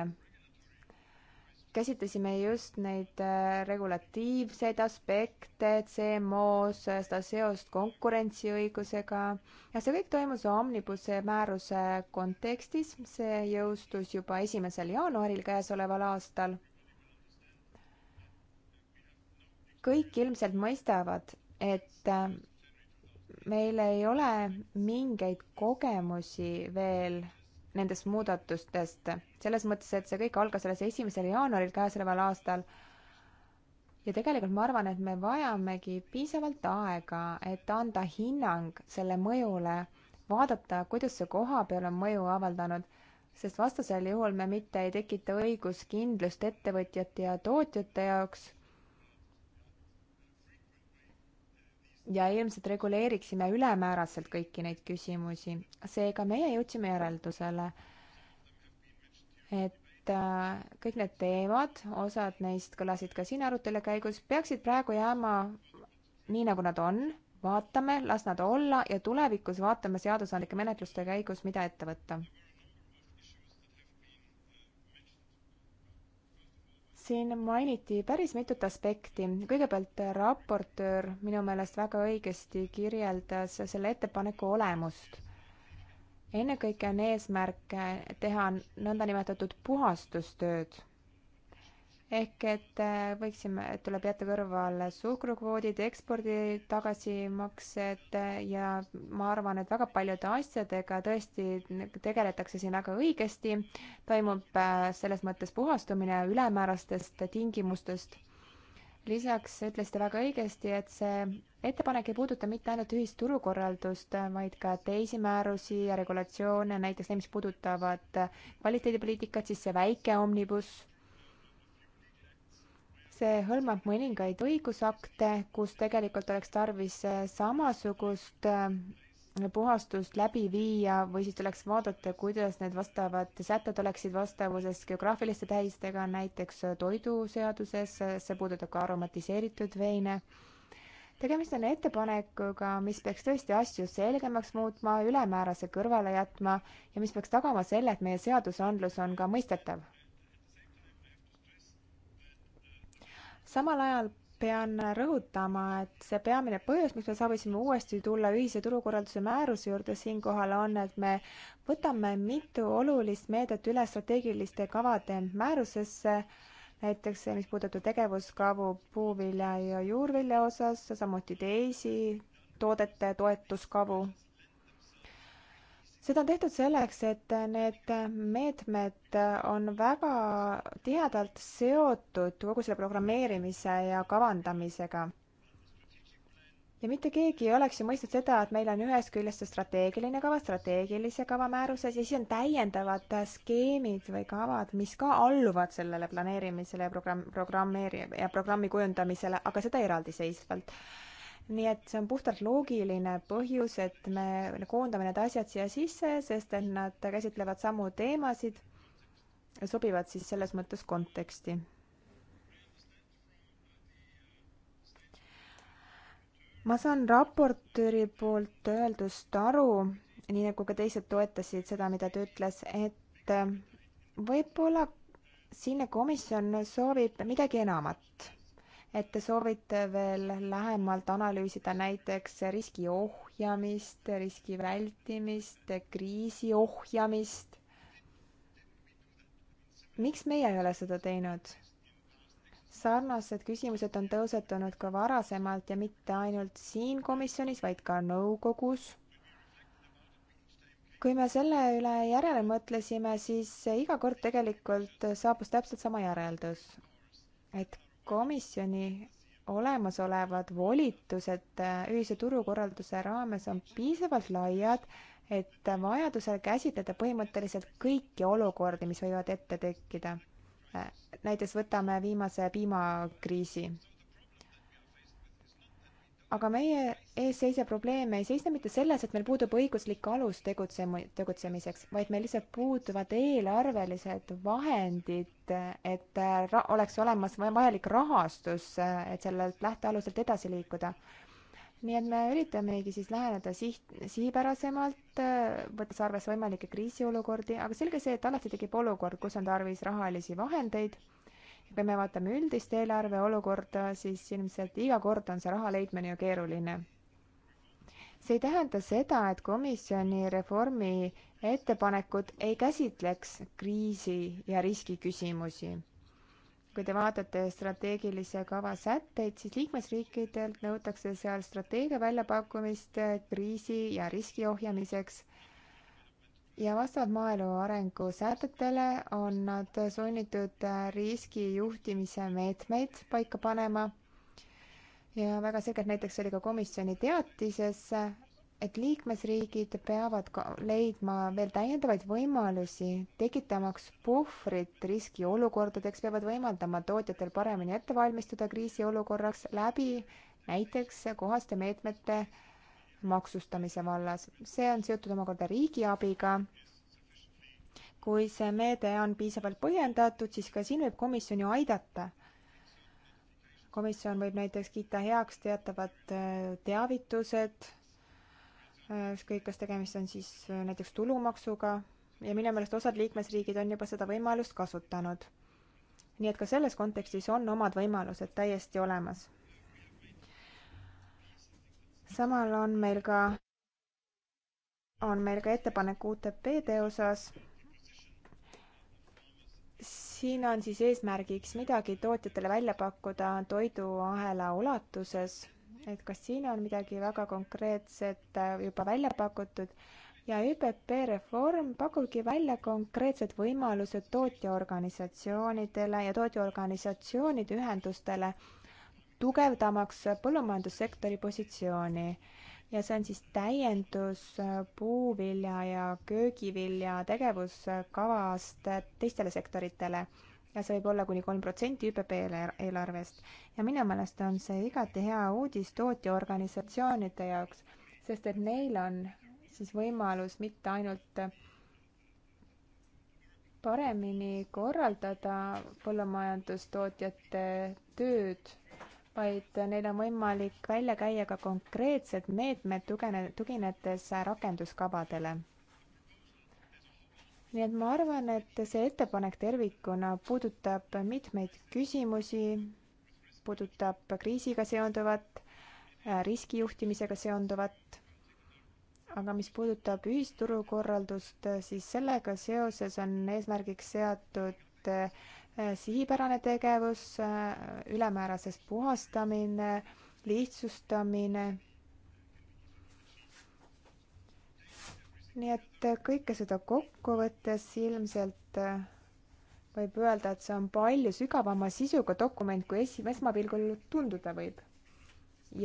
käsitlesime just neid äh, regulatiivseid aspekte, CMO-s, äh, seda seost konkurentsiõigusega ja see kõik toimus Omnibuse määruse kontekstis, see jõustus juba esimesel jaanuaril käesoleval aastal. kõik ilmselt mõistavad, et äh, meil ei ole mingeid kogemusi veel nendest muudatustest, selles mõttes, et see kõik algas alles esimesel jaanuaril käesoleval aastal. ja tegelikult ma arvan, et me vajamegi piisavalt aega, et anda hinnang selle mõjule, vaadata, kuidas see koha peal on mõju avaldanud, sest vastasel juhul me mitte ei tekita õiguskindlust ettevõtjate ja tootjate jaoks ja ilmselt reguleeriksime ülemääraselt kõiki neid küsimusi. seega meie jõudsime järeldusele, et äh, kõik need teemad, osad neist kõlasid ka siin arutelu käigus, peaksid praegu jääma nii, nagu nad on, vaatame, las nad olla ja tulevikus vaatame seadusandlike menetluste käigus, mida ette võtta siin mainiti päris mitut aspekti. kõigepealt raportöör minu meelest väga õigesti kirjeldas selle ettepaneku olemust. ennekõike on eesmärk teha nõndanimetatud puhastustööd ehk et äh, võiksime, tuleb jätta kõrvale suhkrukvoodid, ekspordi tagasimaksed äh, ja ma arvan, et väga paljude asjadega tõesti tegeletakse siin väga õigesti, toimub äh, selles mõttes puhastumine ülemäärastest tingimustest. lisaks ütlesite väga õigesti, et see ettepanek ei puuduta mitte ainult ühist turukorraldust, vaid ka teisi määrusi ja regulatsioone, näiteks need, mis puudutavad kvaliteedipoliitikat, siis see väike omnibus see hõlmab mõningaid õigusakte, kus tegelikult oleks tarvis äh, samasugust äh, puhastust läbi viia või siis tuleks vaadata, kuidas need vastavad sätted oleksid vastavuses geograafiliste tähistega, näiteks äh, toiduseaduses, see puudutab ka aromatiseeritud veine. tegemist on ettepanekuga, mis peaks tõesti asju selgemaks muutma, ülemäärase kõrvale jätma ja mis peaks tagama selle, et meie seadusandlus on ka mõistetav samal ajal pean rõhutama, et see peamine põhjus, miks me soovisime uuesti tulla ühise turukorralduse määruse juurde siinkohal, on, et me võtame mitu olulist meedet üle strateegiliste kavade määrusesse, näiteks mis puudutab tegevuskavu puuvilja ja juurvilja osas, samuti teisi toodete toetuskavu seda on tehtud selleks, et need meetmed on väga tihedalt seotud kogu selle programmeerimise ja kavandamisega. ja mitte keegi ei oleks ju mõistnud seda, et meil on ühest küljest see strateegiline kava strateegilise kava määruses ja siis on täiendavad skeemid või kavad, mis ka alluvad sellele planeerimisele ja programm, programmeeri- ja programmi kujundamisele, aga seda eraldiseisvalt nii et see on puhtalt loogiline põhjus, et me koondame need asjad siia sisse, sest et nad käsitlevad samu teemasid, sobivad siis selles mõttes konteksti. ma saan raportööri poolt öeldust aru, nii nagu ka teised toetasid seda, mida ta ütles, et võib-olla siinne komisjon soovib midagi enamat et te soovite veel lähemalt analüüsida näiteks riski ohjamist, riski vältimist, kriisi ohjamist. miks meie ei ole seda teinud? sarnased küsimused on tõusetunud ka varasemalt ja mitte ainult siin komisjonis, vaid ka nõukogus. kui me selle üle järele mõtlesime, siis iga kord tegelikult saabus täpselt sama järeldus, et komisjoni olemasolevad volitused äh, ühise turukorralduse raames on piisavalt laiad, et vajadusel käsitleda põhimõtteliselt kõiki olukordi, mis võivad ette tekkida. Äh, näiteks võtame viimase piimakriisi aga meie ees seisev probleem ei seisne mitte selles, et meil puudub õiguslik alus tegutsemi-, tegutsemiseks, vaid meil lihtsalt puuduvad eelarvelised vahendid, et äh, ra-, oleks olemas vajalik rahastus, äh, et sellelt lähtealuselt edasi liikuda. nii et me üritamegi siis läheneda siht, sihipärasemalt, äh, võttes arvesse võimalikke kriisiolukordi, aga selge see, et alati tekib olukord, kus on tarvis rahalisi vahendeid kui me vaatame üldist eelarve olukorda, siis ilmselt iga kord on see raha leidmine ju keeruline. see ei tähenda seda, et komisjoni reformi ettepanekud ei käsitleks kriisi ja riski küsimusi. kui te vaatate strateegilise kava sätteid, siis liikmesriikidelt nõutakse seal strateegia väljapakkumist kriisi ja riski ohjamiseks ja vastavalt maaelu arengu sätetele on nad sunnitud riskijuhtimise meetmeid paika panema. ja väga selgelt näiteks oli ka komisjoni teatises, et liikmesriigid peavad leidma veel täiendavaid võimalusi, tekitamaks puhvrit riskiolukordadeks, peavad võimaldama tootjatel paremini ette valmistuda kriisiolukorraks läbi näiteks kohaste meetmete maksustamise vallas. see on seotud omakorda riigiabiga. kui see meede on piisavalt põhjendatud, siis ka siin võib komisjon ju aidata. komisjon võib näiteks kiita heaks teatavad äh, teavitused, ükskõik, äh, kas tegemist on siis äh, näiteks tulumaksuga ja minu meelest osad liikmesriigid on juba seda võimalust kasutanud. nii et ka selles kontekstis on omad võimalused täiesti olemas samal on meil ka, on meil ka ettepanek UTP-de osas. siin on siis eesmärgiks midagi tootjatele välja pakkuda toiduahela ulatuses, et kas siin on midagi väga konkreetset äh, juba välja pakutud ja ÜPP e reform pakubki välja konkreetsed võimalused tootjaorganisatsioonidele ja tootjaorganisatsioonide ühendustele tugevdamaks põllumajandussektori positsiooni ja see on siis täiendus puuvilja ja köögivilja tegevuskavast teistele sektoritele ja see võib olla kuni kolm protsenti ÜPP eelarvest. ja minu meelest on see igati hea uudis tootjaorganisatsioonide jaoks, sest et neil on siis võimalus mitte ainult paremini korraldada põllumajandustootjate tööd vaid neil on võimalik välja käia ka konkreetsed meetmed, tugene, tuginedes rakenduskavadele. nii et ma arvan, et see ettepanek tervikuna puudutab mitmeid küsimusi, puudutab kriisiga seonduvat, äh, riskijuhtimisega seonduvat aga mis puudutab ühisturu korraldust, siis sellega seoses on eesmärgiks seatud äh, Äh, sihipärane tegevus, äh, ülemäärases puhastamine, lihtsustamine nii et äh, kõike seda kokkuvõttes ilmselt võib öelda, et see on palju sügavama sisuga dokument, kui esi, esmapilgul tunduda võib.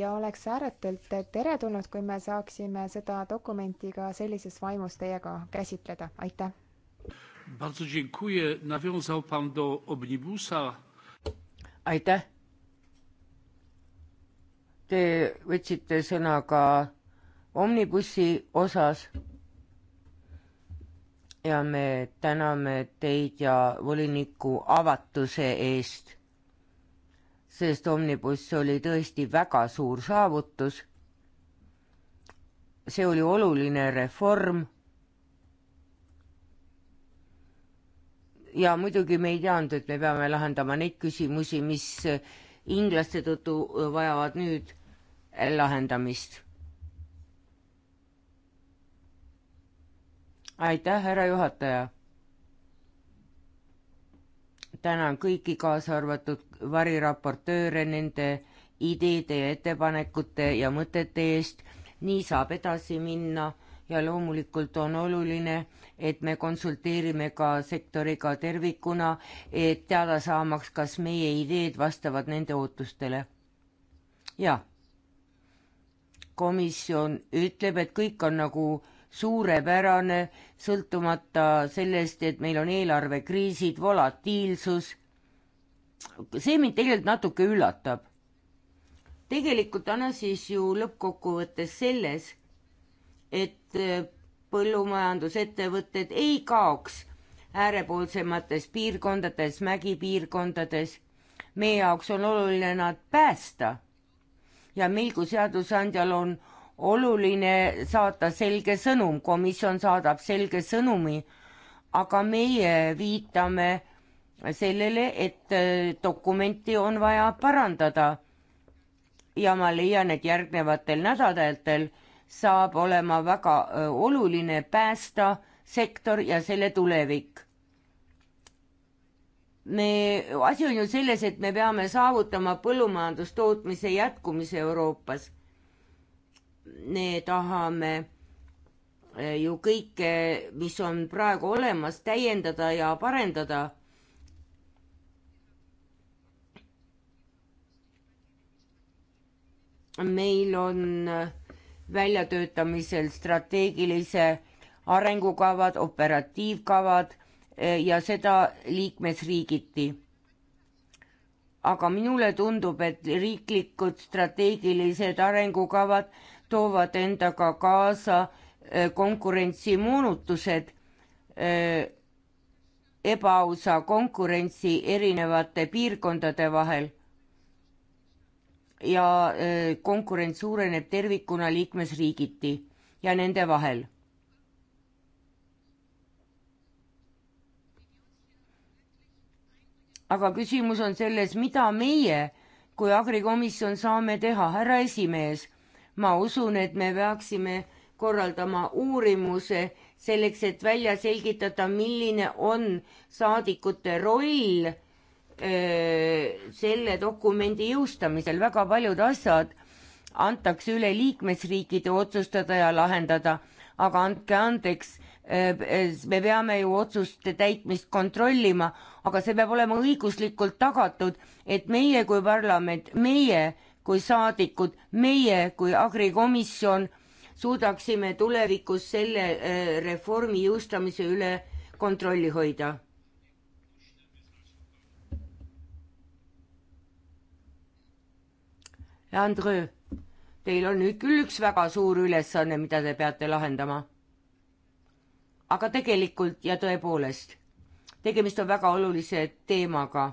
ja oleks ääretult teretulnud, kui me saaksime seda dokumenti ka sellises vaimus teiega käsitleda, aitäh! Bardzo dziękuję. Nawiązał pan do omnibusa. aitäh. Te võtsite sõna ka omnibussi osas. ja me täname teid ja voliniku avatuse eest, sest omnibuss oli tõesti väga suur saavutus. see oli oluline reform ja muidugi me ei teadnud, et me peame lahendama neid küsimusi, mis inglaste tõttu vajavad nüüd lahendamist. aitäh, härra juhataja. tänan kõiki, kaasa arvatud variraportööre nende ideede ja ettepanekute ja mõtete eest. nii saab edasi minna ja loomulikult on oluline, et me konsulteerime ka sektoriga tervikuna, et teada saamaks, kas meie ideed vastavad nende ootustele. jah, komisjon ütleb, et kõik on nagu suurepärane, sõltumata sellest, et meil on eelarvekriisid, volatiilsus. see mind tegelikult natuke üllatab. tegelikult on asi ju lõppkokkuvõttes selles et eh, põllumajandusettevõtted ei kaoks äärepoolsemates piirkondades, mägipiirkondades. meie jaoks on oluline nad päästa. ja meil kui seadusandjal on oluline saata selge sõnum, komisjon saadab selge sõnumi, aga meie viitame sellele, et eh, dokumenti on vaja parandada. ja ma leian, et järgnevatel nädalatel saab olema väga oluline päästasektor ja selle tulevik. me, asi on ju selles, et me peame saavutama põllumajandustootmise jätkumise Euroopas. me tahame ju kõike, mis on praegu olemas, täiendada ja parendada meil on väljatöötamisel strateegilise arengukavad, operatiivkavad eh, ja seda liikmesriigiti. aga minule tundub, et riiklikud strateegilised arengukavad toovad endaga kaasa eh, konkurentsimoonutused, eh, ebaausa konkurentsi erinevate piirkondade vahel ja äh, konkurents suureneb tervikuna liikmesriigiti ja nende vahel. aga küsimus on selles, mida meie kui agrikomisjon saame teha, härra esimees, ma usun, et me peaksime korraldama uurimuse selleks, et välja selgitada, milline on saadikute roll Äh, selle dokumendi jõustamisel väga paljud asjad antakse üle liikmesriikide otsustada ja lahendada, aga andke andeks, äh, äh, me peame ju otsuste täitmist kontrollima, aga see peab olema õiguslikult tagatud, et meie kui parlament, meie kui saadikud, meie kui agrikomisjon suudaksime tulevikus selle reformi jõustamise üle kontrolli hoida Andrõ, teil on nüüd küll üks väga suur ülesanne, mida te peate lahendama. aga tegelikult ja tõepoolest, tegemist on väga olulise teemaga.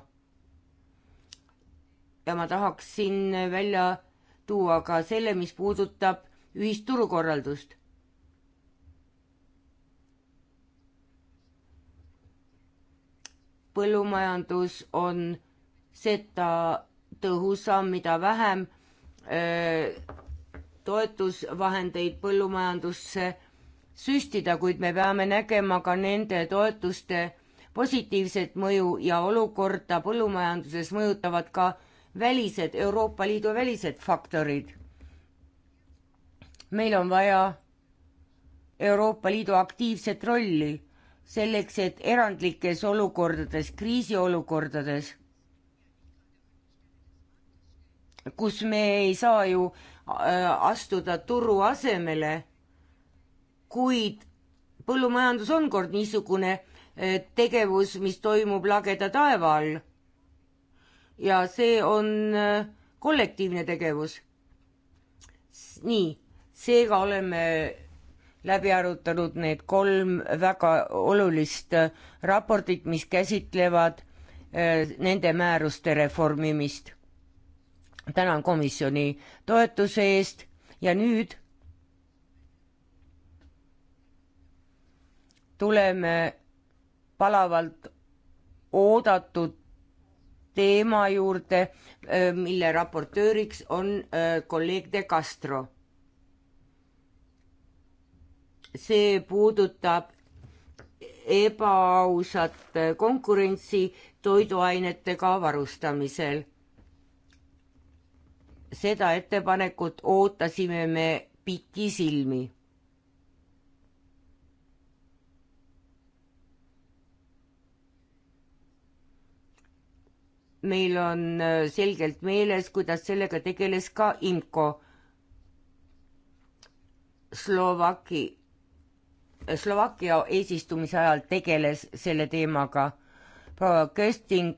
ja ma tahaksin välja tuua ka selle, mis puudutab ühisturukorraldust. põllumajandus on seda tõhusam, mida vähem toetusvahendeid põllumajandusse süstida, kuid me peame nägema ka nende toetuste positiivset mõju ja olukorda põllumajanduses mõjutavad ka välised, Euroopa Liidu välised faktorid. meil on vaja Euroopa Liidu aktiivset rolli selleks, et erandlikes olukordades, kriisiolukordades kus me ei saa ju äh, astuda turu asemele. kuid põllumajandus on kord niisugune äh, tegevus, mis toimub lageda taeva all. ja see on äh, kollektiivne tegevus. nii, seega oleme läbi arutanud need kolm väga olulist raportit, mis käsitlevad nende määruste reformimist tänan komisjoni toetuse eest ja nüüd tuleme palavalt oodatud teema juurde, mille raportööriks on äh, kolleeg De Castro. see puudutab ebaausat konkurentsi toiduainetega varustamisel seda ettepanekut ootasime me pikisilmi. meil on äh, selgelt meeles, kuidas sellega tegeles ka IMCO. Slovaki, äh, Slovakkia eesistumise ajal tegeles selle teemaga. proua Kösting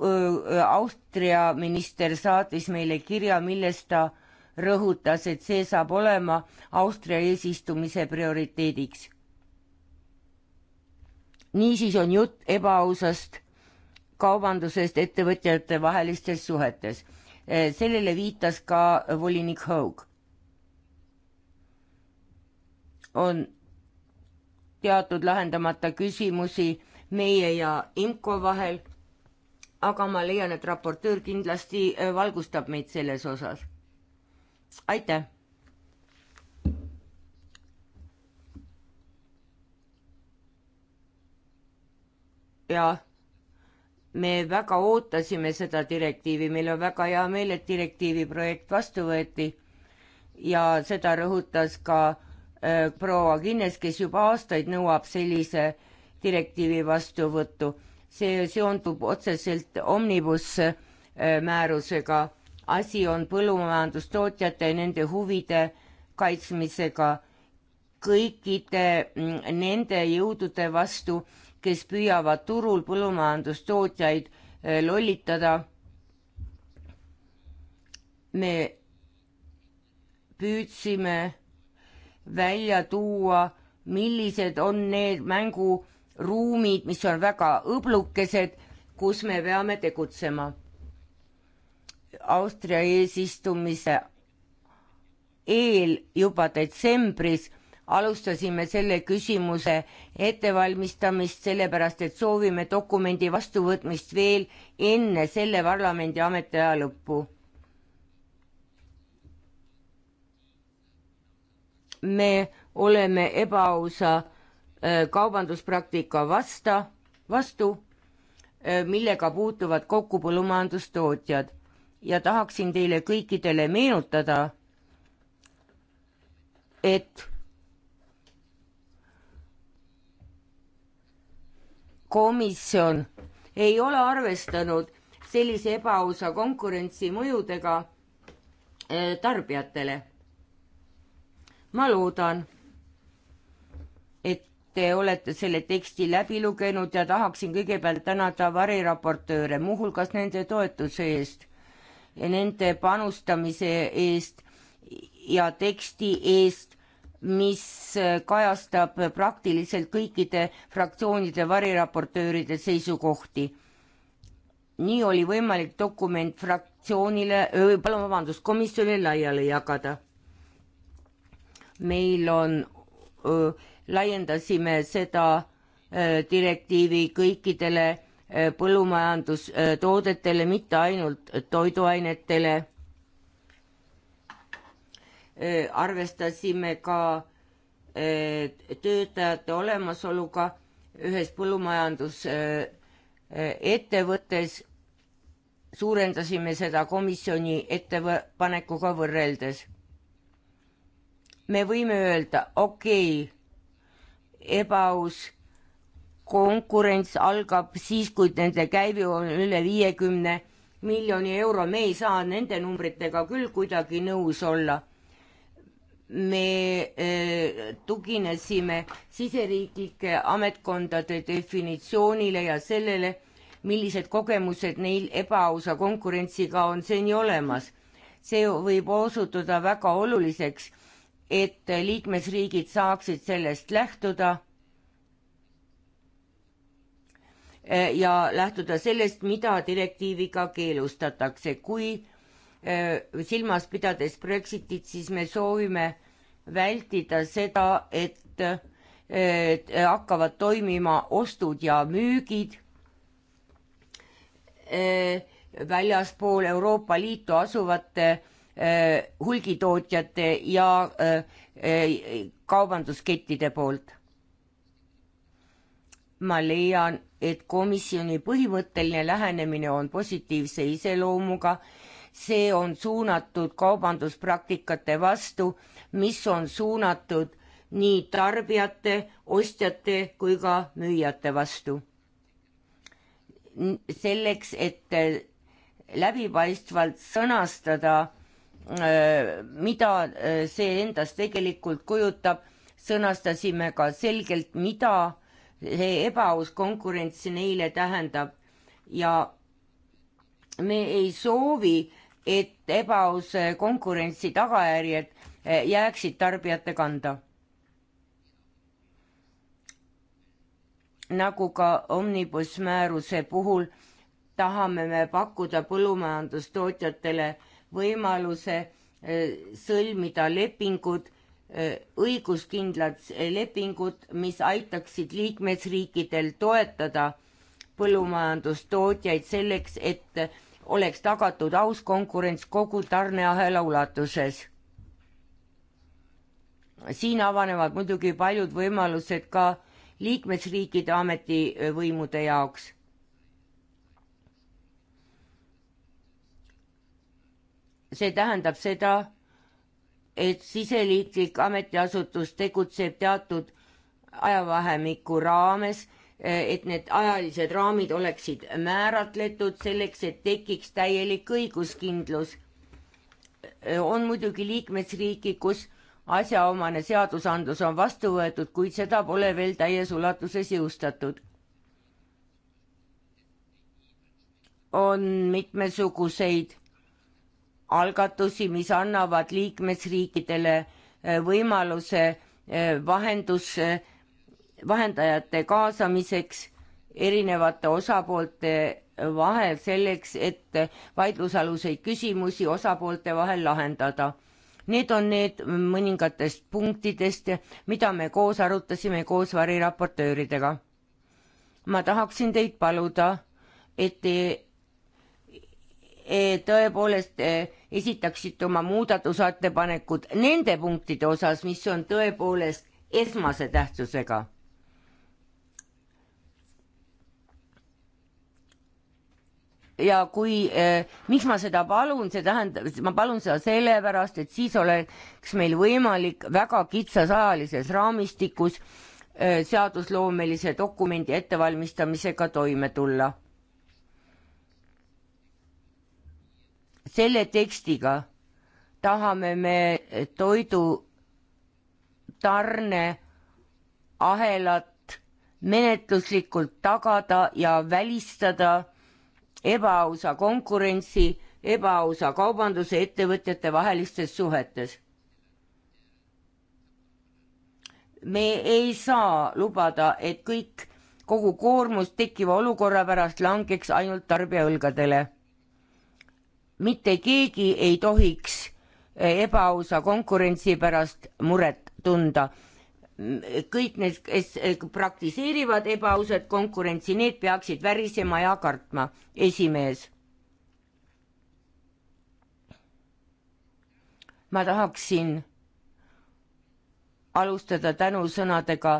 Äh, äh, Austria minister saatis meile kirja, milles ta rõhutas, et see saab olema Austria eesistumise prioriteediks. niisiis on jutt ebaausast kaubandusest ettevõtjate vahelistes suhetes. Äh, sellele viitas ka volinik Haug. on teatud lahendamata küsimusi meie ja IMCO vahel aga ma leian, et raportöör kindlasti äh, valgustab meid selles osas. aitäh. ja me väga ootasime seda direktiivi, meil on väga hea meel, et direktiivi projekt vastu võeti ja seda rõhutas ka äh, proua Kinnes, kes juba aastaid nõuab sellise direktiivi vastuvõttu see seondub otseselt omnibus äh, määrusega. asi on põllumajandustootjate ja nende huvide kaitsmisega kõikide mm, nende jõudude vastu, kes püüavad turul põllumajandustootjaid äh, lollitada. me püüdsime välja tuua, millised on need mängu ruumid, mis on väga õblukesed, kus me peame tegutsema. Austria eesistumise eel juba detsembris alustasime selle küsimuse ettevalmistamist, sellepärast et soovime dokumendi vastuvõtmist veel enne selle parlamendi ametiaja lõppu. me oleme ebaausa Äh, kaubanduspraktika vasta, vastu, äh, millega puutuvad kokku põllumajandustootjad ja tahaksin teile kõikidele meenutada, et komisjon ei ole arvestanud sellise ebaausa konkurentsi mõjudega äh, tarbijatele. ma loodan, et te olete selle teksti läbi lugenud ja tahaksin kõigepealt tänada variraportööre, muuhulgas nende toetuse eest ja nende panustamise eest ja teksti eest, mis kajastab praktiliselt kõikide fraktsioonide variraportööride seisukohti. nii oli võimalik dokument fraktsioonile, palun vabandust, komisjonile laiali jagada. meil on öö, laiendasime seda äh, direktiivi kõikidele äh, põllumajandustoodetele, äh, mitte ainult toiduainetele. arvestasime ka töötajate olemasoluga ühes põllumajandusettevõttes, suurendasime seda komisjoni ettepanekuga võrreldes. me võime öelda, okei okay,, ebaaus konkurents algab siis, kui nende käive on üle viiekümne miljoni euro, me ei saa nende numbritega küll kuidagi nõus olla. me äh, tuginesime siseriiklike ametkondade definitsioonile ja sellele, millised kogemused neil ebaausa konkurentsiga on seni olemas. see võib osutuda väga oluliseks et liikmesriigid saaksid sellest lähtuda ja lähtuda sellest, mida direktiiviga keelustatakse. kui äh, silmas pidades Brexitit, siis me soovime vältida seda, et, et hakkavad toimima ostud ja müügid äh, väljaspool Euroopa Liitu asuvate Äh, hulgitootjate ja äh, äh, kaubanduskettide poolt. ma leian, et komisjoni põhimõtteline lähenemine on positiivse iseloomuga, see on suunatud kaubanduspraktikate vastu, mis on suunatud nii tarbijate, ostjate kui ka müüjate vastu. selleks, et läbipaistvalt sõnastada mida äh, see endast tegelikult kujutab, sõnastasime ka selgelt, mida see ebaaus konkurents neile tähendab ja me ei soovi, et ebaaus äh, konkurentsi tagajärjed äh, jääksid tarbijate kanda. nagu ka omnibusmääruse puhul tahame me pakkuda põllumajandustootjatele võimaluse äh, sõlmida lepingud, äh, õiguskindlad äh, lepingud, mis aitaksid liikmesriikidel toetada põllumajandustootjaid selleks, et oleks tagatud aus konkurents kogu tarneahela ulatuses. siin avanevad muidugi paljud võimalused ka liikmesriikide ametivõimude jaoks see tähendab seda, et siseliiklik ametiasutus tegutseb teatud ajavahemiku raames, et need ajalised raamid oleksid määratletud selleks, et tekiks täielik õiguskindlus. on muidugi liikmesriike, kus asjaomane seadusandlus on vastu võetud, kuid seda pole veel täies ulatuses jõustatud. on mitmesuguseid algatusi, mis annavad liikmesriikidele eh, võimaluse eh, vahendus, eh, vahendajate kaasamiseks erinevate osapoolte vahel selleks, et vaidlusaluseid küsimusi osapoolte vahel lahendada. Need on need mõningatest punktidest, mida me koos arutasime koos variraportööridega. ma tahaksin teid paluda, et te tõepoolest esitaksite oma muudatusettepanekud nende punktide osas, mis on tõepoolest esmase tähtsusega. ja kui eh,, miks ma seda palun, see tähendab, ma palun seda sellepärast, et siis oleks meil võimalik väga kitsas ajalises raamistikus eh, seadusloomelise dokumendi ettevalmistamisega toime tulla selle tekstiga tahame me toidu tarne ahelat menetluslikult tagada ja välistada ebaausa konkurentsi, ebaausa kaubanduse ettevõtjate vahelistes suhetes. me ei saa lubada, et kõik, kogu koormus tekkiva olukorra pärast langeks ainult tarbija õlgadele mitte keegi ei tohiks äh, ebaausa konkurentsi pärast muret tunda. kõik need, kes äh, praktiseerivad ebaausat konkurentsi, need peaksid värisema ja kartma, esimees. ma tahaksin alustada tänusõnadega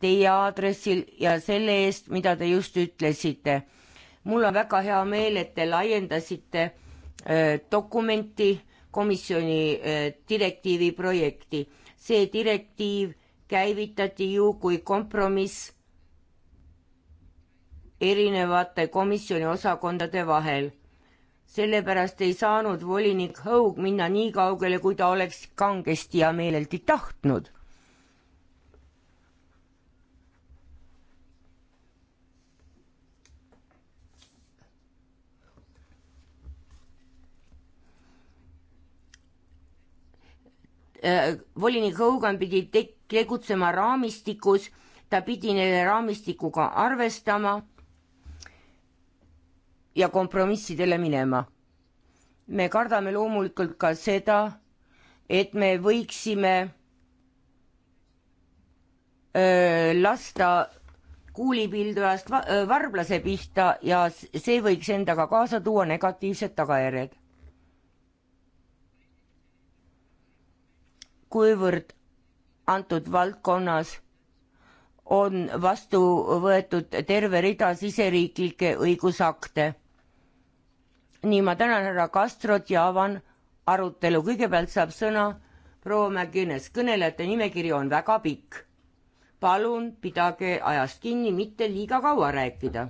teie aadressil ja selle eest, mida te just ütlesite. mul on väga hea meel, et te laiendasite Äh, dokumenti, komisjoni äh, direktiivi projekti. see direktiiv käivitati ju kui kompromiss erinevate komisjoni osakondade vahel. sellepärast ei saanud volinik Hõug minna nii kaugele, kui ta oleks kangesti ja meeleldi tahtnud Äh, volinik Hogan pidi tegutsema raamistikus, ta pidi neile raamistikuga arvestama ja kompromissidele minema. me kardame loomulikult ka seda, et me võiksime öö, lasta kuulipildujast va varblase pihta ja see võiks endaga kaasa tuua negatiivsed tagajärjed. kuivõrd antud valdkonnas on vastu võetud terve rida siseriiklikke õigusakte. nii, ma tänan härra Kastrot ja avan arutelu, kõigepealt saab sõna proua Mäkines, kõnelejate nimekiri on väga pikk. palun pidage ajast kinni, mitte liiga kaua rääkida.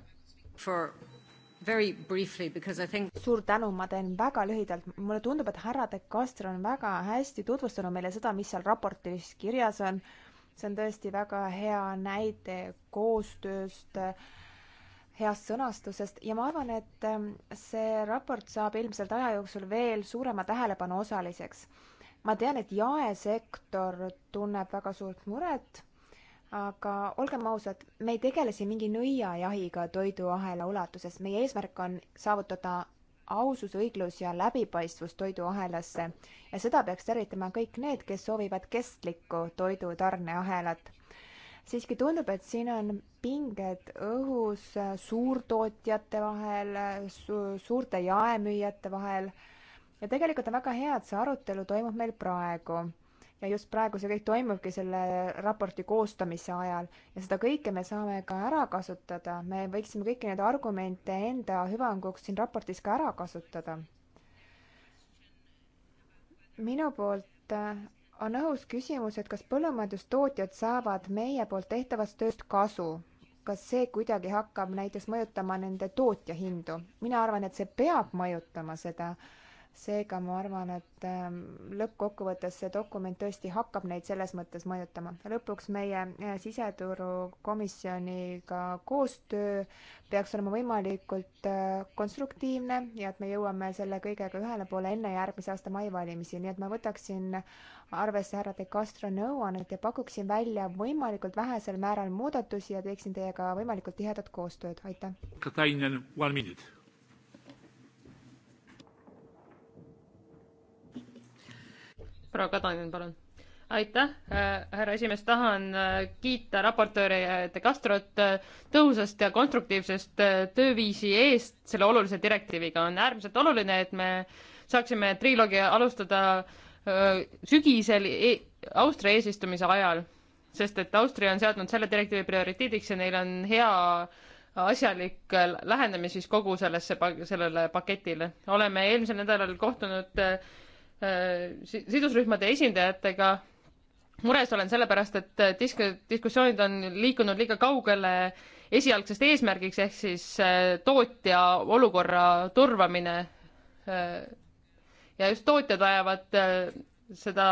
For Very briefly, because I think suur tänu, ma teen väga lühidalt, mulle tundub, et härra De Castro on väga hästi tutvustanud meile seda, mis seal raportis kirjas on. see on tõesti väga hea näide koostööst äh, heast sõnastusest ja ma arvan, et ähm, see raport saab ilmselt aja jooksul veel suurema tähelepanu osaliseks. ma tean, et jaesektor tunneb väga suurt muret aga olgem ausad, me ei tegele siin mingi nõiajahiga toiduahela ulatuses, meie eesmärk on saavutada ausus, õiglus ja läbipaistvus toiduahelasse ja seda peaks tervitama kõik need, kes soovivad kestlikku toidu tarneahelat. siiski tundub, et siin on pinged õhus suurtootjate vahel su, suurte jaemüüjate vahel ja tegelikult on väga hea, et see arutelu toimub meil praegu ja just praegu see kõik toimubki selle raporti koostamise ajal ja seda kõike me saame ka ära kasutada, me võiksime kõiki neid argumente enda hüvanguks siin raportis ka ära kasutada. minu poolt äh, on õhus küsimus, et kas põllumajandustootjad saavad meie poolt tehtavast tööst kasu? kas see kuidagi hakkab näiteks mõjutama nende tootjahindu? mina arvan, et see peab mõjutama seda äh, seega ma arvan, et ähm, lõppkokkuvõttes see dokument tõesti hakkab neid selles mõttes mõjutama. lõpuks meie äh, siseturukomisjoniga koostöö peaks olema võimalikult äh, konstruktiivne ja et me jõuame selle kõigega ühele poole enne järgmise aasta maivalimisi, nii et ma võtaksin arvesse härra De Castro nõuannet ja pakuksin välja võimalikult vähesel määral muudatusi ja teeksin teiega võimalikult tihedat koostööd, aitäh! Katainen, one minute proua Kadanen, palun. aitäh, äh, härra esimees, tahan äh, kiita raportööri äh, De Castrot tõhusast ja konstruktiivsest tööviisi eest selle olulise direktiiviga. on äärmiselt oluline, et me saaksime triloogi alustada sügisel e Austria eesistumise ajal, sest et Austria on seadnud selle direktiivi prioriteediks ja neil on hea asjalik lähenemisviis kogu sellesse, sellele paketile. oleme eelmisel nädalal kohtunud Äh, sidusrühmade esindajatega mures olen sellepärast, et äh, disk-, diskussioonid on liikunud liiga kaugele esialgsest eesmärgiks, ehk siis äh, tootja olukorra turvamine. ja just tootjad vajavad seda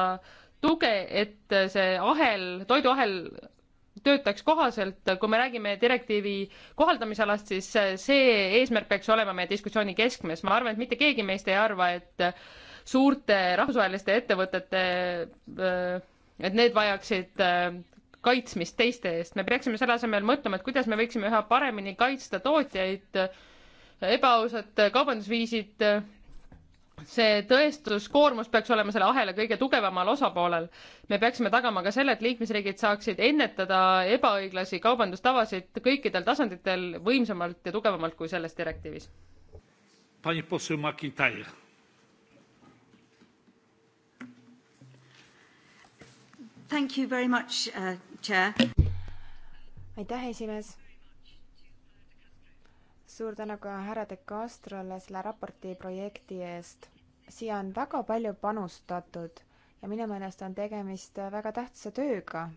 tuge, et see ahel, toiduahel töötaks kohaselt, kui me räägime direktiivi kohaldamisalast, siis see eesmärk peaks olema meie diskussiooni keskmes. ma arvan, et mitte keegi meist ei arva, et suurte rahvusvaheliste ettevõtete, äh, et need vajaksid äh, kaitsmist teiste eest. me peaksime selle asemel mõtlema, et kuidas me võiksime üha paremini kaitsta tootjaid, ebaausad kaubandusviisid, see tõestuskoormus peaks olema selle ahela kõige tugevamal osapoolel. me peaksime tagama ka selle, et liikmesriigid saaksid ennetada ebaõiglasi kaubandustavasid kõikidel tasanditel võimsamalt ja tugevamalt kui selles direktiivis. Pani poseł McIntyre Thank you very much uh,, chair. aitäh, esimees. suur tänu ka härra De Castrole selle raporti projekti eest. siia on väga palju panustatud ja minu meelest on tegemist väga tähtsa tööga.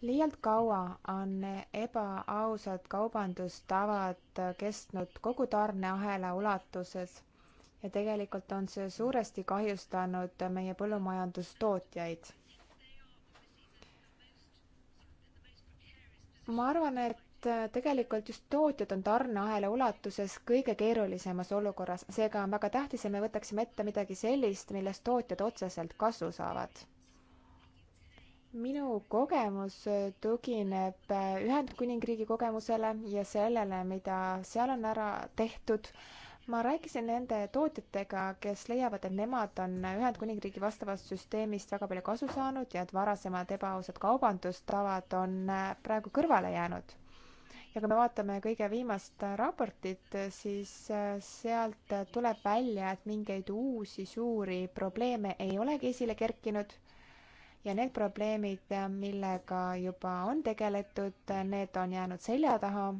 liialt kaua on ebaausad kaubandustavad kestnud kogu tarneahela ulatuses ja tegelikult on see suuresti kahjustanud meie põllumajandustootjaid. ma arvan, et tegelikult just tootjad on tarneahela ulatuses kõige keerulisemas olukorras, seega on väga tähtis, et me võtaksime ette midagi sellist, millest tootjad otseselt kasu saavad. minu kogemus tugineb Ühendkuningriigi kogemusele ja sellele, mida seal on ära tehtud ma rääkisin nende tootjatega, kes leiavad, et nemad on Ühendkuningriigi vastavast süsteemist väga palju kasu saanud ja et varasemad ebaausad kaubandustavad on äh, praegu kõrvale jäänud. ja kui me vaatame kõige viimast raportit, siis äh, sealt tuleb välja, et mingeid uusi suuri probleeme ei olegi esile kerkinud ja need probleemid, millega juba on tegeletud, need on jäänud selja taha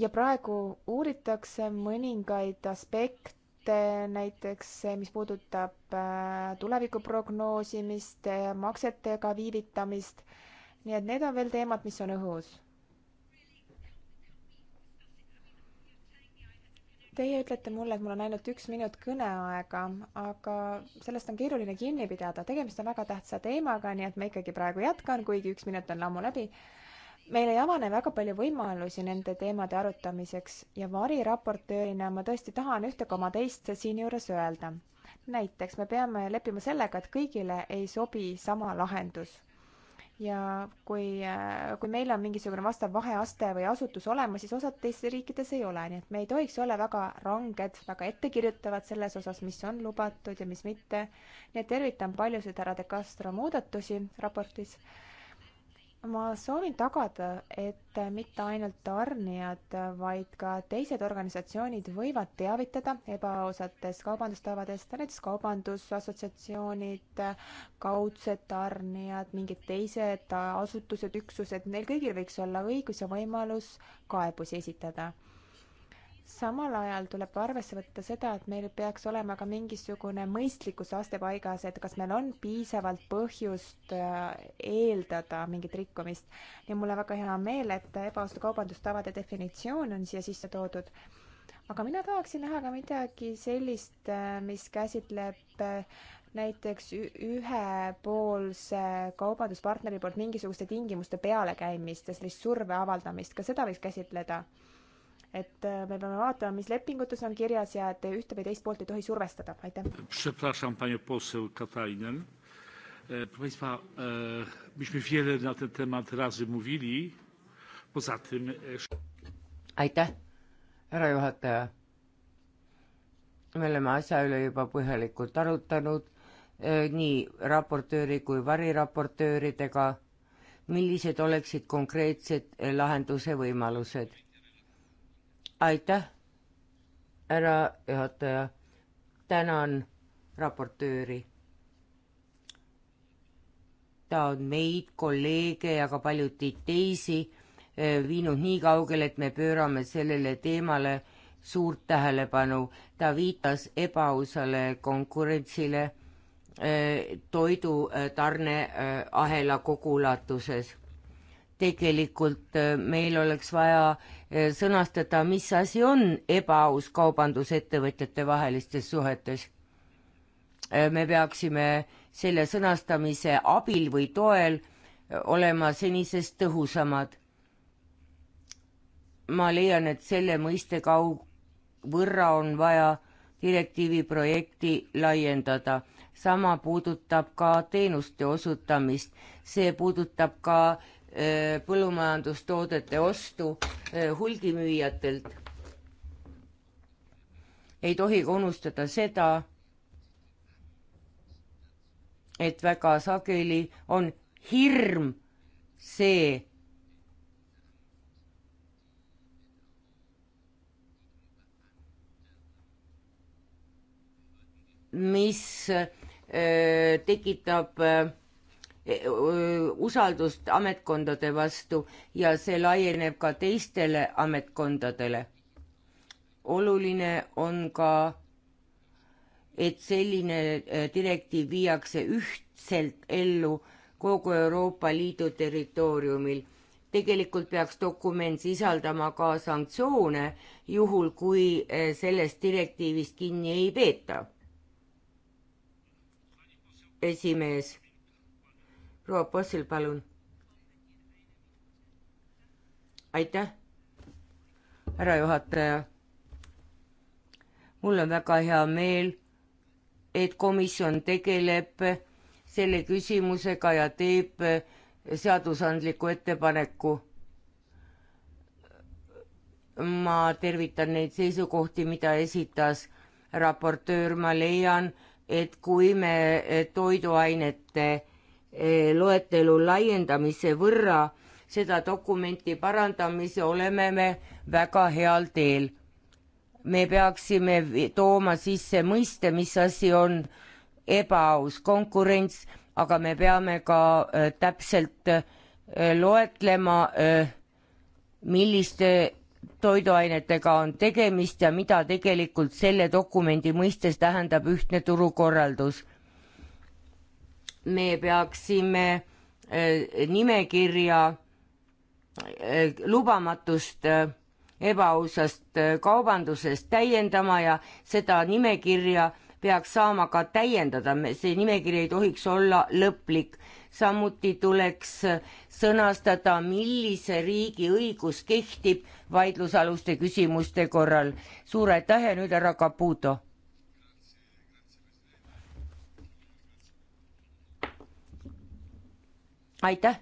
ja praegu uuritakse mõningaid aspekte, näiteks mis puudutab äh, tuleviku prognoosimist, äh, maksetega viivitamist, nii et need on veel teemad, mis on õhus Teie ütlete mulle, et mul on ainult üks minut kõneaega, aga sellest on keeruline kinni pidada, tegemist on väga tähtsa teemaga, nii et ma ikkagi praegu jätkan, kuigi üks minut on ammu läbi meil ei avane väga palju võimalusi nende teemade arutamiseks ja variraportöörina ma tõesti tahan ühte koma teist siinjuures öelda. näiteks me peame leppima sellega, et kõigile ei sobi sama lahendus ja kui, kui meil on mingisugune vastav vaheaste või asutus olemas, siis osad teistes riikides ei ole, nii et me ei tohiks olla väga ranged, väga ettekirjutavad selles osas, mis on lubatud ja mis mitte. nii et tervitan paljusid härra De Castro muudatusi raportis ma soovin tagada, et mitte ainult tarnijad, vaid ka teised organisatsioonid võivad teavitada ebaausatest kaubandustavadest, näiteks kaubandusassotsiatsioonid, kaudsed tarnijad, mingid teised asutused, üksused, neil kõigil võiks olla õigus ja võimalus kaebusi esitada samal ajal tuleb arvesse võtta seda, et meil peaks olema ka mingisugune mõistlikkusaste paigas, et kas meil on piisavalt põhjust äh, eeldada mingit rikkumist. ja mul on väga hea meel, et ebaausa kaubandustavade definitsioon on siia sisse toodud. aga mina tahaksin näha ka midagi sellist, äh, mis käsitleb äh, näiteks ühepoolse kaubanduspartneri poolt mingisuguste tingimuste pealekäimist ja sellist surve avaldamist, ka seda võiks käsitleda et äh, me peame vaatama, mis lepingutes on kirjas ja et ühte või teist poolt ei tohi survestada, aitäh. E, proszę Państwa, e, myśmy wiele na ten temat razy mówili. Poza tym. E, aitäh, härra juhataja. me oleme asja üle juba põhjalikult arutanud nii raportööri kui variraportööridega. millised oleksid konkreetsed lahenduse võimalused? aitäh, härra juhataja. tänan raportööri. ta on meid, kolleege ja ka paljusid teisi eh, viinud nii kaugele, et me pöörame sellele teemale suurt tähelepanu. ta viitas ebaausale konkurentsile eh, toidutarneahela kogu ulatuses tegelikult äh, meil oleks vaja äh, sõnastada, mis asi on ebaaus kaubandus ettevõtjate vahelistes suhetes. Äh, me peaksime selle sõnastamise abil või toel olema senisest tõhusamad. ma leian, et selle mõiste kau-, võrra on vaja direktiivi projekti laiendada sama puudutab ka teenuste osutamist, see puudutab ka Eh, põllumajandustoodete ostu eh, hulgimüüjatelt. ei tohi ka unustada seda, et väga sageli on hirm see, mis öö, eh, tekitab öö, usaldust ametkondade vastu ja see laieneb ka teistele ametkondadele. oluline on ka, et selline äh, direktiiv viiakse ühtselt ellu kogu Euroopa Liidu territooriumil. tegelikult peaks dokument sisaldama ka sanktsioone, juhul kui äh, sellest direktiivist kinni ei peeta. esimees proua Possil, palun. aitäh, härra juhataja. mul on väga hea meel, et komisjon tegeleb selle küsimusega ja teeb seadusandliku ettepaneku. ma tervitan neid seisukohti, mida esitas raportöör, ma leian, et kui me toiduainete Eh, loetelu laiendamise võrra seda dokumenti parandamise oleme me väga heal teel. me peaksime tooma sisse mõiste, mis asi on ebaaus konkurents, aga me peame ka eh, täpselt eh, loetlema, milliste toiduainetega on tegemist ja mida tegelikult selle dokumendi mõistes tähendab ühtne turukorraldus me peaksime eh, nimekirja eh, lubamatust eh, ebaausast kaubandusest täiendama ja seda nimekirja peaks saama ka täiendada, see nimekiri ei tohiks olla lõplik. samuti tuleks sõnastada, millise riigi õigus kehtib vaidlusaluste küsimuste korral. suur aitäh ja nüüd härra Caputo aitäh!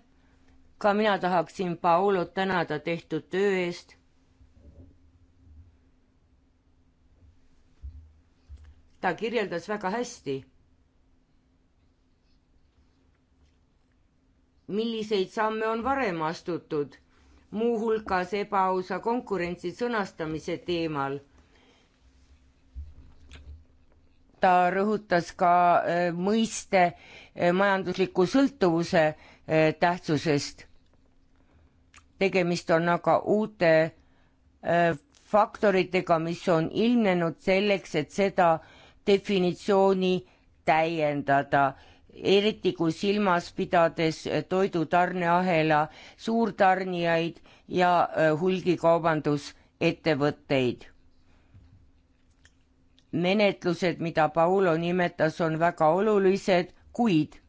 ka mina tahaksin Paulot tänada tehtud töö eest. ta kirjeldas väga hästi, milliseid samme on varem astutud, muuhulgas ebaausa konkurentsi sõnastamise teemal. ta rõhutas ka äh, mõiste äh, majandusliku sõltuvuse Äh, tähtsusest. tegemist on aga uute äh, faktoritega, mis on ilmnenud selleks, et seda definitsiooni täiendada, eriti kui silmas pidades äh, toidu tarneahela suurtarnijaid ja hulgikaubandusettevõtteid. menetlused, mida Paulo nimetas, on väga olulised, kuid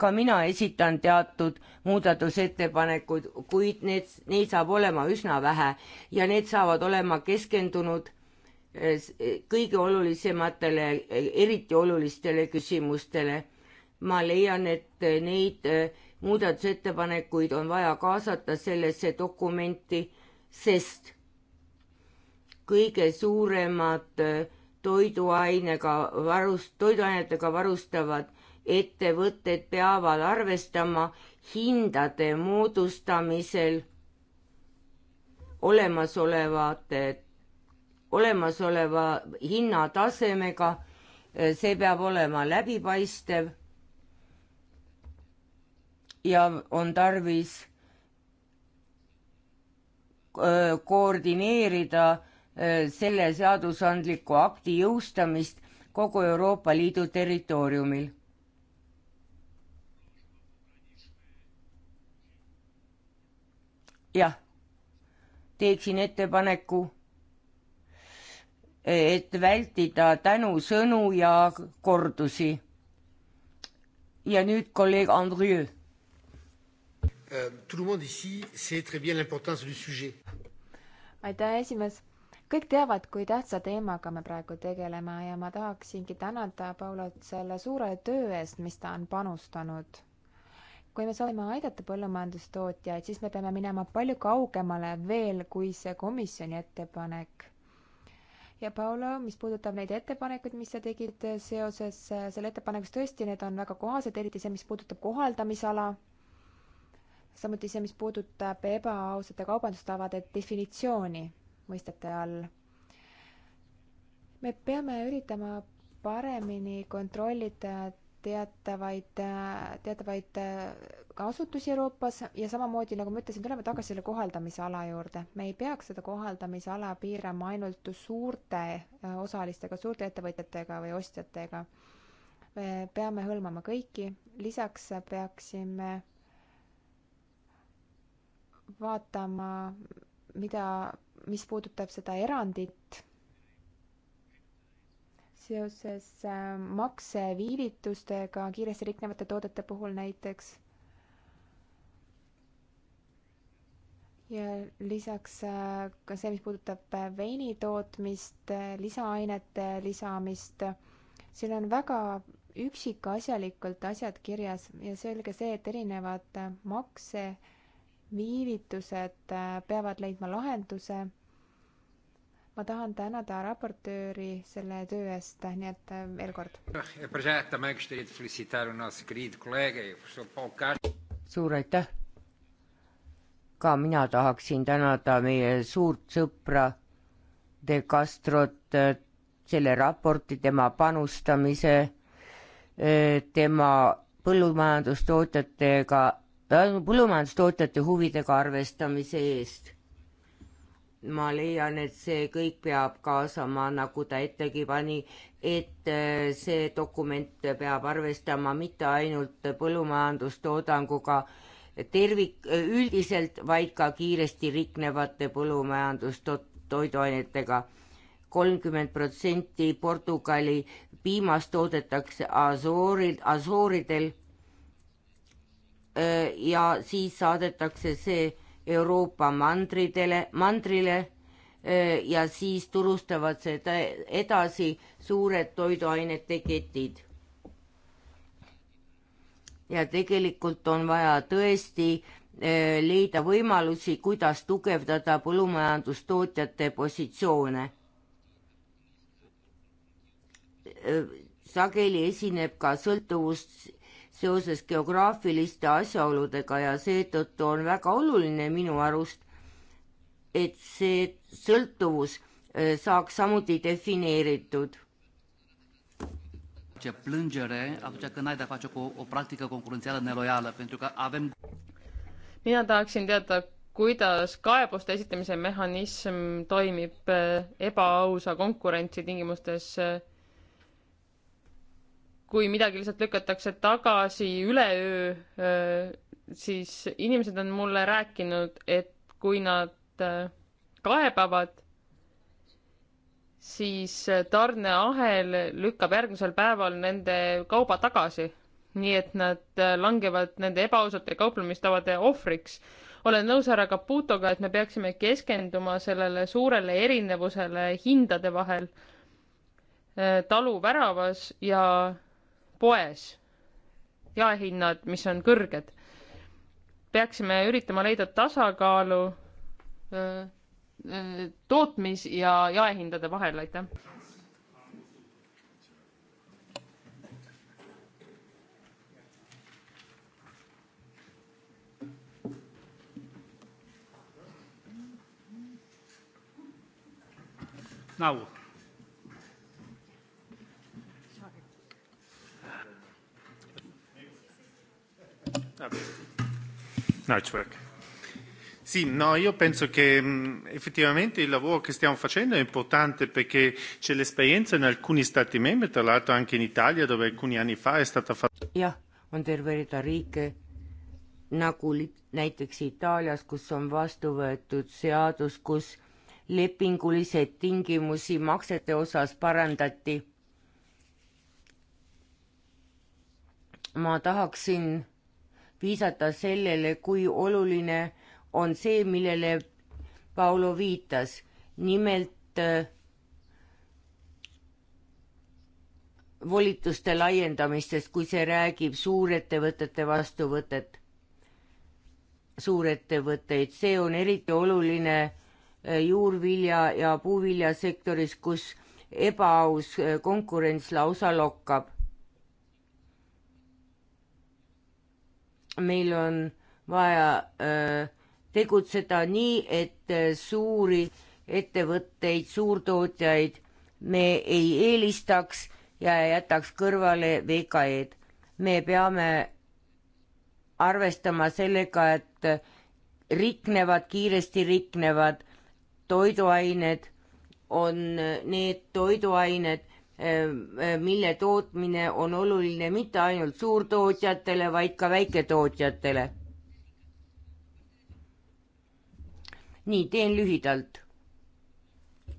ka mina esitan teatud muudatusettepanekud, kuid need, neid saab olema üsna vähe ja need saavad olema keskendunud eh, eh, kõige olulisematele, eh, eriti olulistele küsimustele. ma leian, et neid muudatusettepanekuid on vaja kaasata sellesse dokumenti, sest kõige suuremad toiduainega varust, toiduainetega varustavad ettevõtted peavad arvestama hindade moodustamisel olemasolevate, olemasoleva hinnatasemega, see peab olema läbipaistev ja on tarvis koordineerida selle seadusandliku akti jõustamist kogu Euroopa Liidu territooriumil jah, teeksin ettepaneku, et vältida tänusõnu ja kordusi. ja nüüd kolleeg Andrieu. Euh, aitäh, esimees kõik teavad, kui tähtsa teemaga me praegu tegeleme ja ma tahaksingi tänada Paulot selle suure töö eest, mis ta on panustanud kui me soovime aidata põllumajandustootjaid, siis me peame minema palju kaugemale veel, kui see komisjoni ettepanek. ja Paolo, mis puudutab neid ettepanekuid, mis sa tegid seoses selle ettepanekuga, siis tõesti, need on väga kohased, eriti see, mis puudutab kohaldamisala, samuti see, mis puudutab ebaausate kaubandustavade definitsiooni mõistete all. me peame üritama paremini kontrollida teatavaid, teatavaid äh, ka asutusi Euroopas ja samamoodi, nagu ma ütlesin, tuleme tagasi selle kohaldamisala juurde. me ei peaks seda kohaldamisala piirama ainult suurte äh, osalistega, suurte ettevõtjatega või ostjatega. me peame hõlmama kõiki, lisaks peaksime vaatama, mida, mis puudutab seda erandit seoses ähm, makseviivitustega kiiresti riknevate toodete puhul näiteks. ja lisaks äh, ka see, mis puudutab äh, veini tootmist, äh, lisaainete lisamist. siin on väga üksikasjalikult asjad kirjas ja selge see, et erinevad makseviivitused peavad leidma lahenduse ma tahan tänada raportööri selle töö eest, nii et äh, veel kord. suur aitäh. ka mina tahaksin tänada meie suurt sõpra De Castrot äh, selle raporti, tema panustamise, äh, tema põllumajandustootjatega, põllumajandustootjate huvidega arvestamise eest ma leian, et see kõik peab kaasama, nagu ta ettegi pani, et äh, see dokument peab arvestama mitte ainult põllumajandustoodanguga tervik, üldiselt, vaid ka kiiresti riknevate põllumajandustoiduainetega. kolmkümmend protsenti Portugali piimast toodetakse Asooril, Asooridel äh, ja siis saadetakse see Euroopa mandridele, mandrile eh, ja siis turustavad seda edasi suured toiduainete ketid. ja tegelikult on vaja tõesti eh, leida võimalusi, kuidas tugevdada põllumajandustootjate positsioone. Eh, sageli esineb ka sõltuvust seoses geograafiliste asjaoludega ja seetõttu on väga oluline minu arust, et see sõltuvus äh, saaks samuti defineeritud. ce plângere atunci când ai de-a face cu o, o practică concurențială neloială, pentru că avem... Mina tahaksin teada, kuidas kaebuste esitamise mehhanism toimib äh, ebaausa konkurentsi tingimustes äh, kui midagi lihtsalt lükatakse tagasi üleöö, siis inimesed on mulle rääkinud, et kui nad kaebavad, siis tarneahel lükkab järgmisel päeval nende kauba tagasi. nii et nad langevad nende ebaausate kauplemistavade ohvriks. olen nõus härra Caputoga, et me peaksime keskenduma sellele suurele erinevusele hindade vahel talu väravas ja poes jaehinnad, mis on kõrged. peaksime üritama leida tasakaalu öö, öö, tootmis- ja jaehindade vahel, aitäh. Now. No, it's work. Sì, no, io penso che mh, mm, effettivamente il lavoro che stiamo facendo è importante perché c'è l'esperienza in alcuni stati membri, tra l'altro anche in Italia dove alcuni anni fa è stata fatta. jah, on terve rida riike nagu näiteks Itaalias, kus on vastu võetud seadus, kus lepinguliseid tingimusi maksete osas parandati. ma tahaksin viisata sellele, kui oluline on see, millele Paulo viitas, nimelt äh, volituste laiendamistest, kui see räägib suurettevõtete vastuvõtet, suurettevõtteid, see on eriti oluline äh, juurvilja ja puuviljasektoris, kus ebaaus äh, konkurents lausa lokkab. meil on vaja öö, äh, tegutseda nii, et äh, suuri ettevõtteid, suurtootjaid me ei eelistaks ja jätaks kõrvale VKE-d. me peame arvestama sellega, et äh, riknevad, kiiresti riknevad toiduained on need toiduained, mille tootmine on oluline mitte ainult suurtootjatele, vaid ka väiketootjatele. nii, teen lühidalt.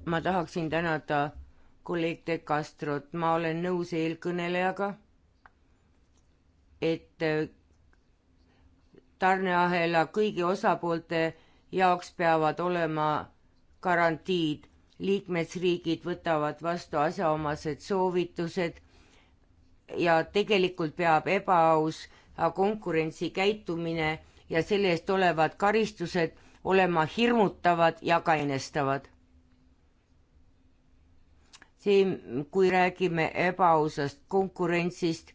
ma tahaksin tänada kolleeg De Castrot, ma olen nõus eelkõnelejaga, et eh, tarneahela kõigi osapoolte jaoks peavad olema garantiid liikmesriigid võtavad vastu asjaomased soovitused ja tegelikult peab ebaaus konkurentsikäitumine ja selle eest olevad karistused olema hirmutavad ja kainestavad. siin, kui räägime ebaausast konkurentsist,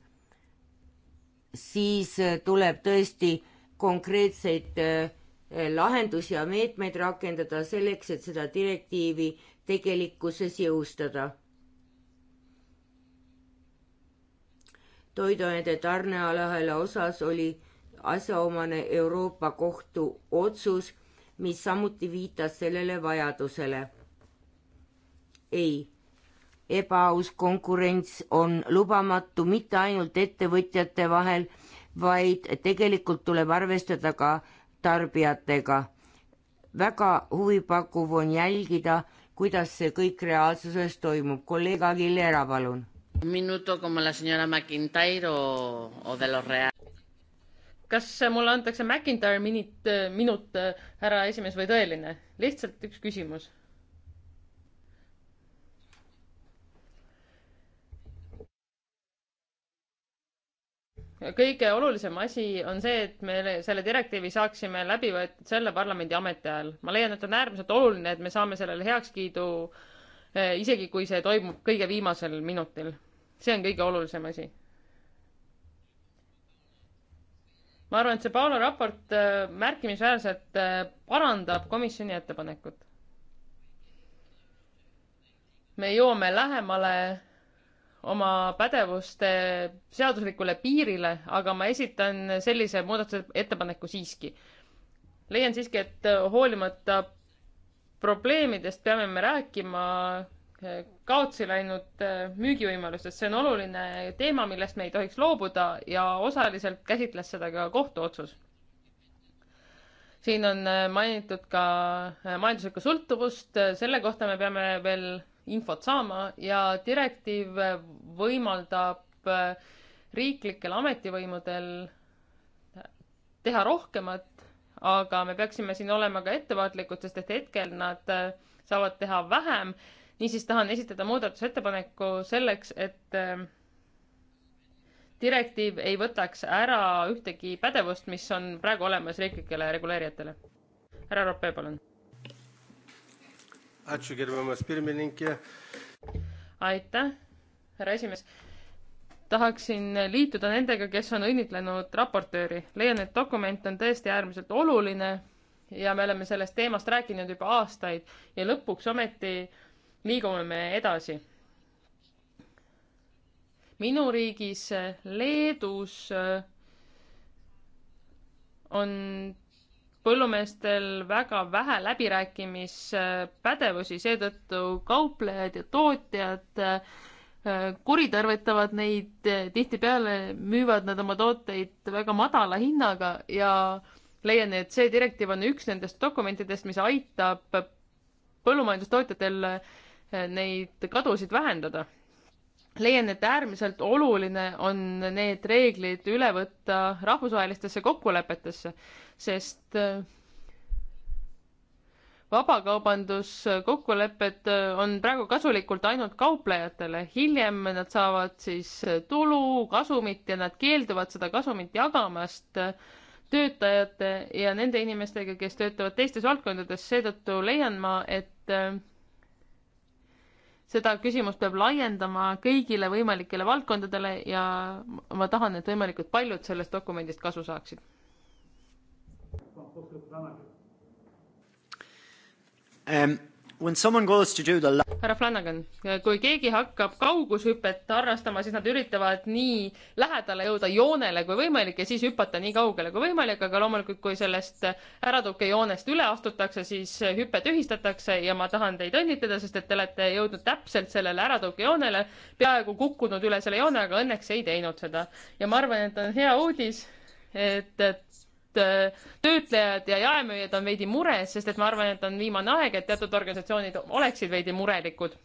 siis tuleb tõesti konkreetseid eh, lahendusi ja meetmeid rakendada selleks, et seda direktiivi tegelikkuses jõustada. toiduainete tarnealahela osas oli asjaomane Euroopa Kohtu otsus, mis samuti viitas sellele vajadusele. ei, ebaaus konkurents on lubamatu mitte ainult ettevõtjate vahel, vaid tegelikult tuleb arvestada ka tarbijatega. väga huvipakkuv on jälgida, kuidas see kõik reaalsuses toimub. kolleeg Aguilera, palun. minuto como la señora McIntyre o, o de los real-. kas mulle antakse McIntyre minut, minut, äh, härra esimees, või tõeline? lihtsalt üks küsimus kõige olulisem asi on see, et me selle direktiivi saaksime läbi võetud selle parlamendi ametiajal. ma leian, et on äärmiselt oluline, et me saame sellele heakskiidu eh, isegi kui see toimub kõige viimasel minutil. see on kõige olulisem asi. ma arvan, et see Paolo raport eh, märkimisväärselt eh, parandab komisjoni ettepanekut. me jõuame lähemale oma pädevuste seaduslikule piirile, aga ma esitan sellise muudatusettepaneku siiski. leian siiski, et hoolimata probleemidest peame me rääkima eh, kaotsi läinud eh, müügivõimalustest, see on oluline teema, millest me ei tohiks loobuda ja osaliselt käsitles seda ka kohtuotsus. siin on eh, mainitud ka majanduslikku sõltuvust, selle kohta me peame veel infot saama ja direktiiv võimaldab äh, riiklikel ametivõimudel teha rohkemat, aga me peaksime siin olema ka ettevaatlikud, sest et hetkel nad äh, saavad teha vähem. niisiis tahan esitada muudatusettepaneku selleks, et äh, direktiiv ei võtaks ära ühtegi pädevust, mis on praegu olemas riiklikele reguleerijatele. härra Roppe, palun Ačiū gerbiamas pirmininkė. aitäh, härra esimees. tahaksin liituda nendega, kes on õnnitlenud raportööri. leian, et dokument on tõesti äärmiselt oluline ja me oleme sellest teemast rääkinud juba aastaid ja lõpuks ometi liigume me edasi. minu riigis Leedus on põllumeestel väga vähe läbirääkimispädevusi, seetõttu kauplejad ja tootjad äh, kuritarvitavad neid, tihtipeale müüvad nad oma tooteid väga madala hinnaga ja leian, et see direktiiv on üks nendest dokumentidest, mis aitab põllumajandustootjatel äh, neid kadusid vähendada leian, et äärmiselt oluline on need reeglid üle võtta rahvusvahelistesse kokkulepetesse, sest äh, vabakaubanduskokkulepped äh, on praegu kasulikult ainult kauplejatele, hiljem nad saavad siis äh, tulu, kasumit ja nad keelduvad seda kasumit jagamast töötajate ja nende inimestega, kes töötavad teistes valdkondades, seetõttu leian ma, et seda küsimust peab laiendama kõigile võimalikele valdkondadele ja ma tahan, et võimalikult paljud sellest dokumendist kasu saaksid. Um, härra Flanagan, kui keegi hakkab kaugushüpet harrastama, siis nad üritavad nii lähedale jõuda joonele kui võimalik ja siis hüpata nii kaugele kui võimalik, aga loomulikult, kui sellest äratõukejoonest üle astutakse, siis hüpe tühistatakse ja ma tahan teid õnnitleda, sest et te olete jõudnud täpselt sellele äratõukejoonele, peaaegu kukkunud üle selle joone, aga õnneks ei teinud seda. ja ma arvan, et on hea uudis, et, et Äh, töötlejad ja jaemüüjad on veidi mures, sest et ma arvan, et on viimane aeg, et teatud organisatsioonid oleksid veidi murelikud.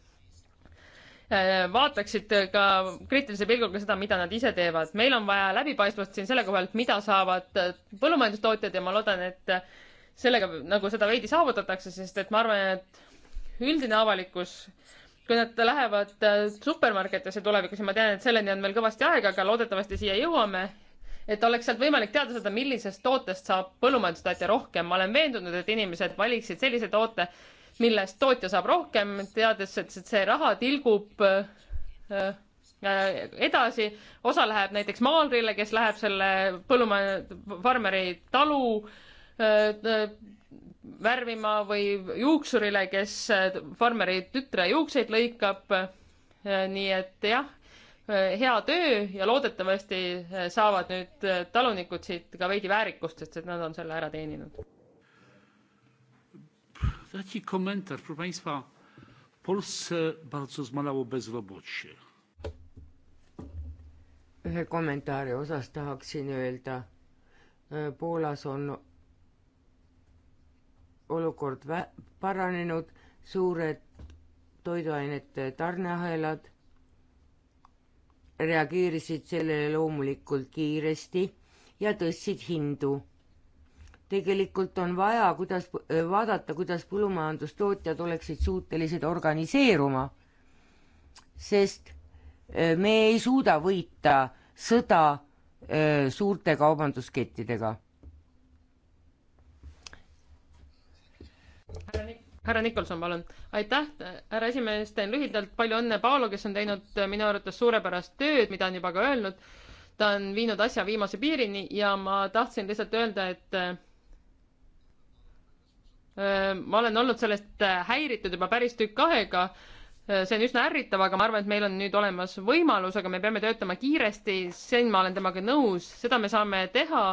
Äh, vaataksid ka kriitilise pilguga seda, mida nad ise teevad. meil on vaja läbipaistvust siin selle koha pealt, mida saavad äh, põllumajandustootjad ja ma loodan, et sellega nagu seda veidi saavutatakse, sest et ma arvan, et üldine avalikkus kui nad lähevad supermarketisse tulevikus ja ma tean, et selleni on veel kõvasti aega, aga loodetavasti siia jõuame, et oleks sealt võimalik teada saada, millisest tootest saab põllumajandustootja rohkem. ma olen veendunud, et inimesed valiksid sellise toote, millest tootja saab rohkem, teades, et see raha tilgub äh, äh, edasi, osa läheb näiteks maalrile, kes läheb selle põllumaja, farmeri talu äh, värvima või juuksurile, kes farmeri tütre juukseid lõikab. nii et jah, Eh, hea töö ja loodetavasti eh, saavad nüüd eh, talunikud siit ka veidi väärikust, sest et nad on selle ära teeninud. Taki kommentaar, proua Paisma. Polsce bardzo zmalało bezrobocie. ühe kommentaari osas tahaksin öelda. Poolas on olukord vä-, paranenud, suured toiduainete tarneahelad reageerisid sellele loomulikult kiiresti ja tõstsid hindu. tegelikult on vaja, kuidas eh, vaadata, kuidas põllumajandustootjad oleksid suutelised organiseeruma, sest eh, me ei suuda võita sõda eh, suurte kaubanduskettidega. härra härra Nikolson, palun. aitäh, härra esimees, teen lühidalt, palju õnne Paolo, kes on teinud äh, minu arvates suurepärast tööd, mida on juba ka öelnud. ta on viinud asja viimase piirini ja ma tahtsin lihtsalt öelda, et äh, äh ma olen olnud sellest äh, häiritud juba päris tükk aega see on üsna ärritav, aga ma arvan, et meil on nüüd olemas võimalus, aga me peame töötama kiiresti, siin ma olen temaga nõus, seda me saame teha.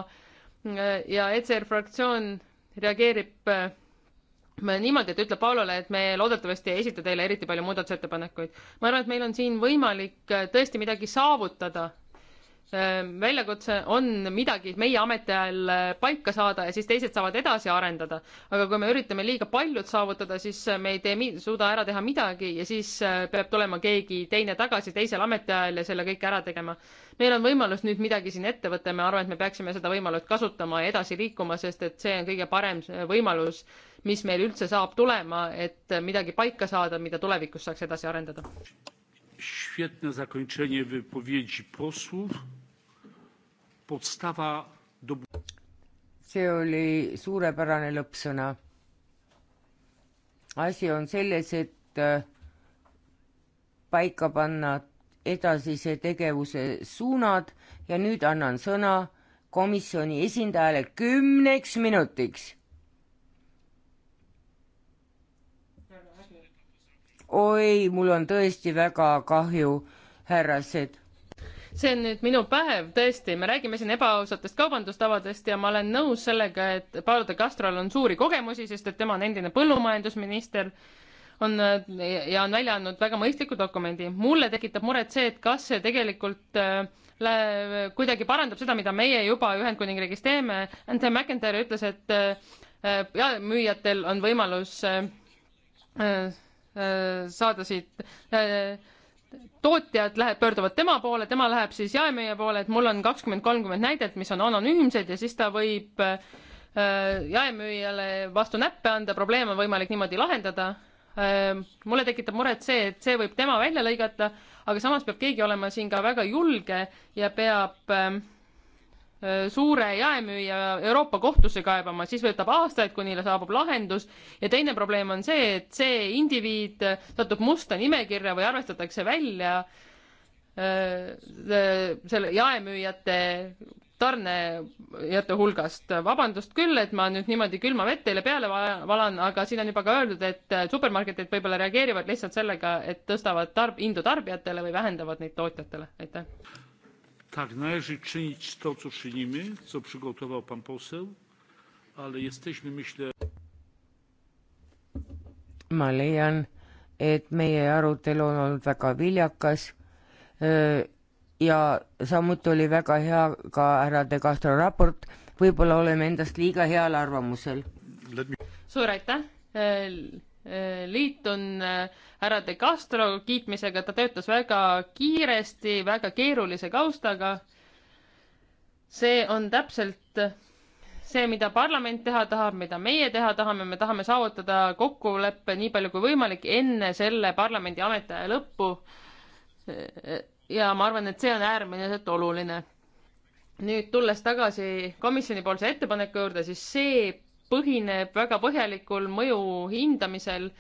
ja ECR fraktsioon reageerib niimoodi, et ütleb Paulole, et me loodetavasti ei esita teile eriti palju muudatusettepanekuid. ma arvan, et meil on siin võimalik äh, tõesti midagi saavutada väljakutse on midagi meie ametiajal äh, paika saada ja siis teised saavad edasi arendada. aga kui me üritame liiga paljud saavutada, siis äh, me ei tee, suuda ära teha midagi ja siis äh, peab tulema keegi teine tagasi teisel ametiajal ja selle kõik ära tegema. meil on võimalus nüüd midagi siin ette võtta ja ma arvan, et me peaksime seda võimalust kasutama ja edasi liikuma, sest et see on kõige parem võimalus, mis meil üldse saab tulema, et midagi paika saada, mida tulevikus saaks edasi arendada. Świetne zakończenie wypowiedzi posłów see oli suurepärane lõppsõna. asi on selles, et äh, paika panna edasise tegevuse suunad ja nüüd annan sõna komisjoni esindajale kümneks minutiks. oi, mul on tõesti väga kahju, härrased see on nüüd minu päev, tõesti, me räägime siin ebaausatest kaubandustavadest ja ma olen nõus sellega, et Paolo de Castrol on suuri kogemusi, sest et tema on endine põllumajandusminister, on ja on välja andnud väga mõistliku dokumendi. mulle tekitab muret see, et kas see tegelikult äh, läheb, kuidagi parandab seda, mida meie juba Ühendkuningriigis teeme. Anthony McIntyre ütles, et äh, jaemüüjatel on võimalus äh, äh saada siit äh, tootjad läheb, pöörduvad tema poole, tema läheb siis jaemüüja poole, et mul on kakskümmend, kolmkümmend näidet, mis on anonüümsed ja siis ta võib äh, jaemüüjale vastu näppe anda, probleem on võimalik niimoodi lahendada äh,. mulle tekitab muret see, et see võib tema välja lõigata, aga samas peab keegi olema siin ka väga julge ja peab äh, suure jaemüüja Euroopa kohtusse kaebama, siis võtab aastaid, kui neile saabub lahendus ja teine probleem on see, et see indiviid satub musta nimekirja või arvestatakse välja äh, selle jaemüüjate tarnejate hulgast. vabandust küll, et ma nüüd niimoodi külma vett teile peale valan, aga siin on juba ka öeldud, et supermarketid võib-olla reageerivad lihtsalt sellega, et tõstavad tarb-, hindu tarbijatele või vähendavad neid tootjatele, aitäh. Tak, należy czynić to, co czynimy, co przygotował pan poseł, ale jesteśmy, myślę. ma leian, et meie arutelu on olnud väga viljakas e, ja samuti oli väga hea ka härra De Castro raport, võib-olla oleme endast liiga heal arvamusel. suur aitäh e, liit on äh, härra De Castro kiitmisega, ta töötas väga kiiresti, väga keerulise kaustaga. see on täpselt see, mida parlament teha tahab, mida meie teha tahame, me tahame saavutada kokkuleppe nii palju kui võimalik enne selle parlamendi ametiaja lõppu. ja ma arvan, et see on äärmiselt oluline. nüüd tulles tagasi komisjonipoolse ettepaneku juurde, siis see põhineb väga põhjalikul mõju hindamisel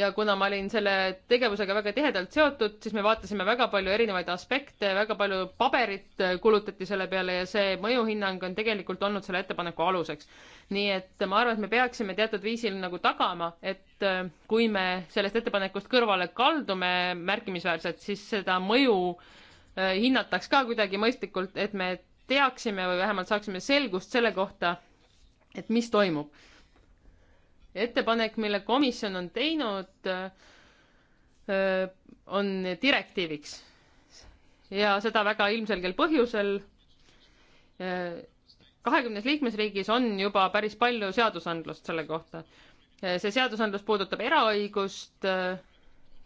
ja kuna ma olin selle tegevusega väga tihedalt seotud, siis me vaatasime väga palju erinevaid aspekte, väga palju paberit kulutati selle peale ja see mõjuhinnang on tegelikult olnud selle ettepaneku aluseks. nii et ma arvan, et me peaksime teatud viisil nagu tagama, et äh, kui me sellest ettepanekust kõrvale kaldume märkimisväärselt, siis seda mõju äh, hinnataks ka kuidagi mõistlikult, et me teaksime või vähemalt saaksime selgust selle kohta, et mis toimub. ettepanek, mille komisjon on teinud, äh, on direktiiviks ja seda väga ilmselgel põhjusel. Äh, kahekümnes liikmesriigis on juba päris palju seadusandlust selle kohta. Äh, see seadusandlus puudutab eraõigust,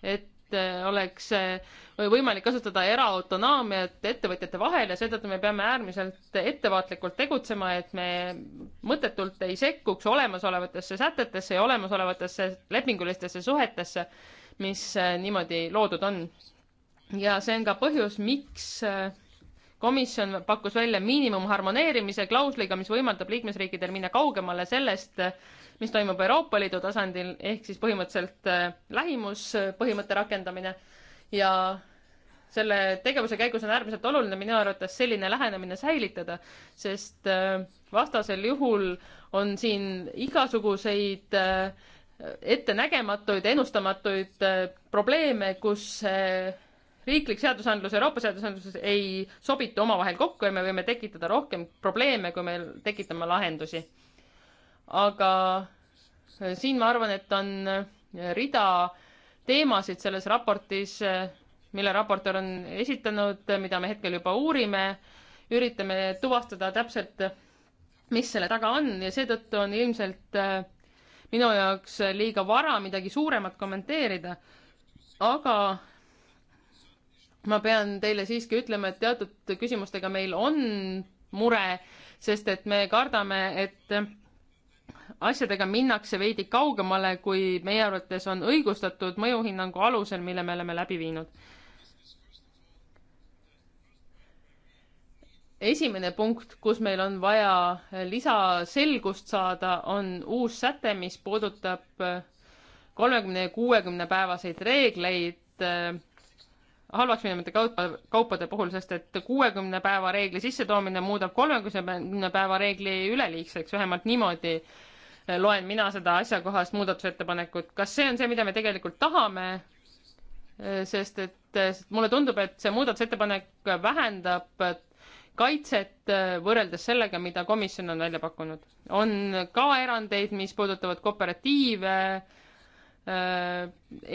et Äh, oleks äh, võimalik kasutada eraautonoomiat ettevõtjate vahel ja seetõttu me peame äärmiselt ettevaatlikult tegutsema, et me mõttetult ei sekkuks olemasolevatesse sätetesse ja olemasolevatesse lepingulistesse suhetesse, mis äh, niimoodi loodud on. ja see on ka põhjus, miks komisjon pakkus välja miinimumharmoneerimise klausliga, mis võimaldab liikmesriikidel minna kaugemale sellest, mis toimub Euroopa Liidu tasandil, ehk siis põhimõtteliselt äh, lähimuspõhimõtte äh, rakendamine ja selle tegevuse käigus on äärmiselt oluline minu arvates selline lähenemine säilitada, sest äh, vastasel juhul on siin igasuguseid ettenägematuid, ennustamatuid probleeme, kus riiklik seadusandlus, Euroopa seadusandlus ei sobitu omavahel kokku ja me võime tekitada rohkem probleeme, kui me tekitame lahendusi aga eh, siin ma arvan, et on eh, rida teemasid selles raportis, eh, mille raportöör on esitanud, mida me hetkel juba uurime, üritame tuvastada täpselt, mis selle taga on ja seetõttu on ilmselt minu jaoks liiga vara midagi suuremat kommenteerida. aga ma pean teile siiski ütlema, et teatud küsimustega meil on mure, sest et me kardame, et asjadega minnakse veidi kaugemale, kui meie arvates on õigustatud mõjuhinnangu alusel, mille me oleme läbi viinud. esimene punkt, kus meil on vaja lisaselgust saada, on uus säte, mis puudutab kolmekümne ja kuuekümne päevaseid reegleid äh, halvaks minevate kaupa, kaupade puhul, sest et kuuekümne päeva reegli sissetoomine muudab kolmekümne päeva reegli üleliigseks, vähemalt niimoodi loen mina seda asjakohast muudatusettepanekut. kas see on see, mida me tegelikult tahame? sest et sest mulle tundub, et see muudatusettepanek vähendab kaitset võrreldes sellega, mida komisjon on välja pakkunud. on ka erandeid, mis puudutavad kooperatiive äh,,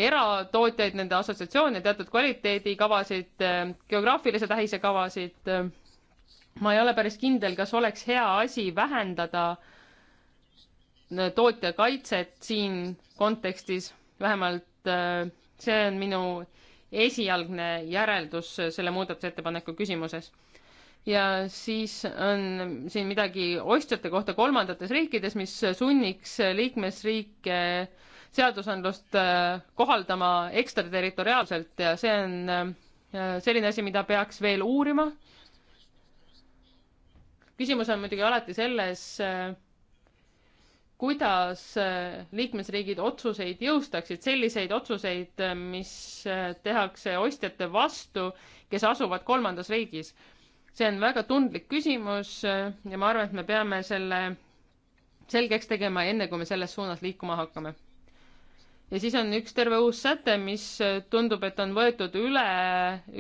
eratootjaid, nende assotsiatsioone, teatud kvaliteedikavasid äh,, geograafilise tähise kavasid äh.. ma ei ole päris kindel, kas oleks hea asi vähendada äh, tootjakaitset siin kontekstis, vähemalt äh, see on minu esialgne järeldus selle muudatusettepaneku küsimuses. ja siis on siin midagi ostjate kohta kolmandates riikides, mis sunniks liikmesriike seadusandlust äh, kohaldama ekstraterritoriaalselt ja see on äh, selline asi, mida peaks veel uurima. küsimus on muidugi alati selles, kuidas äh, liikmesriigid otsuseid jõustaksid, selliseid otsuseid, äh, mis äh, tehakse ostjate vastu, kes asuvad kolmandas riigis. see on väga tundlik küsimus ja ma arvan, et me peame selle selgeks tegema, enne kui me selles suunas liikuma hakkame. ja siis on üks terve uus säte, mis tundub, et on võetud üle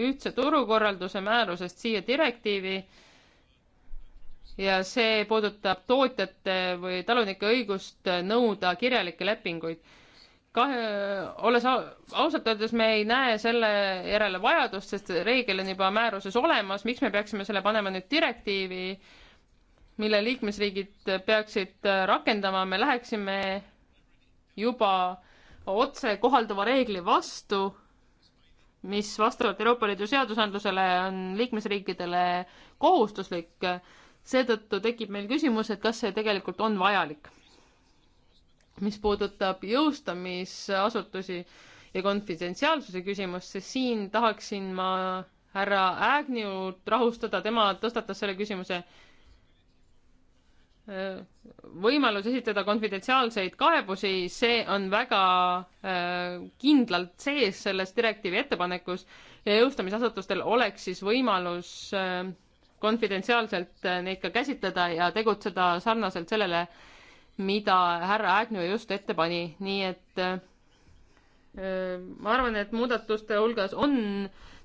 ühtse turukorralduse määrusest siia direktiivi ja see puudutab tootjate või talunike õigust nõuda kirjalikke lepinguid. kahe, olles ausalt öeldes, me ei näe selle järele vajadust, sest reegel on juba määruses olemas, miks me peaksime selle panema nüüd direktiivi, mille liikmesriigid peaksid rakendama, me läheksime juba otse kohalduva reegli vastu, mis vastavalt Euroopa Liidu seadusandlusele on liikmesriikidele kohustuslik seetõttu tekib meil küsimus, et kas see tegelikult on vajalik. mis puudutab jõustamisasutusi ja konfidentsiaalsuse küsimust, siis siin tahaksin ma härra Ägniut rahustada, tema tõstatas selle küsimuse äh, võimalus esitada konfidentsiaalseid kaebusi, see on väga äh, kindlalt sees selles direktiivi ettepanekus ja jõustamisasutustel oleks siis võimalus äh, konfidentsiaalselt äh, neid ka käsitleda ja tegutseda sarnaselt sellele, mida härra Agnew just ette pani, nii et äh, äh ma arvan, et muudatuste hulgas on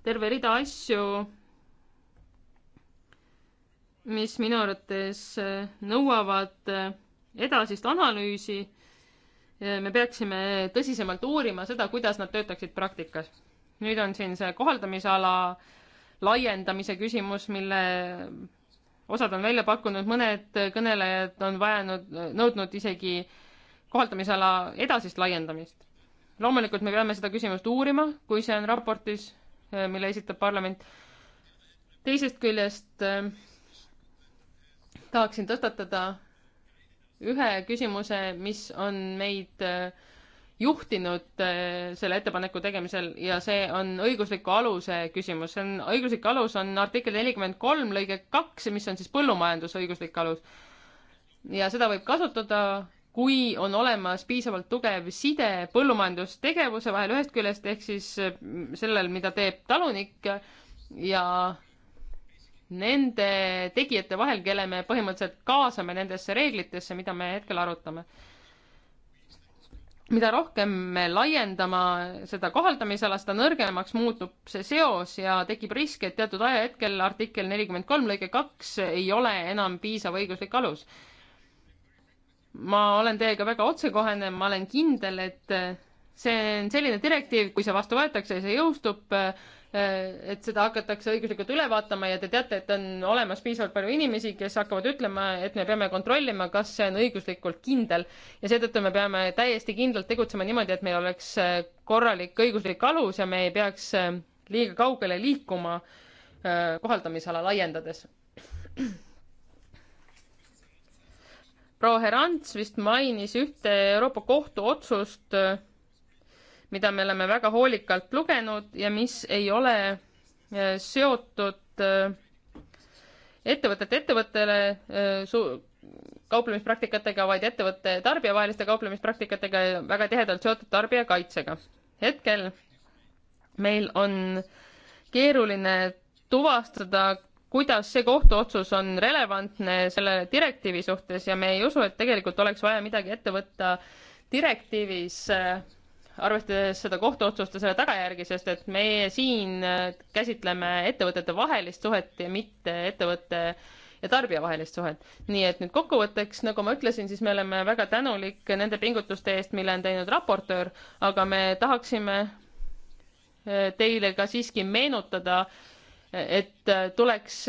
terve rida asju, mis minu arvates äh, nõuavad edasist analüüsi. me peaksime tõsisemalt uurima seda, kuidas nad töötaksid praktikas. nüüd on siin see kohaldamisala laiendamise küsimus, mille osad on välja pakkunud, mõned kõnelejad on vajanud, nõudnud isegi kohaldamisala edasist laiendamist. loomulikult me peame seda küsimust uurima, kui see on raportis, mille esitab parlament. teisest küljest äh, tahaksin tõstatada ühe küsimuse, mis on meid äh, juhtinud äh, selle ettepaneku tegemisel ja see on õigusliku aluse küsimus. see on, õiguslik alus on artikkel nelikümmend kolm lõige kaks, mis on siis põllumajandusõiguslik alus. ja seda võib kasutada, kui on olemas piisavalt tugev side põllumajandustegevuse vahel ühest küljest, ehk siis äh, sellel, mida teeb talunik ja nende tegijate vahel, kelle me põhimõtteliselt kaasame nendesse reeglitesse, mida me hetkel arutame mida rohkem me laiendama seda kohaldamisala, seda nõrgemaks muutub see seos ja tekib risk, et teatud ajahetkel artikkel nelikümmend kolm lõige kaks ei ole enam piisav õiguslik alus. ma olen teiega väga otsekohene, ma olen kindel, et see on selline direktiiv, kui see vastu võetakse ja see jõustub, Äh, et seda hakatakse õiguslikult üle vaatama ja te teate, et on olemas piisavalt palju inimesi, kes hakkavad ütlema, et me peame kontrollima, kas see on õiguslikult kindel ja seetõttu me peame täiesti kindlalt tegutsema niimoodi, et meil oleks äh, korralik õiguslik alus ja me ei peaks äh, liiga kaugele liikuma kohaldamisala laiendades. proua Herants vist mainis ühte Euroopa Kohtu otsust mida me oleme väga hoolikalt lugenud ja mis ei ole e, seotud e, ettevõtete ettevõttele e, su-, kauplemispraktikatega, vaid ettevõtte tarbijavaheliste kauplemispraktikatega ja väga tihedalt seotud tarbijakaitsega. hetkel meil on keeruline tuvastada, kuidas see kohtuotsus on relevantne selle direktiivi suhtes ja me ei usu, et tegelikult oleks vaja midagi ette võtta direktiivis äh, arvestades seda kohtuotsust ja selle tagajärgi, sest et meie siin äh, käsitleme ettevõtete vahelist suhet ja mitte ettevõtte ja tarbija vahelist suhet. nii et nüüd kokkuvõtteks, nagu ma ütlesin, siis me oleme väga tänulik nende pingutuste eest, mille on teinud raportöör, aga me tahaksime äh, teile ka siiski meenutada, äh, et tuleks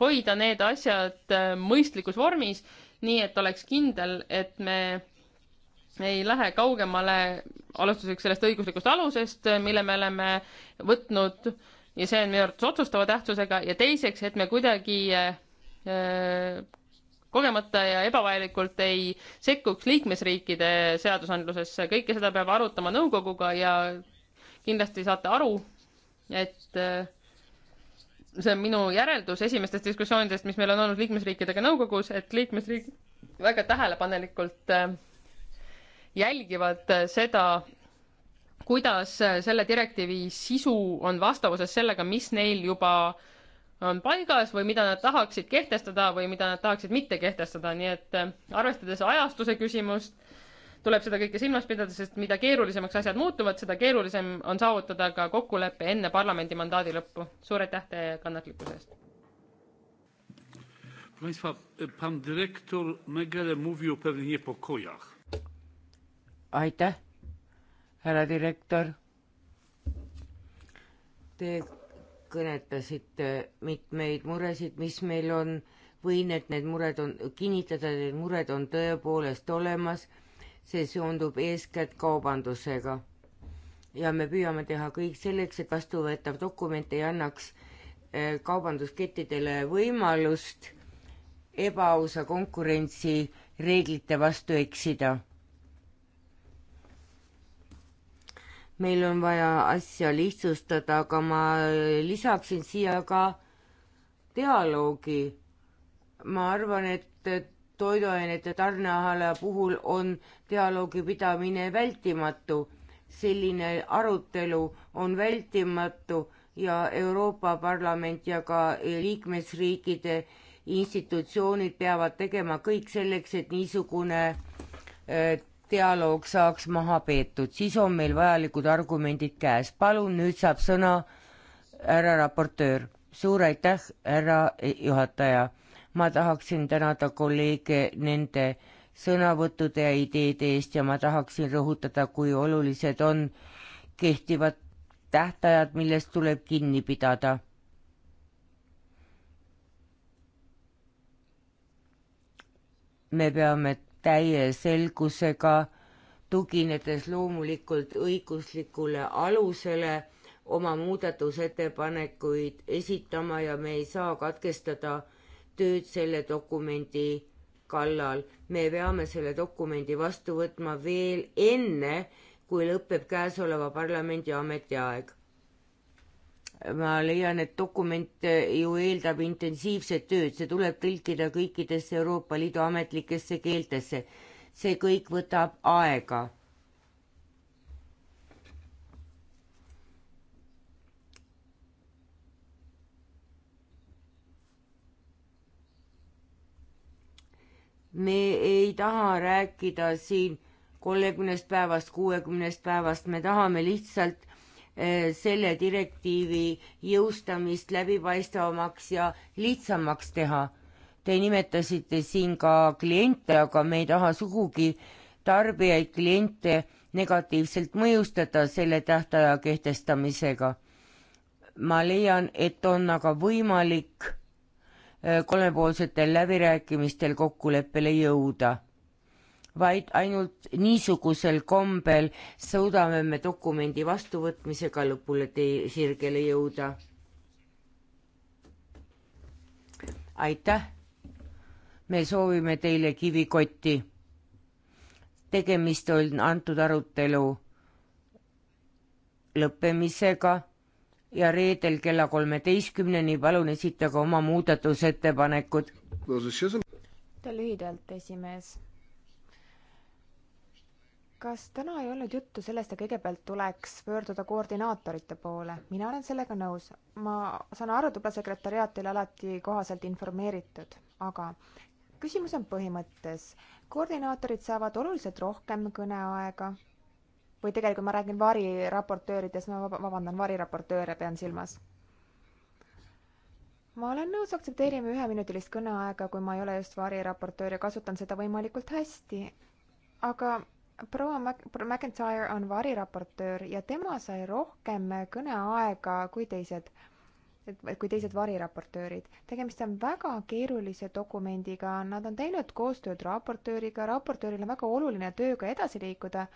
hoida need asjad mõistlikus vormis, nii et oleks kindel, et me ei lähe kaugemale alustuseks sellest õiguslikust alusest, mille me oleme võtnud ja see on minu arvates otsustava tähtsusega ja teiseks, et me kuidagi äh, kogemata ja ebavajalikult ei sekkuks liikmesriikide seadusandlusesse, kõike seda peab arutama nõukoguga ja kindlasti saate aru, et äh, see on minu järeldus esimestest diskussioonidest, mis meil on olnud liikmesriikidega nõukogus, et liikmesriigid väga tähelepanelikult äh, jälgivad äh, seda, kuidas äh, selle direktiivi sisu on vastavuses sellega, mis neil juba on paigas või mida nad tahaksid kehtestada või mida nad tahaksid mitte kehtestada, nii et äh, arvestades ajastuse küsimust, tuleb seda kõike silmas pidada, sest mida keerulisemaks asjad muutuvad, seda keerulisem on saavutada ka kokkulepe enne parlamendi mandaadi lõppu. suur aitäh teie kannatlikkuse eest! Proszę Państwa, pan dyrektor Megele mówił o pewnych niepokojach aitäh, härra direktor. Te kõnetasite mitmeid muresid, mis meil on, võin, et need mured on, kinnitada, et need mured on tõepoolest olemas. see seondub eeskätt kaubandusega. ja me püüame teha kõik selleks, et vastuvõetav dokument ei annaks eh, kaubanduskettidele võimalust ebaausa konkurentsi reeglite vastu eksida meil on vaja asja lihtsustada, aga ma lisaksin siia ka dialoogi. ma arvan, et toiduainete tarneahela puhul on dialoogi pidamine vältimatu. selline arutelu on vältimatu ja Euroopa Parlament ja ka liikmesriikide institutsioonid peavad tegema kõik selleks, et niisugune äh, dialoog saaks maha peetud, siis on meil vajalikud argumendid käes. palun, nüüd saab sõna härra raportöör. suur aitäh, härra juhataja. ma tahaksin tänada kolleege nende sõnavõttude ja ideede eest ja ma tahaksin rõhutada, kui olulised on kehtivad tähtajad, millest tuleb kinni pidada me peame täie selgusega, tuginedes loomulikult õiguslikule alusele oma muudatusettepanekuid esitama ja me ei saa katkestada tööd selle dokumendi kallal. me peame selle dokumendi vastu võtma veel enne, kui lõpeb käesoleva parlamendi ametiaeg ma leian, et dokument ju eeldab intensiivset tööd, see tuleb tõlkida kõikidesse Euroopa Liidu ametlikesse keeltesse. see kõik võtab aega. me ei taha rääkida siin kolmekümnest päevast, kuuekümnest päevast, me tahame lihtsalt Eh, selle direktiivi jõustamist läbipaistvamaks ja lihtsamaks teha. Te nimetasite siin ka kliente, aga me ei taha sugugi tarbijaid, kliente negatiivselt mõjustada selle tähtaja kehtestamisega. ma leian, et on aga võimalik eh, kolmepoolsetel läbirääkimistel kokkuleppele jõuda vaid ainult niisugusel kombel suudame me dokumendi vastuvõtmisega lõpule tee, sirgele jõuda. aitäh, me soovime teile kivikotti. tegemist on antud arutelu lõppemisega ja reedel kella kolmeteistkümneni palun esitage oma muudatusettepanekud. lühidalt, esimees kas täna ei olnud juttu sellest, et kõigepealt tuleks pöörduda koordinaatorite poole? mina olen sellega nõus. ma saan aru, et võib-olla sekretäriaat ei ole alati kohaselt informeeritud, aga küsimus on põhimõttes. koordinaatorid saavad oluliselt rohkem kõneaega või tegelikult ma räägin variraportööridest, ma vabandan, variraportööre pean silmas. ma olen nõus aktsepteerima üheminutilist kõneaega, kui ma ei ole just variraportöör ja kasutan seda võimalikult hästi. aga proua Mac-, McIntyre on variraportöör ja tema sai rohkem kõneaega kui teised, kui teised variraportöörid. tegemist on väga keerulise dokumendiga, nad on teinud koostööd raportööriga, raportööril on väga oluline tööga edasi liikuda,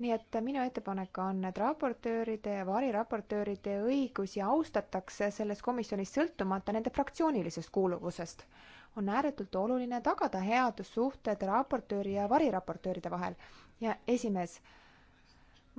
nii et minu ettepanek on, et raportööride ja variraportööride õigusi austatakse selles komisjonis sõltumata nende fraktsioonilisest kuuluvusest on ääretult oluline tagada headussuhted raportööri ja variraportööride vahel ja esimees,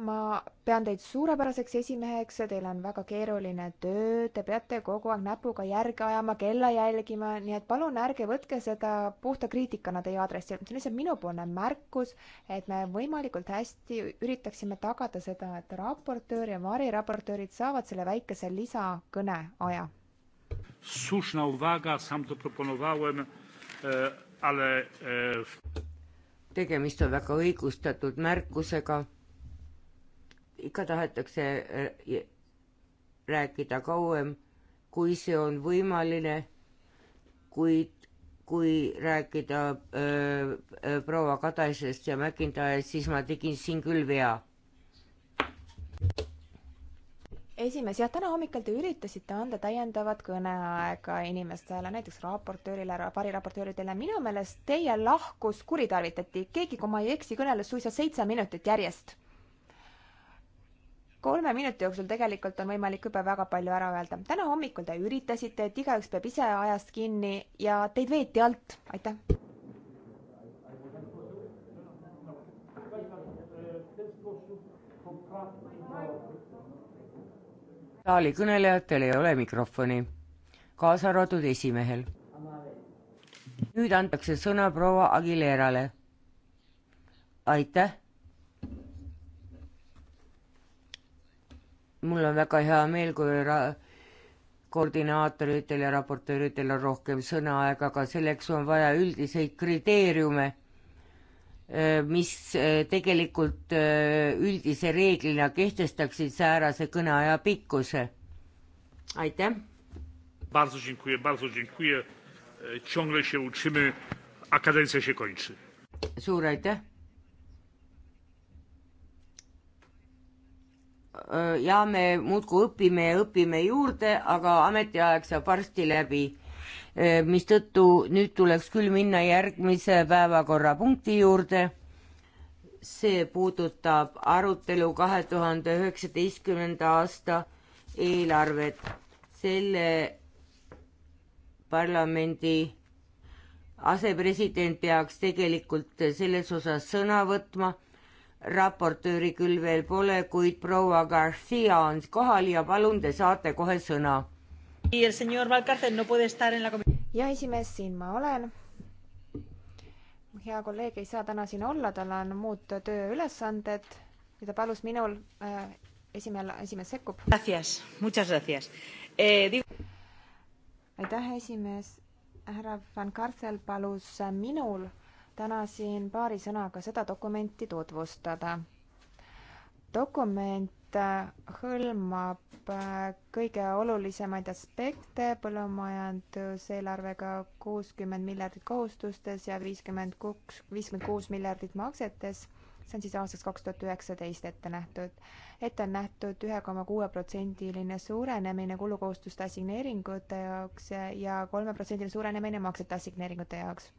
ma pean teid suurepäraseks esimeheks, teil on väga keeruline töö, te peate kogu aeg näpuga järge ajama, kella jälgima, nii et palun ärge võtke seda puhta kriitikana teie aadressil, see on lihtsalt minupoolne märkus, et me võimalikult hästi üritaksime tagada seda, et raportöör ja variraportöörid saavad selle väikese lisakõneaja. Słuszna uwaga, sam to proponowałem, e, ale e, tegemist on väga õigustatud märkusega. ikka tahetakse eh, rääkida kauem, kui see on võimaline, kuid kui rääkida eh, eh, proua Kadaisest ja Mäkindaest, siis ma tegin siin küll vea esimees, jah, täna hommikul te üritasite anda täiendavat kõneaega inimestele, näiteks raportöörile, variraportööridele. minu meelest teie lahkus kuritarvitati, keegi, kui ma ei eksi, kõneles suisa seitse minutit järjest. kolme minuti jooksul tegelikult on võimalik juba väga palju ära öelda. täna hommikul te üritasite, et igaüks peab ise ajast kinni ja teid veeti alt. aitäh! Thank you saali kõnelejatel ei ole mikrofoni, kaasa arvatud esimehel. nüüd antakse sõna proua Aguilerale. aitäh. mul on väga hea meel, kui ra-, koordinaatoritel ja raportööridel on rohkem sõnaaega, aga selleks on vaja üldiseid kriteeriume mis eh, tegelikult eh, üldise reeglina kehtestaksid säärase kõneaja pikkuse. aitäh. Bardzo dziękuję, bardzo dziękuję. E, ciągle się uczymy, a kadencja się kończy. Suur aitäh. E, ja me muudkui õpime ja õpime juurde, aga ametiaeg saab varsti läbi Eh, mistõttu nüüd tuleks küll minna järgmise päevakorrapunkti juurde. see puudutab arutelu kahe tuhande üheksateistkümnenda aasta eelarvet. selle parlamendi asepresident peaks tegelikult selles osas sõna võtma. raportööri küll veel pole, kuid proua Garcia on kohal ja palun, te saate kohe sõna ja esimees, siin ma olen. hea kolleeg ei saa täna siin olla, tal on muud tööülesanded ja ta palus minul äh, esimehel, esimees sekkub. Eh, aitäh, esimees. härra Van Karthel palus minul täna siin paari sõnaga seda dokumenti tutvustada. dokument Äh, hõlmab äh, kõige olulisemaid aspekte põllumajanduseelarvega kuuskümmend miljardit kohustustes ja viiskümmend kuus, viiskümmend kuus miljardit maksetes. see on siis aastaks kaks tuhat üheksateist ette nähtud. ette on nähtud ühe koma kuue protsendiline suurenemine kulukohustuste assigneeringute jaoks ja kolmeprotsendiline suurenemine maksete assigneeringute jaoks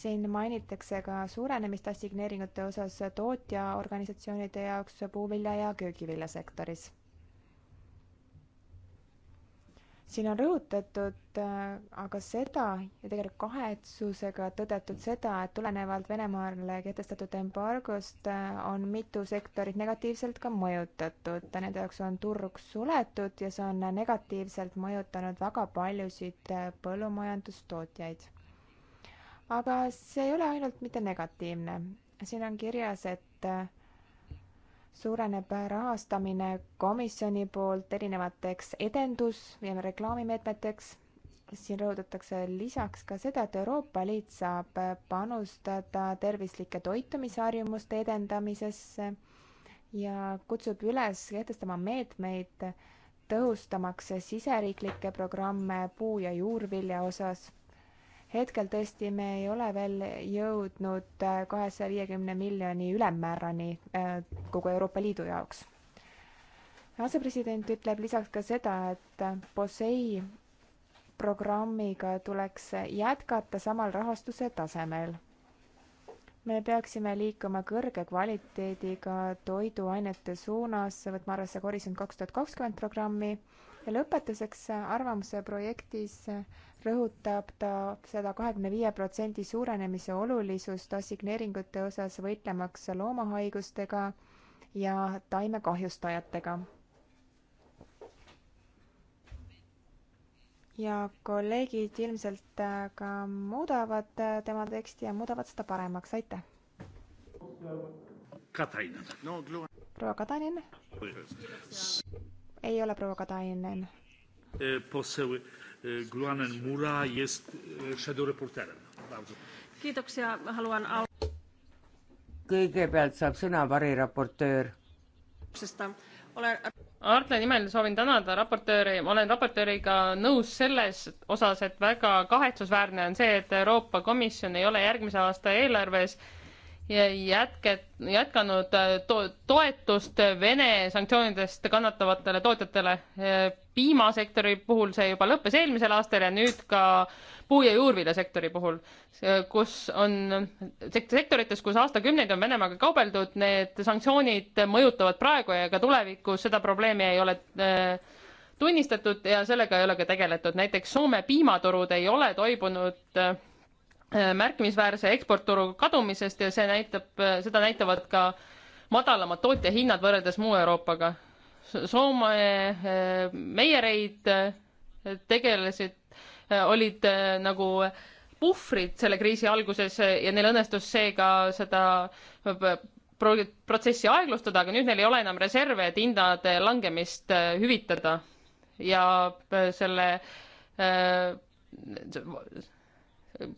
siin mainitakse ka suurenemist assigneeringute osas tootjaorganisatsioonide jaoks puuvilja- ja köögiviljasektoris. siin on rõhutatud äh, aga seda ja tegelikult kahetsusega tõdetud seda, et tulenevalt Venemaale kehtestatud embargost äh, on mitu sektorit negatiivselt ka mõjutatud. Nende jaoks on turg suletud ja see on negatiivselt mõjutanud väga paljusid äh, põllumajandustootjaid aga see ei ole ainult mitte negatiivne. siin on kirjas, et suureneb rahastamine komisjoni poolt erinevateks edendus- ja reklaamimeetmeteks. siin rõhutatakse lisaks ka seda, et Euroopa Liit saab panustada tervislike toitumisharjumuste edendamisesse ja kutsub üles kehtestama meetmeid tõhustamaks siseriiklikke programme puu- ja juurvilja osas hetkel tõesti me ei ole veel jõudnud äh, kahesaja viiekümne miljoni ülemmäärani äh, kogu Euroopa Liidu jaoks. asepresident ütleb lisaks ka seda, et äh, POSEI programmiga tuleks jätkata samal rahastuse tasemel. me peaksime liikuma kõrge kvaliteediga toiduainete suunas, võtma arvesse Horisont kaks tuhat kakskümmend programmi ja lõpetuseks arvamuse projektis rõhutab ta seda kahekümne viie protsendi suurenemise olulisust assigneeringute osas võitlemaks loomahaigustega ja taimekahjustajatega. ja kolleegid ilmselt ka muudavad tema teksti ja muudavad seda paremaks, aitäh! Katainen. proua Katainen? ei ole proua Katainen. E, Gruanen Mura jest e, shadow reporterem. Kiitoksia. Haluan al- kõigepealt saab sõna variraportöör. olen Artle nimel soovin tänada raportööri, ma olen raportööriga nõus selles osas, et väga kahetsusväärne on see, et Euroopa Komisjon ei ole järgmise aasta eelarves äh, jätke, jätkanud äh, to-, toetust Vene sanktsioonidest kannatavatele tootjatele. Äh, piimasektori puhul see juba lõppes eelmisel aastal ja nüüd ka puu- ja juurviljasektori puhul, äh, kus on sekt-, sektorites, kus aastakümneid on Venemaaga kaubeldud, need sanktsioonid mõjutavad praegu ja ka tulevikus, seda probleemi ei ole tunnistatud ja sellega ei ole ka tegeletud. näiteks Soome piimaturud ei ole toibunud Äh, märkimisväärse eksportturu kadumisest ja see näitab, äh, seda näitavad ka madalamad tootjahinnad võrreldes muu Euroopaga. Soome äh, meiereid tegelesid, olid nagu puhvrid selle kriisi alguses ja neil õnnestus seega seda pro-, protsessi aeglustada, aga nüüd neil ei ole enam reserve, et hindade langemist hüvitada. ja selle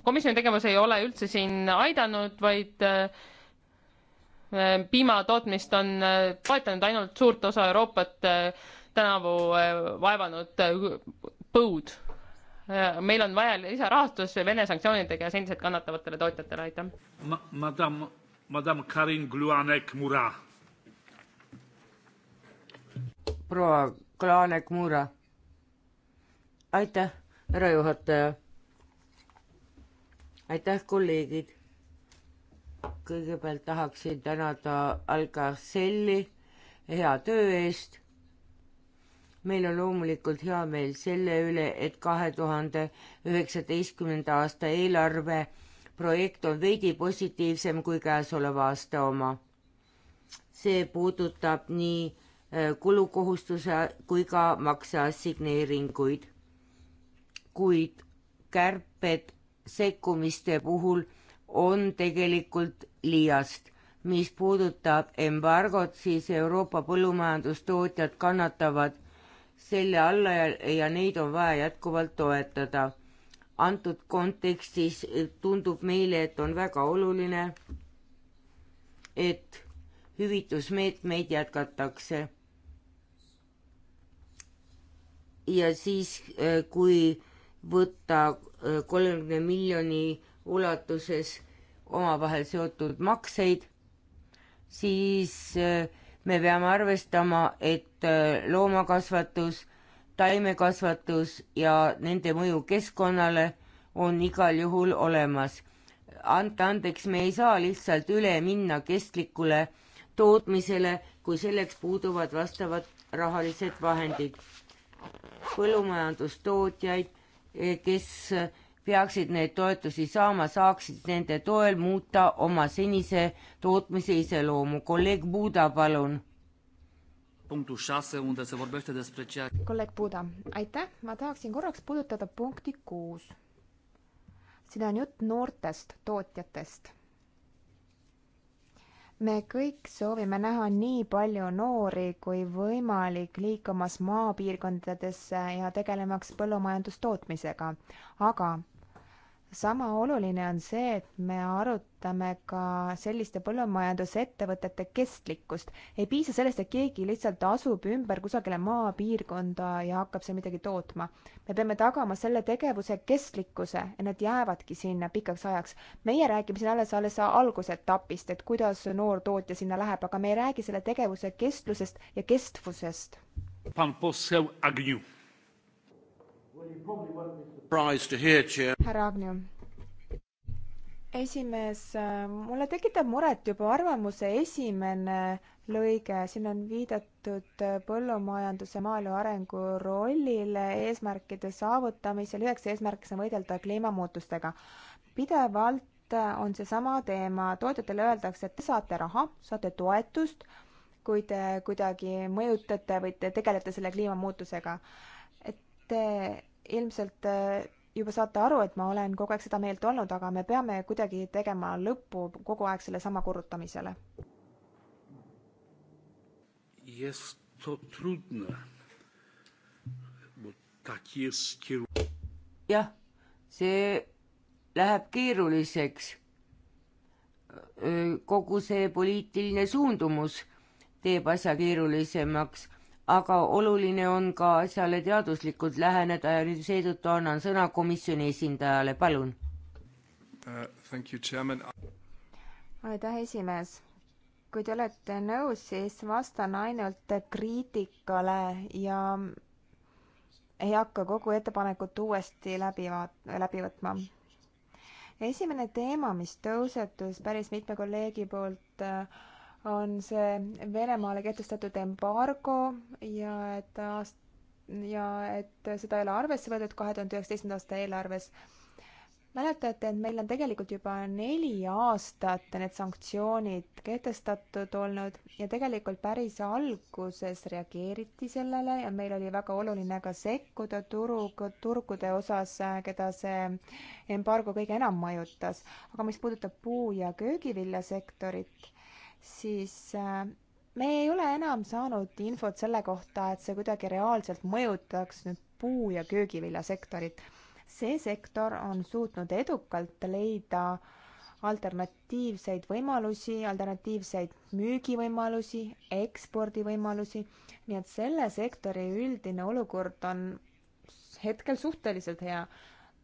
komisjoni tegevus ei ole üldse siin aidanud, vaid äh, piimatootmist on äh, toetanud ainult suurt osa Euroopat äh, tänavu vaevanud põud. meil on vaja lisarahastus Vene sanktsioonidega ja sendiselt kannatavatele tootjatele, aitäh Ma. Madam, madam Karin Gluanek-Mura. proua Gluanek-Mura. aitäh, härra juhataja aitäh, kolleegid. kõigepealt tahaksin tänada Algarcelli hea töö eest. meil on loomulikult hea meel selle üle, et kahe tuhande üheksateistkümnenda aasta eelarve projekt on veidi positiivsem kui käesoleva aasta oma. see puudutab nii äh, kulukohustuse kui ka makseassigneeringuid. kuid kärped sekkumiste puhul on tegelikult liiast. mis puudutab embargot, siis Euroopa põllumajandustootjad kannatavad selle alla ja, ja neid on vaja jätkuvalt toetada. antud kontekstis tundub meile, et on väga oluline, et hüvitusmeetmeid jätkatakse. ja siis, eh, kui võtta kolmekümne miljoni ulatuses omavahel seotud makseid, siis äh, me peame arvestama, et äh, loomakasvatus, taimekasvatus ja nende mõju keskkonnale on igal juhul olemas. andke andeks, me ei saa lihtsalt üle minna kestlikule tootmisele, kui selleks puuduvad vastavad rahalised vahendid. põllumajandustootjaid kes peaksid neid toetusi saama, saaksid nende toel muuta oma senise tootmise iseloomu. kolleeg Buda, palun. kolleeg Buda, aitäh, ma tahaksin korraks puudutada punkti kuus. siin on jutt noortest tootjatest me kõik soovime näha nii palju noori kui võimalik liikumas maapiirkondadesse ja tegelemaks põllumajandustootmisega, aga sama oluline on see, et me arutame ka selliste põllumajandusettevõtete kestlikkust. ei piisa sellest, et keegi lihtsalt asub ümber kusagile maapiirkonda ja hakkab seal midagi tootma. me peame tagama selle tegevuse kestlikkuse, et nad jäävadki sinna pikaks ajaks. meie räägime siin alles, alles algusetapist, et kuidas noor tootja sinna läheb, aga me ei räägi selle tegevuse kestlusest ja kestvusest. Pan poseł Agniu härra Agnew. esimees, äh, mulle tekitab muret juba arvamuse esimene lõige, siin on viidatud äh, põllumajanduse maaelu arengu rollile eesmärkide saavutamisel, üheks eesmärgiks on võidelda kliimamuutustega. pidevalt äh, on seesama teema, tootjatele öeldakse, et te saate raha, saate toetust, kui te kuidagi mõjutate või te tegelete selle kliimamuutusega. et ilmselt äh, juba saate aru, et ma olen kogu aeg seda meelt olnud, aga me peame kuidagi tegema lõppu kogu aeg sellesama korrutamisele. jah, see läheb keeruliseks. kogu see poliitiline suundumus teeb asja keerulisemaks aga oluline on ka asjale teaduslikult läheneda ja nüüd seetõttu annan sõna komisjoni esindajale, palun uh,. aitäh, esimees. kui te olete nõus, siis vastan ainult kriitikale ja ei hakka kogu ettepanekut uuesti läbi vaat-, läbi võtma. esimene teema, mis tõusetus päris mitme kolleegi poolt äh, on see Venemaale kehtestatud embargo ja et aast-, ja et seda ei ole arvesse võetud kahe tuhande üheksateistkümnenda aasta eelarves. mäletate, et meil on tegelikult juba neli aastat need sanktsioonid kehtestatud olnud ja tegelikult päris alguses reageeriti sellele ja meil oli väga oluline ka sekkuda turu, turgude osas, keda see embargo kõige enam mõjutas. aga mis puudutab puu- ja köögiviljasektorit, siis äh, me ei ole enam saanud infot selle kohta, et see kuidagi reaalselt mõjutaks nüüd puu- ja köögiviljasektorit. see sektor on suutnud edukalt leida alternatiivseid võimalusi, alternatiivseid müügivõimalusi, ekspordivõimalusi, nii et selle sektori üldine olukord on hetkel suhteliselt hea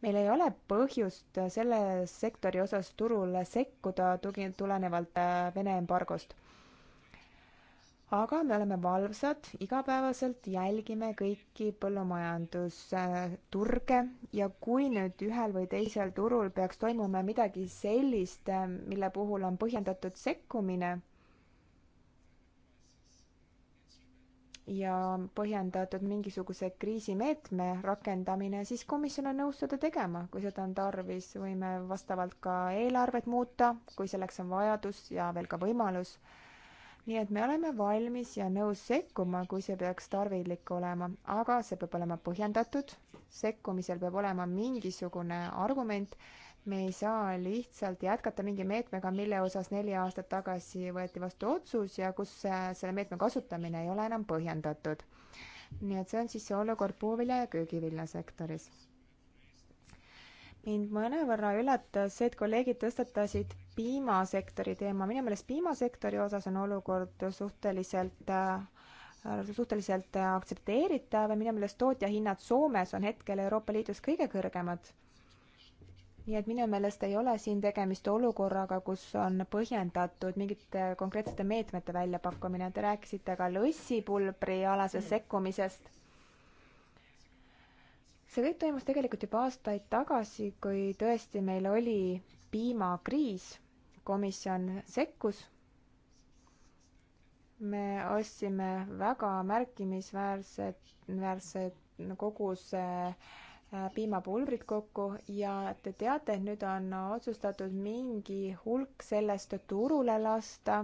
meil ei ole põhjust selle sektori osas turul sekkuda, tugi-, tulenevalt äh, Vene embargost. aga me oleme valvsad, igapäevaselt jälgime kõiki põllumajandusturge ja kui nüüd ühel või teisel turul peaks toimuma midagi sellist, mille puhul on põhjendatud sekkumine ja põhjendatud mingisuguse kriisimeetme rakendamine, siis komisjon on nõus seda tegema, kui seda on tarvis, võime vastavalt ka eelarvet muuta, kui selleks on vajadus ja veel ka võimalus. nii et me oleme valmis ja nõus sekkuma, kui see peaks tarvilik olema, aga see peab olema põhjendatud, sekkumisel peab olema mingisugune argument me ei saa lihtsalt jätkata mingi meetmega, mille osas neli aastat tagasi võeti vastu otsus ja kus äh, selle meetme kasutamine ei ole enam põhjendatud. nii et see on siis see olukord puuvilja ja köögiviljasektoris. mind mõnevõrra üllatas see, et kolleegid tõstatasid piimasektori teema, minu meelest piimasektori osas on olukord suhteliselt äh, suhteliselt äh, aktsepteeritav ja minu meelest tootjahinnad Soomes on hetkel Euroopa Liidus kõige kõrgemad nii et minu meelest ei ole siin tegemist olukorraga, kus on põhjendatud mingite konkreetsete meetmete väljapakkumine. Te rääkisite ka lõssipulbrialasest sekkumisest. see kõik toimus tegelikult juba aastaid tagasi, kui tõesti meil oli piimakriis. komisjon sekkus. me ostsime väga märkimisväärset, väärse koguse äh, Äh, piimapulbrit kokku ja te teate, et nüüd on otsustatud mingi hulk sellest turule lasta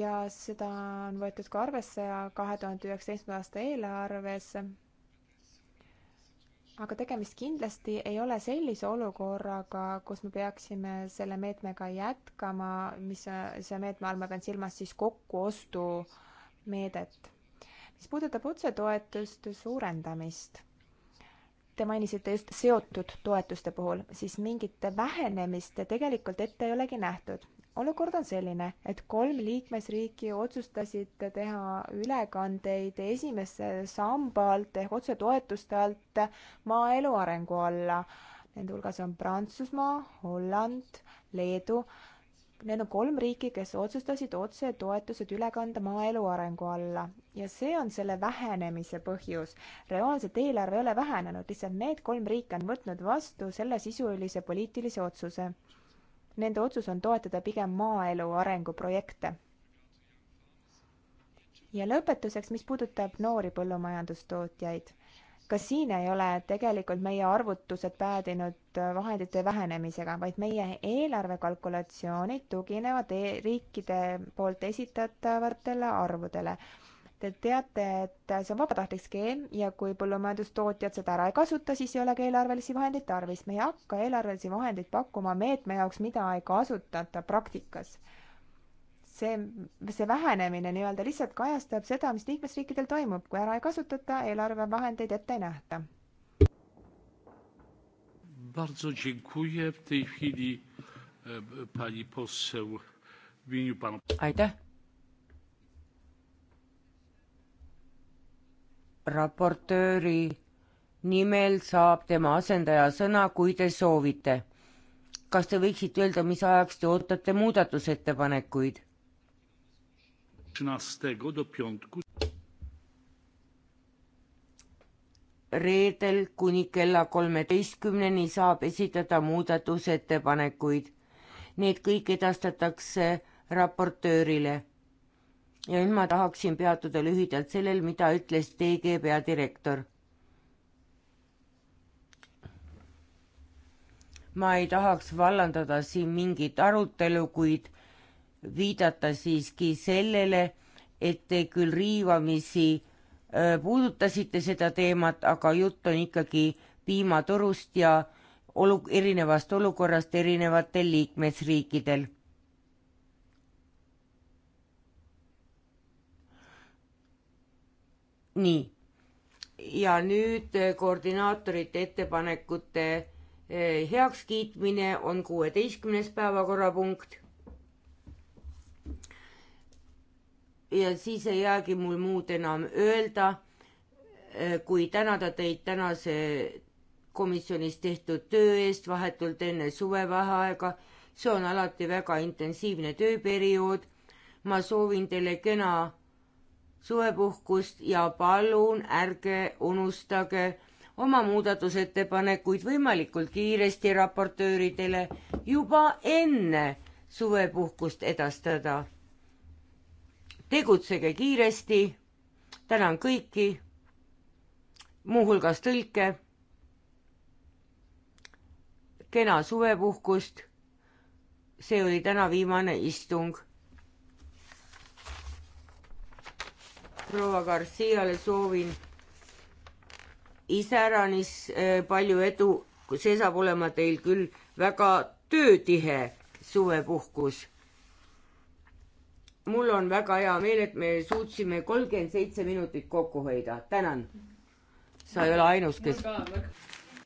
ja seda on võetud ka arvesse kahe tuhande üheksateistkümnenda aasta eelarves. aga tegemist kindlasti ei ole sellise olukorraga, kus me peaksime selle meetmega jätkama, mis see meetme all, ma pean silmas siis kokkuostumeedet mis puudutab otsetoetuste suurendamist, te mainisite just seotud toetuste puhul, siis mingit vähenemist tegelikult ette ei olegi nähtud. olukord on selline, et kolm liikmesriiki otsustasid teha ülekandeid esimesse samba alt ehk otsetoetuste alt maaelu arengu alla. Nende hulgas on Prantsusmaa, Holland, Leedu Need on kolm riiki, kes otsustasid otsetoetused üle kanda maaelu arengu alla ja see on selle vähenemise põhjus. reaalselt eelarve ei ole vähenenud, lihtsalt need kolm riiki on võtnud vastu sellesisulise poliitilise otsuse. Nende otsus on toetada pigem maaelu arenguprojekte. ja lõpetuseks, mis puudutab noori põllumajandustootjaid ka siin ei ole tegelikult meie arvutused päädinud äh, vahendite vähenemisega, vaid meie eelarvekalkulatsioonid tuginevad e riikide poolt esitatavatele arvudele. Te teate, et see on vabatahtlik skeem ja kui põllumajandustootjad seda ära ei kasuta, siis ei olegi eelarvelisi vahendeid tarvis. me ei hakka eelarvelisi vahendeid pakkuma meetme jaoks, mida ei kasutata praktikas see, see vähenemine nii-öelda lihtsalt kajastab seda, mis liikmesriikidel toimub, kui ära ei kasutata, eelarvevahendeid ette ei nähta. Bardzo dziękuję. W tej chwili e, pani poseł w imieniu pana... Aitäh. raportööri nimel saab tema asendaja sõna, kui te soovite. kas te võiksite öelda, mis ajaks te ootate muudatusettepanekuid? trzynastego do piątku. reedel kuni kella kolmeteistkümneni saab esitada muudatusettepanekuid. Need kõik edastatakse raportöörile. ja nüüd ma tahaksin peatuda lühidalt sellel, mida ütles TG peadirektor. ma ei tahaks vallandada siin mingit arutelu, kuid viidata siiski sellele, et te küll riivamisi puudutasite seda teemat, aga jutt on ikkagi piimatorust ja olu-, erinevast olukorrast erinevatel liikmesriikidel. nii, ja nüüd koordinaatorite ettepanekute heakskiitmine on kuueteistkümnes päevakorrapunkt ja siis ei jäägi mul muud enam öelda, eh, kui tänada teid tänase komisjonis tehtud töö eest vahetult enne suvevaheaega. see on alati väga intensiivne tööperiood. ma soovin teile kena suvepuhkust ja palun ärge unustage oma muudatusettepanekuid võimalikult kiiresti raportööridele juba enne suvepuhkust edastada tegutsege kiiresti, tänan kõiki, muuhulgas tõlke, kena suvepuhkust, see oli täna viimane istung. proua Garciale soovin iseäranis eh, palju edu, see saab olema teil küll väga töötihe suvepuhkus mul on väga hea meel, et me suutsime kolmkümmend seitse minutit kokku hoida, tänan. sa ei ole ainus, kes.